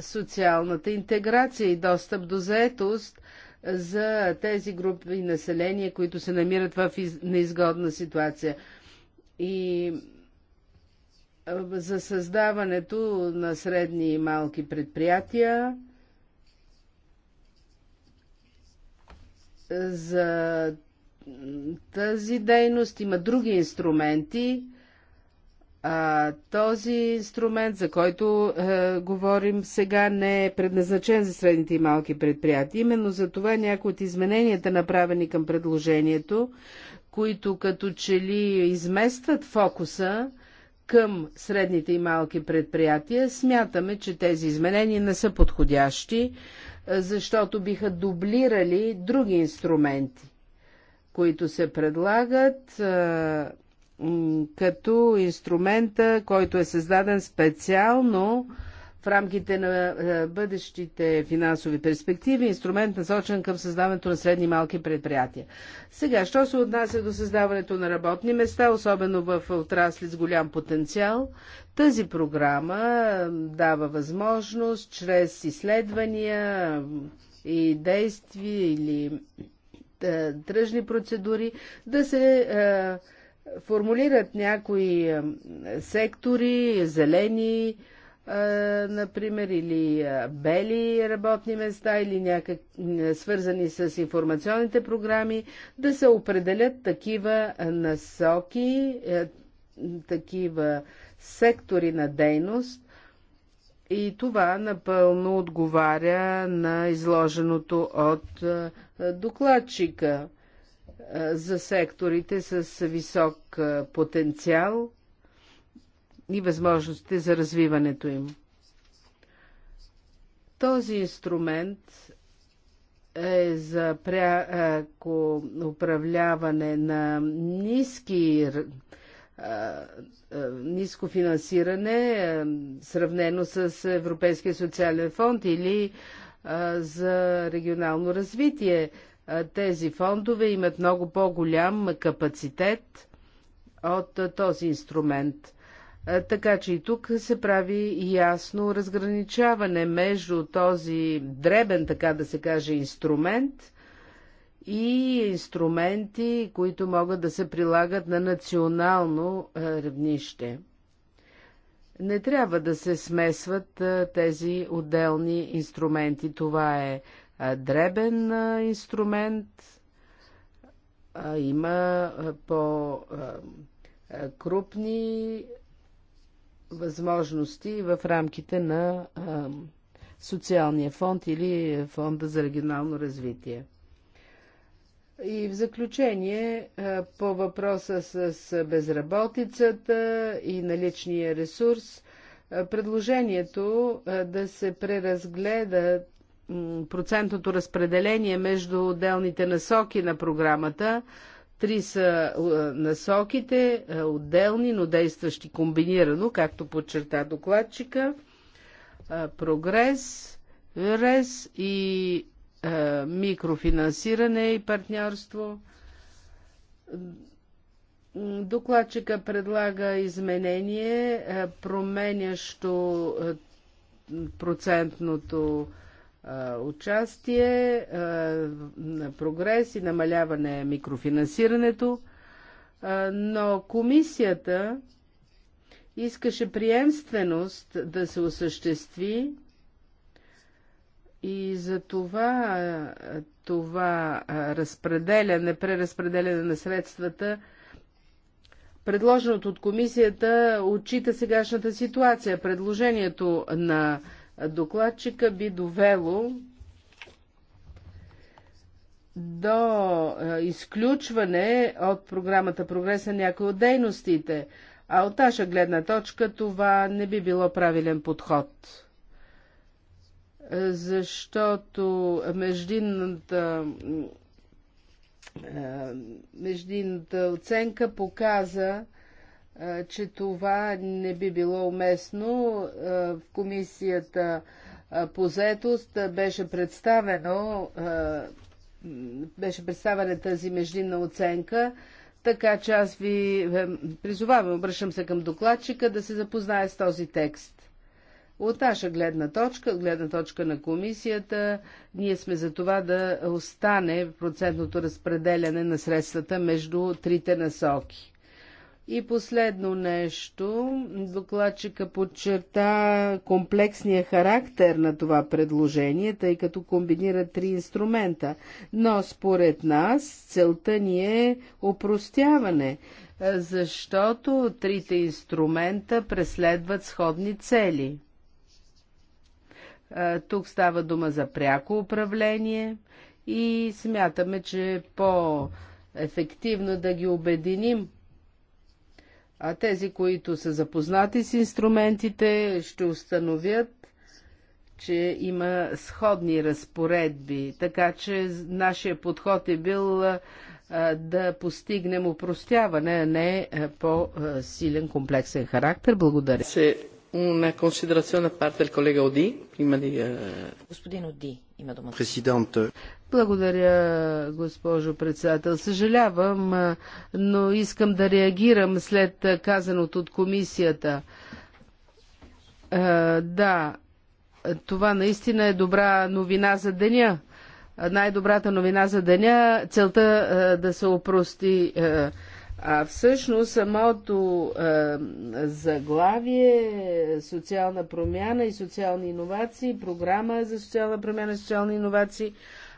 социалната интеграция и достъп до заетост за тези групи население, които се намират в неизгодна ситуация. И за създаването на средни и малки предприятия, за тази дейност има други инструменти. А, този инструмент, за който а, е, говорим сега, не е предназначен за средните и малки предприятия. Именно за това някои от измененията, направени към предложението, които като че ли изместват фокуса към средните и малки предприятия, смятаме, че тези изменения не са подходящи защото биха дублирали други инструменти, които се предлагат като инструмента, който е създаден специално в рамките на е, бъдещите финансови перспективи инструмент насочен към създаването на средни и малки предприятия. Сега, що се отнася до създаването на работни места, особено в отрасли с голям потенциал, тази програма дава възможност чрез изследвания и действия или е, тръжни процедури да се е, формулират някои сектори, зелени, например, или бели работни места, или някак свързани с информационните програми, да се определят такива насоки, такива сектори на дейност. И това напълно отговаря на изложеното от докладчика за секторите с висок потенциал и възможностите за развиването им. Този инструмент е за пряко управляване на ниски ниско финансиране, сравнено с Европейския социален фонд или за регионално развитие. Тези фондове имат много по-голям капацитет от този инструмент. Така че и тук се прави ясно разграничаване между този дребен, така да се каже, инструмент и инструменти, които могат да се прилагат на национално равнище. Не трябва да се смесват тези отделни инструменти. Това е дребен инструмент, има по крупни възможности в рамките на а, социалния фонд или фонда за регионално развитие. И в заключение, а, по въпроса с, с безработицата и наличния ресурс, а, предложението да се преразгледа процентното разпределение между отделните насоки на програмата Три са е, насоките, е, отделни, но действащи комбинирано, както подчерта докладчика. Е, прогрес, РЕС и микрофинансиране и партньорство. Докладчика предлага изменение, променящо процентното участие, на прогрес и намаляване микрофинансирането, но комисията искаше приемственост да се осъществи и за това, това разпределяне, преразпределяне на средствата, предложеното от комисията отчита сегашната ситуация. Предложението на докладчика би довело до е, изключване от програмата Прогреса някои от дейностите, а от наша гледна точка това не би било правилен подход. Защото междинната, е, междинната оценка показа, че това не би било уместно. В комисията по заетост беше представено беше представена тази междинна оценка, така че аз ви е, призовавам, обръщам се към докладчика да се запознае с този текст. От наша гледна точка, гледна точка на комисията, ние сме за това да остане процентното разпределяне на средствата между трите насоки. И последно нещо, докладчика подчерта комплексния характер на това предложение, тъй като комбинира три инструмента. Но според нас целта ни е опростяване, защото трите инструмента преследват сходни цели. Тук става дума за пряко управление и смятаме, че е по-ефективно да ги обединим а тези, които са запознати с инструментите, ще установят, че има сходни разпоредби, така че нашия подход е бил а, да постигнем упростяване, а не по-силен комплексен характер. Благодаря. Оди, eh, Господин Оди, има думата. Благодаря, госпожо председател. Съжалявам, но искам да реагирам след казаното от комисията. Да, това наистина е добра новина за деня. Най-добрата новина за деня, целта да се опрости а всъщност самото е, заглавие социална промяна и социални иновации, програма за социална промяна и социални иновации,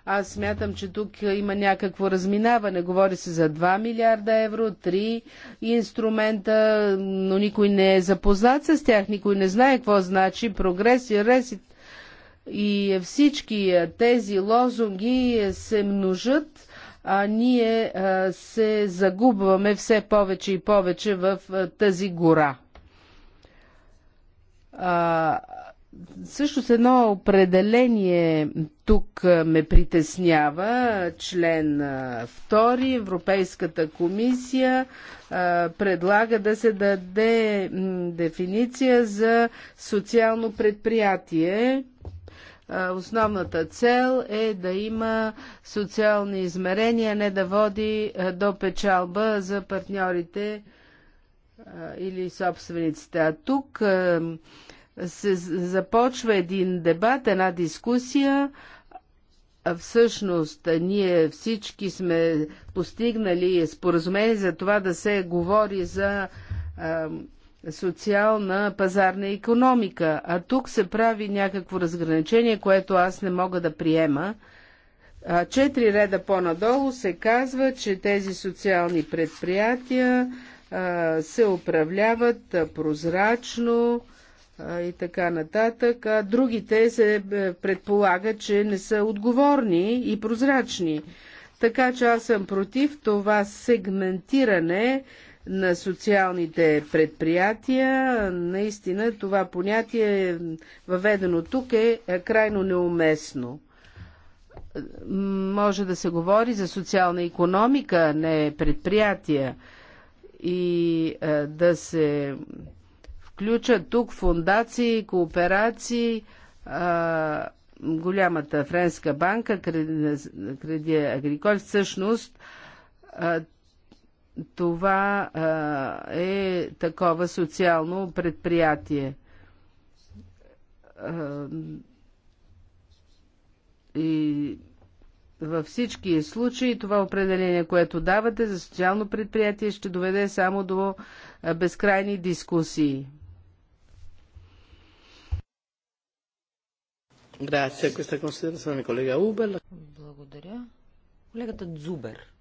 аз смятам, че тук има някакво разминаване. Говори се за 2 милиарда евро, 3 инструмента, но никой не е запознат с тях, никой не знае какво значи прогрес и ресит. И всички тези лозунги се множат а ние се загубваме все повече и повече в тази гора. А, също с едно определение тук ме притеснява член 2. Европейската комисия предлага да се даде дефиниция за социално предприятие. Основната цел е да има социални измерения, не да води до печалба за партньорите или собствениците. А тук се започва един дебат, една дискусия. Всъщност, ние всички сме постигнали споразумение за това да се говори за социална пазарна економика, а тук се прави някакво разграничение, което аз не мога да приема. Четири реда по-надолу се казва, че тези социални предприятия се управляват прозрачно и така нататък, а другите се е, предполага, че не са отговорни и прозрачни. Така че аз съм против това сегментиране на социалните предприятия. Наистина това понятие, въведено тук, е, е крайно неуместно. Може да се говори за социална економика, не предприятия. И е, да се включат тук фундации, кооперации, е, голямата френска банка, Креди Агриколь, всъщност това е такова социално предприятие. И във всички случаи това определение, което давате за социално предприятие, ще доведе само до безкрайни дискусии. Благодаря. Колегата Дзубер.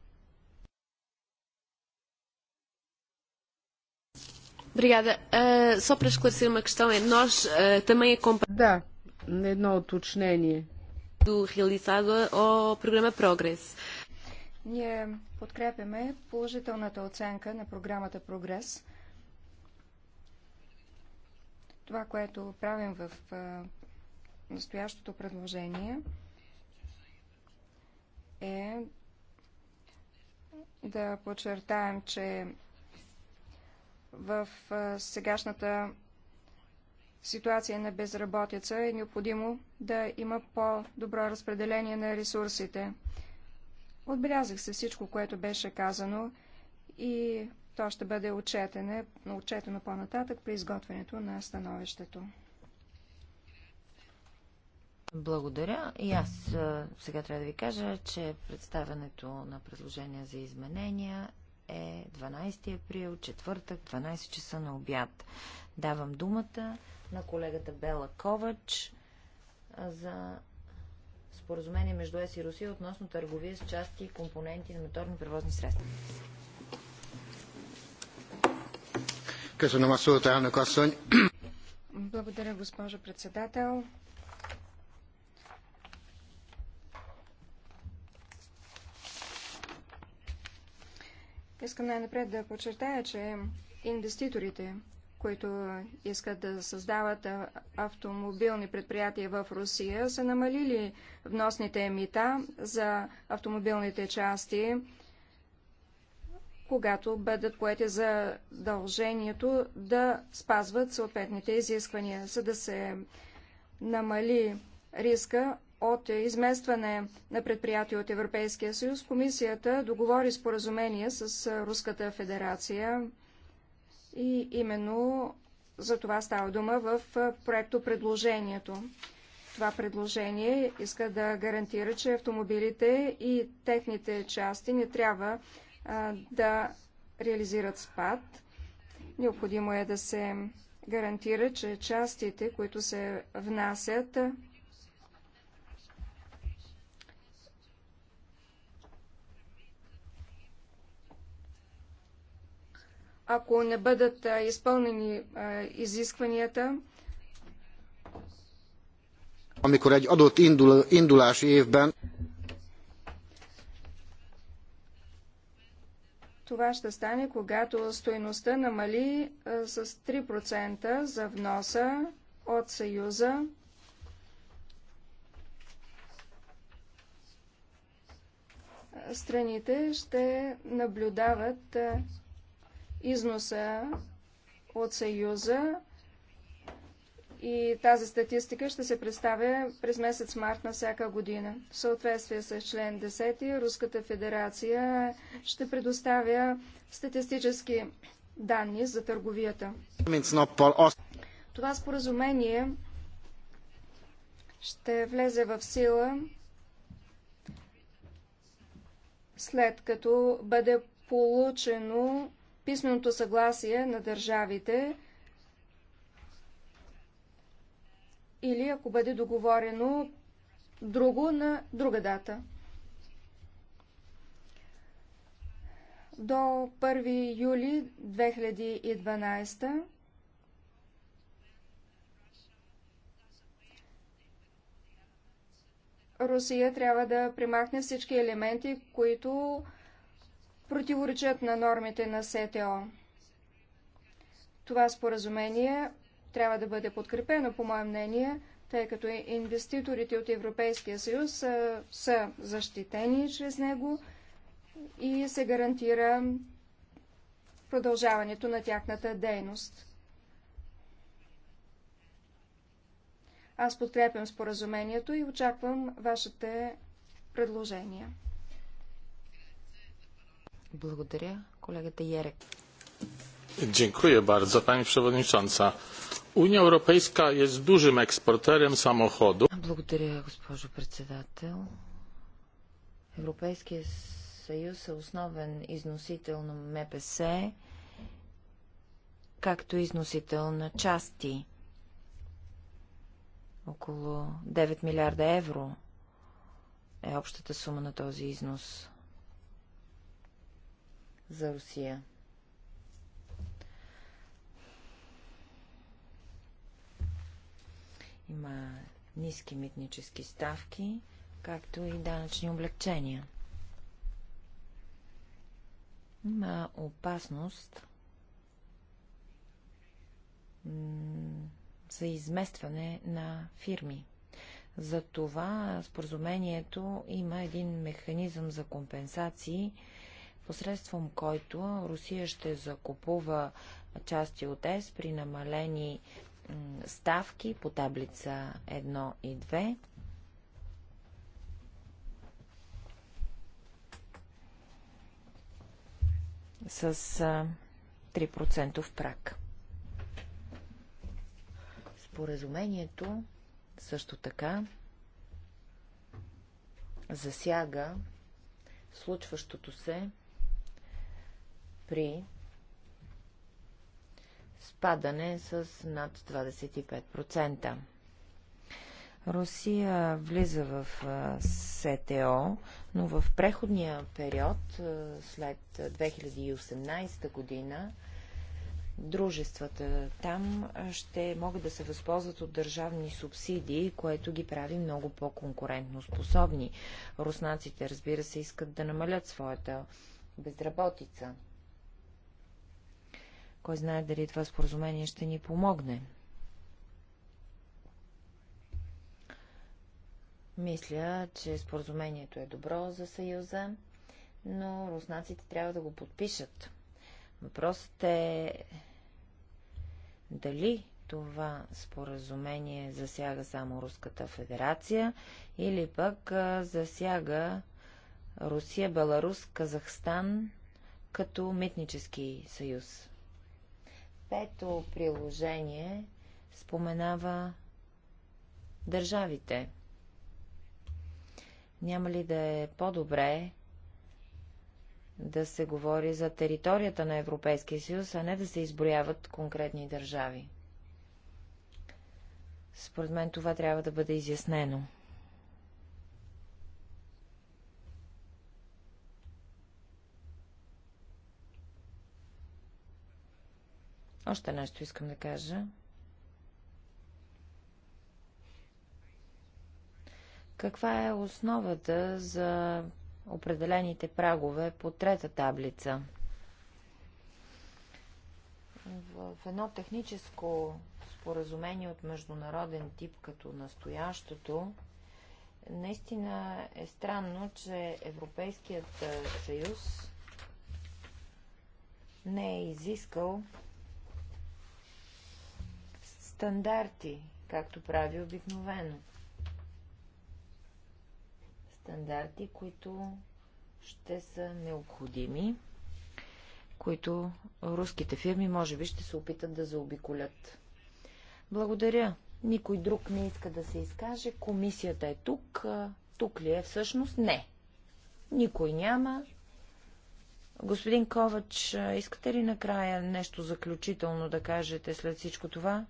Obrigada. Uh, só para esclarecer uma questão, é nós uh, também acompanhamos. едно уточнение. Do realizado ao programa Progress. Ние подкрепяме положителната оценка на програмата Прогрес. Това, което правим в настоящото предложение е да подчертаем, че в сегашната ситуация на безработица е необходимо да има по-добро разпределение на ресурсите. Отбелязах се всичко, което беше казано и то ще бъде отчетене, отчетено по-нататък при изготвянето на становището. Благодаря. И аз сега трябва да ви кажа, че представянето на предложения за изменения е 12 април, четвъртък, 12 часа на обяд. Давам думата на колегата Бела Ковач за споразумение между ЕС и Русия относно търговия с части и компоненти на моторни превозни средства. Благодаря, госпожо председател. Искам най-напред да подчертая, че инвеститорите, които искат да създават автомобилни предприятия в Русия, са намалили вносните мита за автомобилните части, когато бъдат поети задължението да спазват съответните изисквания, за да се намали риска от изместване на предприятия от Европейския съюз, комисията договори споразумение с Руската федерация и именно за това става дума в проекто предложението. Това предложение иска да гарантира, че автомобилите и техните части не трябва а, да реализират спад. Необходимо е да се гарантира, че частите, които се внасят, ако не бъдат изпълнени изискванията. Amikor egy adott indul, indulási évben Това ще стане, когато стоеността намали с 3% за вноса от Съюза. Страните ще наблюдават износа от Съюза и тази статистика ще се представя през месец март на всяка година. В съответствие с член 10, Руската федерация ще предоставя статистически данни за търговията. Това споразумение ще влезе в сила след като бъде получено писменото съгласие на държавите или ако бъде договорено друго на друга дата. До 1 юли 2012 Русия трябва да примахне всички елементи, които противоречат на нормите на СТО. Това споразумение трябва да бъде подкрепено, по мое мнение, тъй като инвеститорите от Европейския съюз са, са защитени чрез него и се гарантира продължаването на тяхната дейност. Аз подкрепям споразумението и очаквам вашите предложения. Благодаря. Колегата Ярек. Dziękuję bardzo, Pani Przewodnicząca. Unia Europejska jest dużym eksporterem samochodów. Благодаря, госпожо председател. Европейският съюз е основен износител на МПС, както износител на части. Около 9 милиарда евро е общата сума на този износ за Русия. Има ниски митнически ставки, както и данъчни облегчения. Има опасност за изместване на фирми. За това споразумението има един механизъм за компенсации, посредством който Русия ще закупува части от ЕС при намалени ставки по таблица 1 и 2. с 3% прак. Споразумението също така засяга случващото се при спадане с над 25%. Русия влиза в СТО, но в преходния период след 2018 година дружествата там ще могат да се възползват от държавни субсидии, което ги прави много по-конкурентно способни. Руснаците, разбира се, искат да намалят своята безработица. Кой знае дали това споразумение ще ни помогне. Мисля, че споразумението е добро за Съюза, но руснаците трябва да го подпишат. Въпросът е дали това споразумение засяга само Руската федерация или пък засяга Русия, Беларус, Казахстан като митнически съюз. Пето приложение споменава държавите. Няма ли да е по-добре да се говори за територията на Европейския съюз, а не да се изброяват конкретни държави? Според мен това трябва да бъде изяснено. Още нещо искам да кажа. Каква е основата за определените прагове по трета таблица? В едно техническо споразумение от международен тип като настоящото, наистина е странно, че Европейският съюз не е изискал стандарти, както прави обикновено. Стандарти, които ще са необходими, които руските фирми може би ще се опитат да заобиколят. Благодаря. Никой друг не иска да се изкаже. Комисията е тук. Тук ли е всъщност? Не. Никой няма. Господин Ковач, искате ли накрая нещо заключително да кажете след всичко това?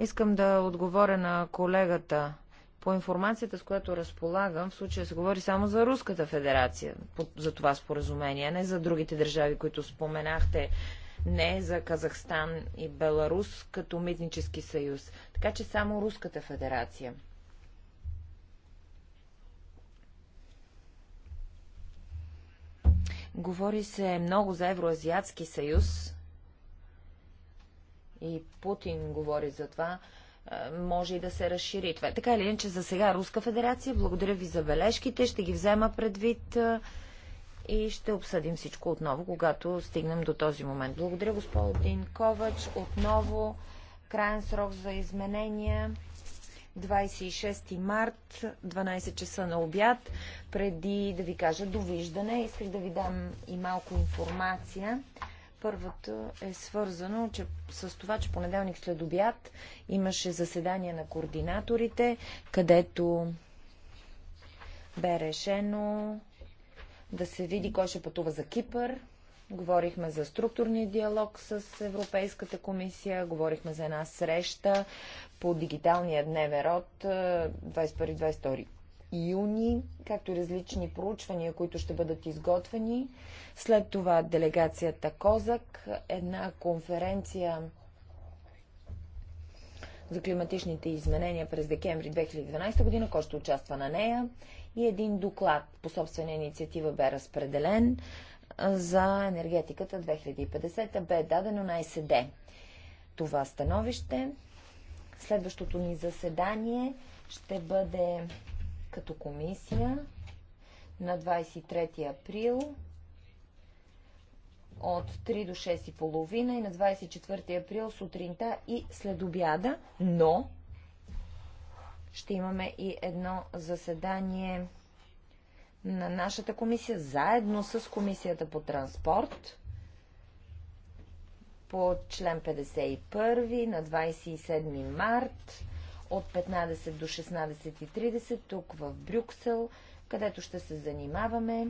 Искам да отговоря на колегата. По информацията, с която разполагам, в случая се говори само за Руската федерация, за това споразумение, не за другите държави, които споменахте, не за Казахстан и Беларус като митнически съюз. Така че само Руската федерация. Говори се много за Евроазиатски съюз, и Путин говори за това, може и да се разшири това. Така или иначе, за сега Руска федерация, благодаря ви за бележките, ще ги взема предвид и ще обсъдим всичко отново, когато стигнем до този момент. Благодаря господин Ковач. Отново крайен срок за изменения. 26 март, 12 часа на обяд. Преди да ви кажа довиждане, исках да ви дам и малко информация. Първата е свързано че, с това, че понеделник след обяд имаше заседание на координаторите, където бе решено да се види кой ще пътува за Кипър. Говорихме за структурния диалог с Европейската комисия, говорихме за една среща по дигиталния дневен род 21-22 юни, както и различни проучвания, които ще бъдат изготвени. След това делегацията Козак, една конференция за климатичните изменения през декември 2012 година, който ще участва на нея и един доклад по собствена инициатива бе разпределен за енергетиката 2050 бе дадено на СД. Това становище. Следващото ни заседание ще бъде като комисия на 23 април от 3 до 6 и половина и на 24 април сутринта и след обяда, но ще имаме и едно заседание на нашата комисия, заедно с комисията по транспорт, по член 51 на 27 март от 15 до 16.30 тук в Брюксел, където ще се занимаваме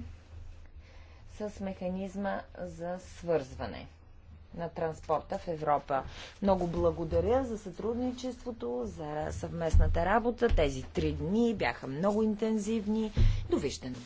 с механизма за свързване на транспорта в Европа. Много благодаря за сътрудничеството, за съвместната работа. Тези три дни бяха много интензивни. Довиждане!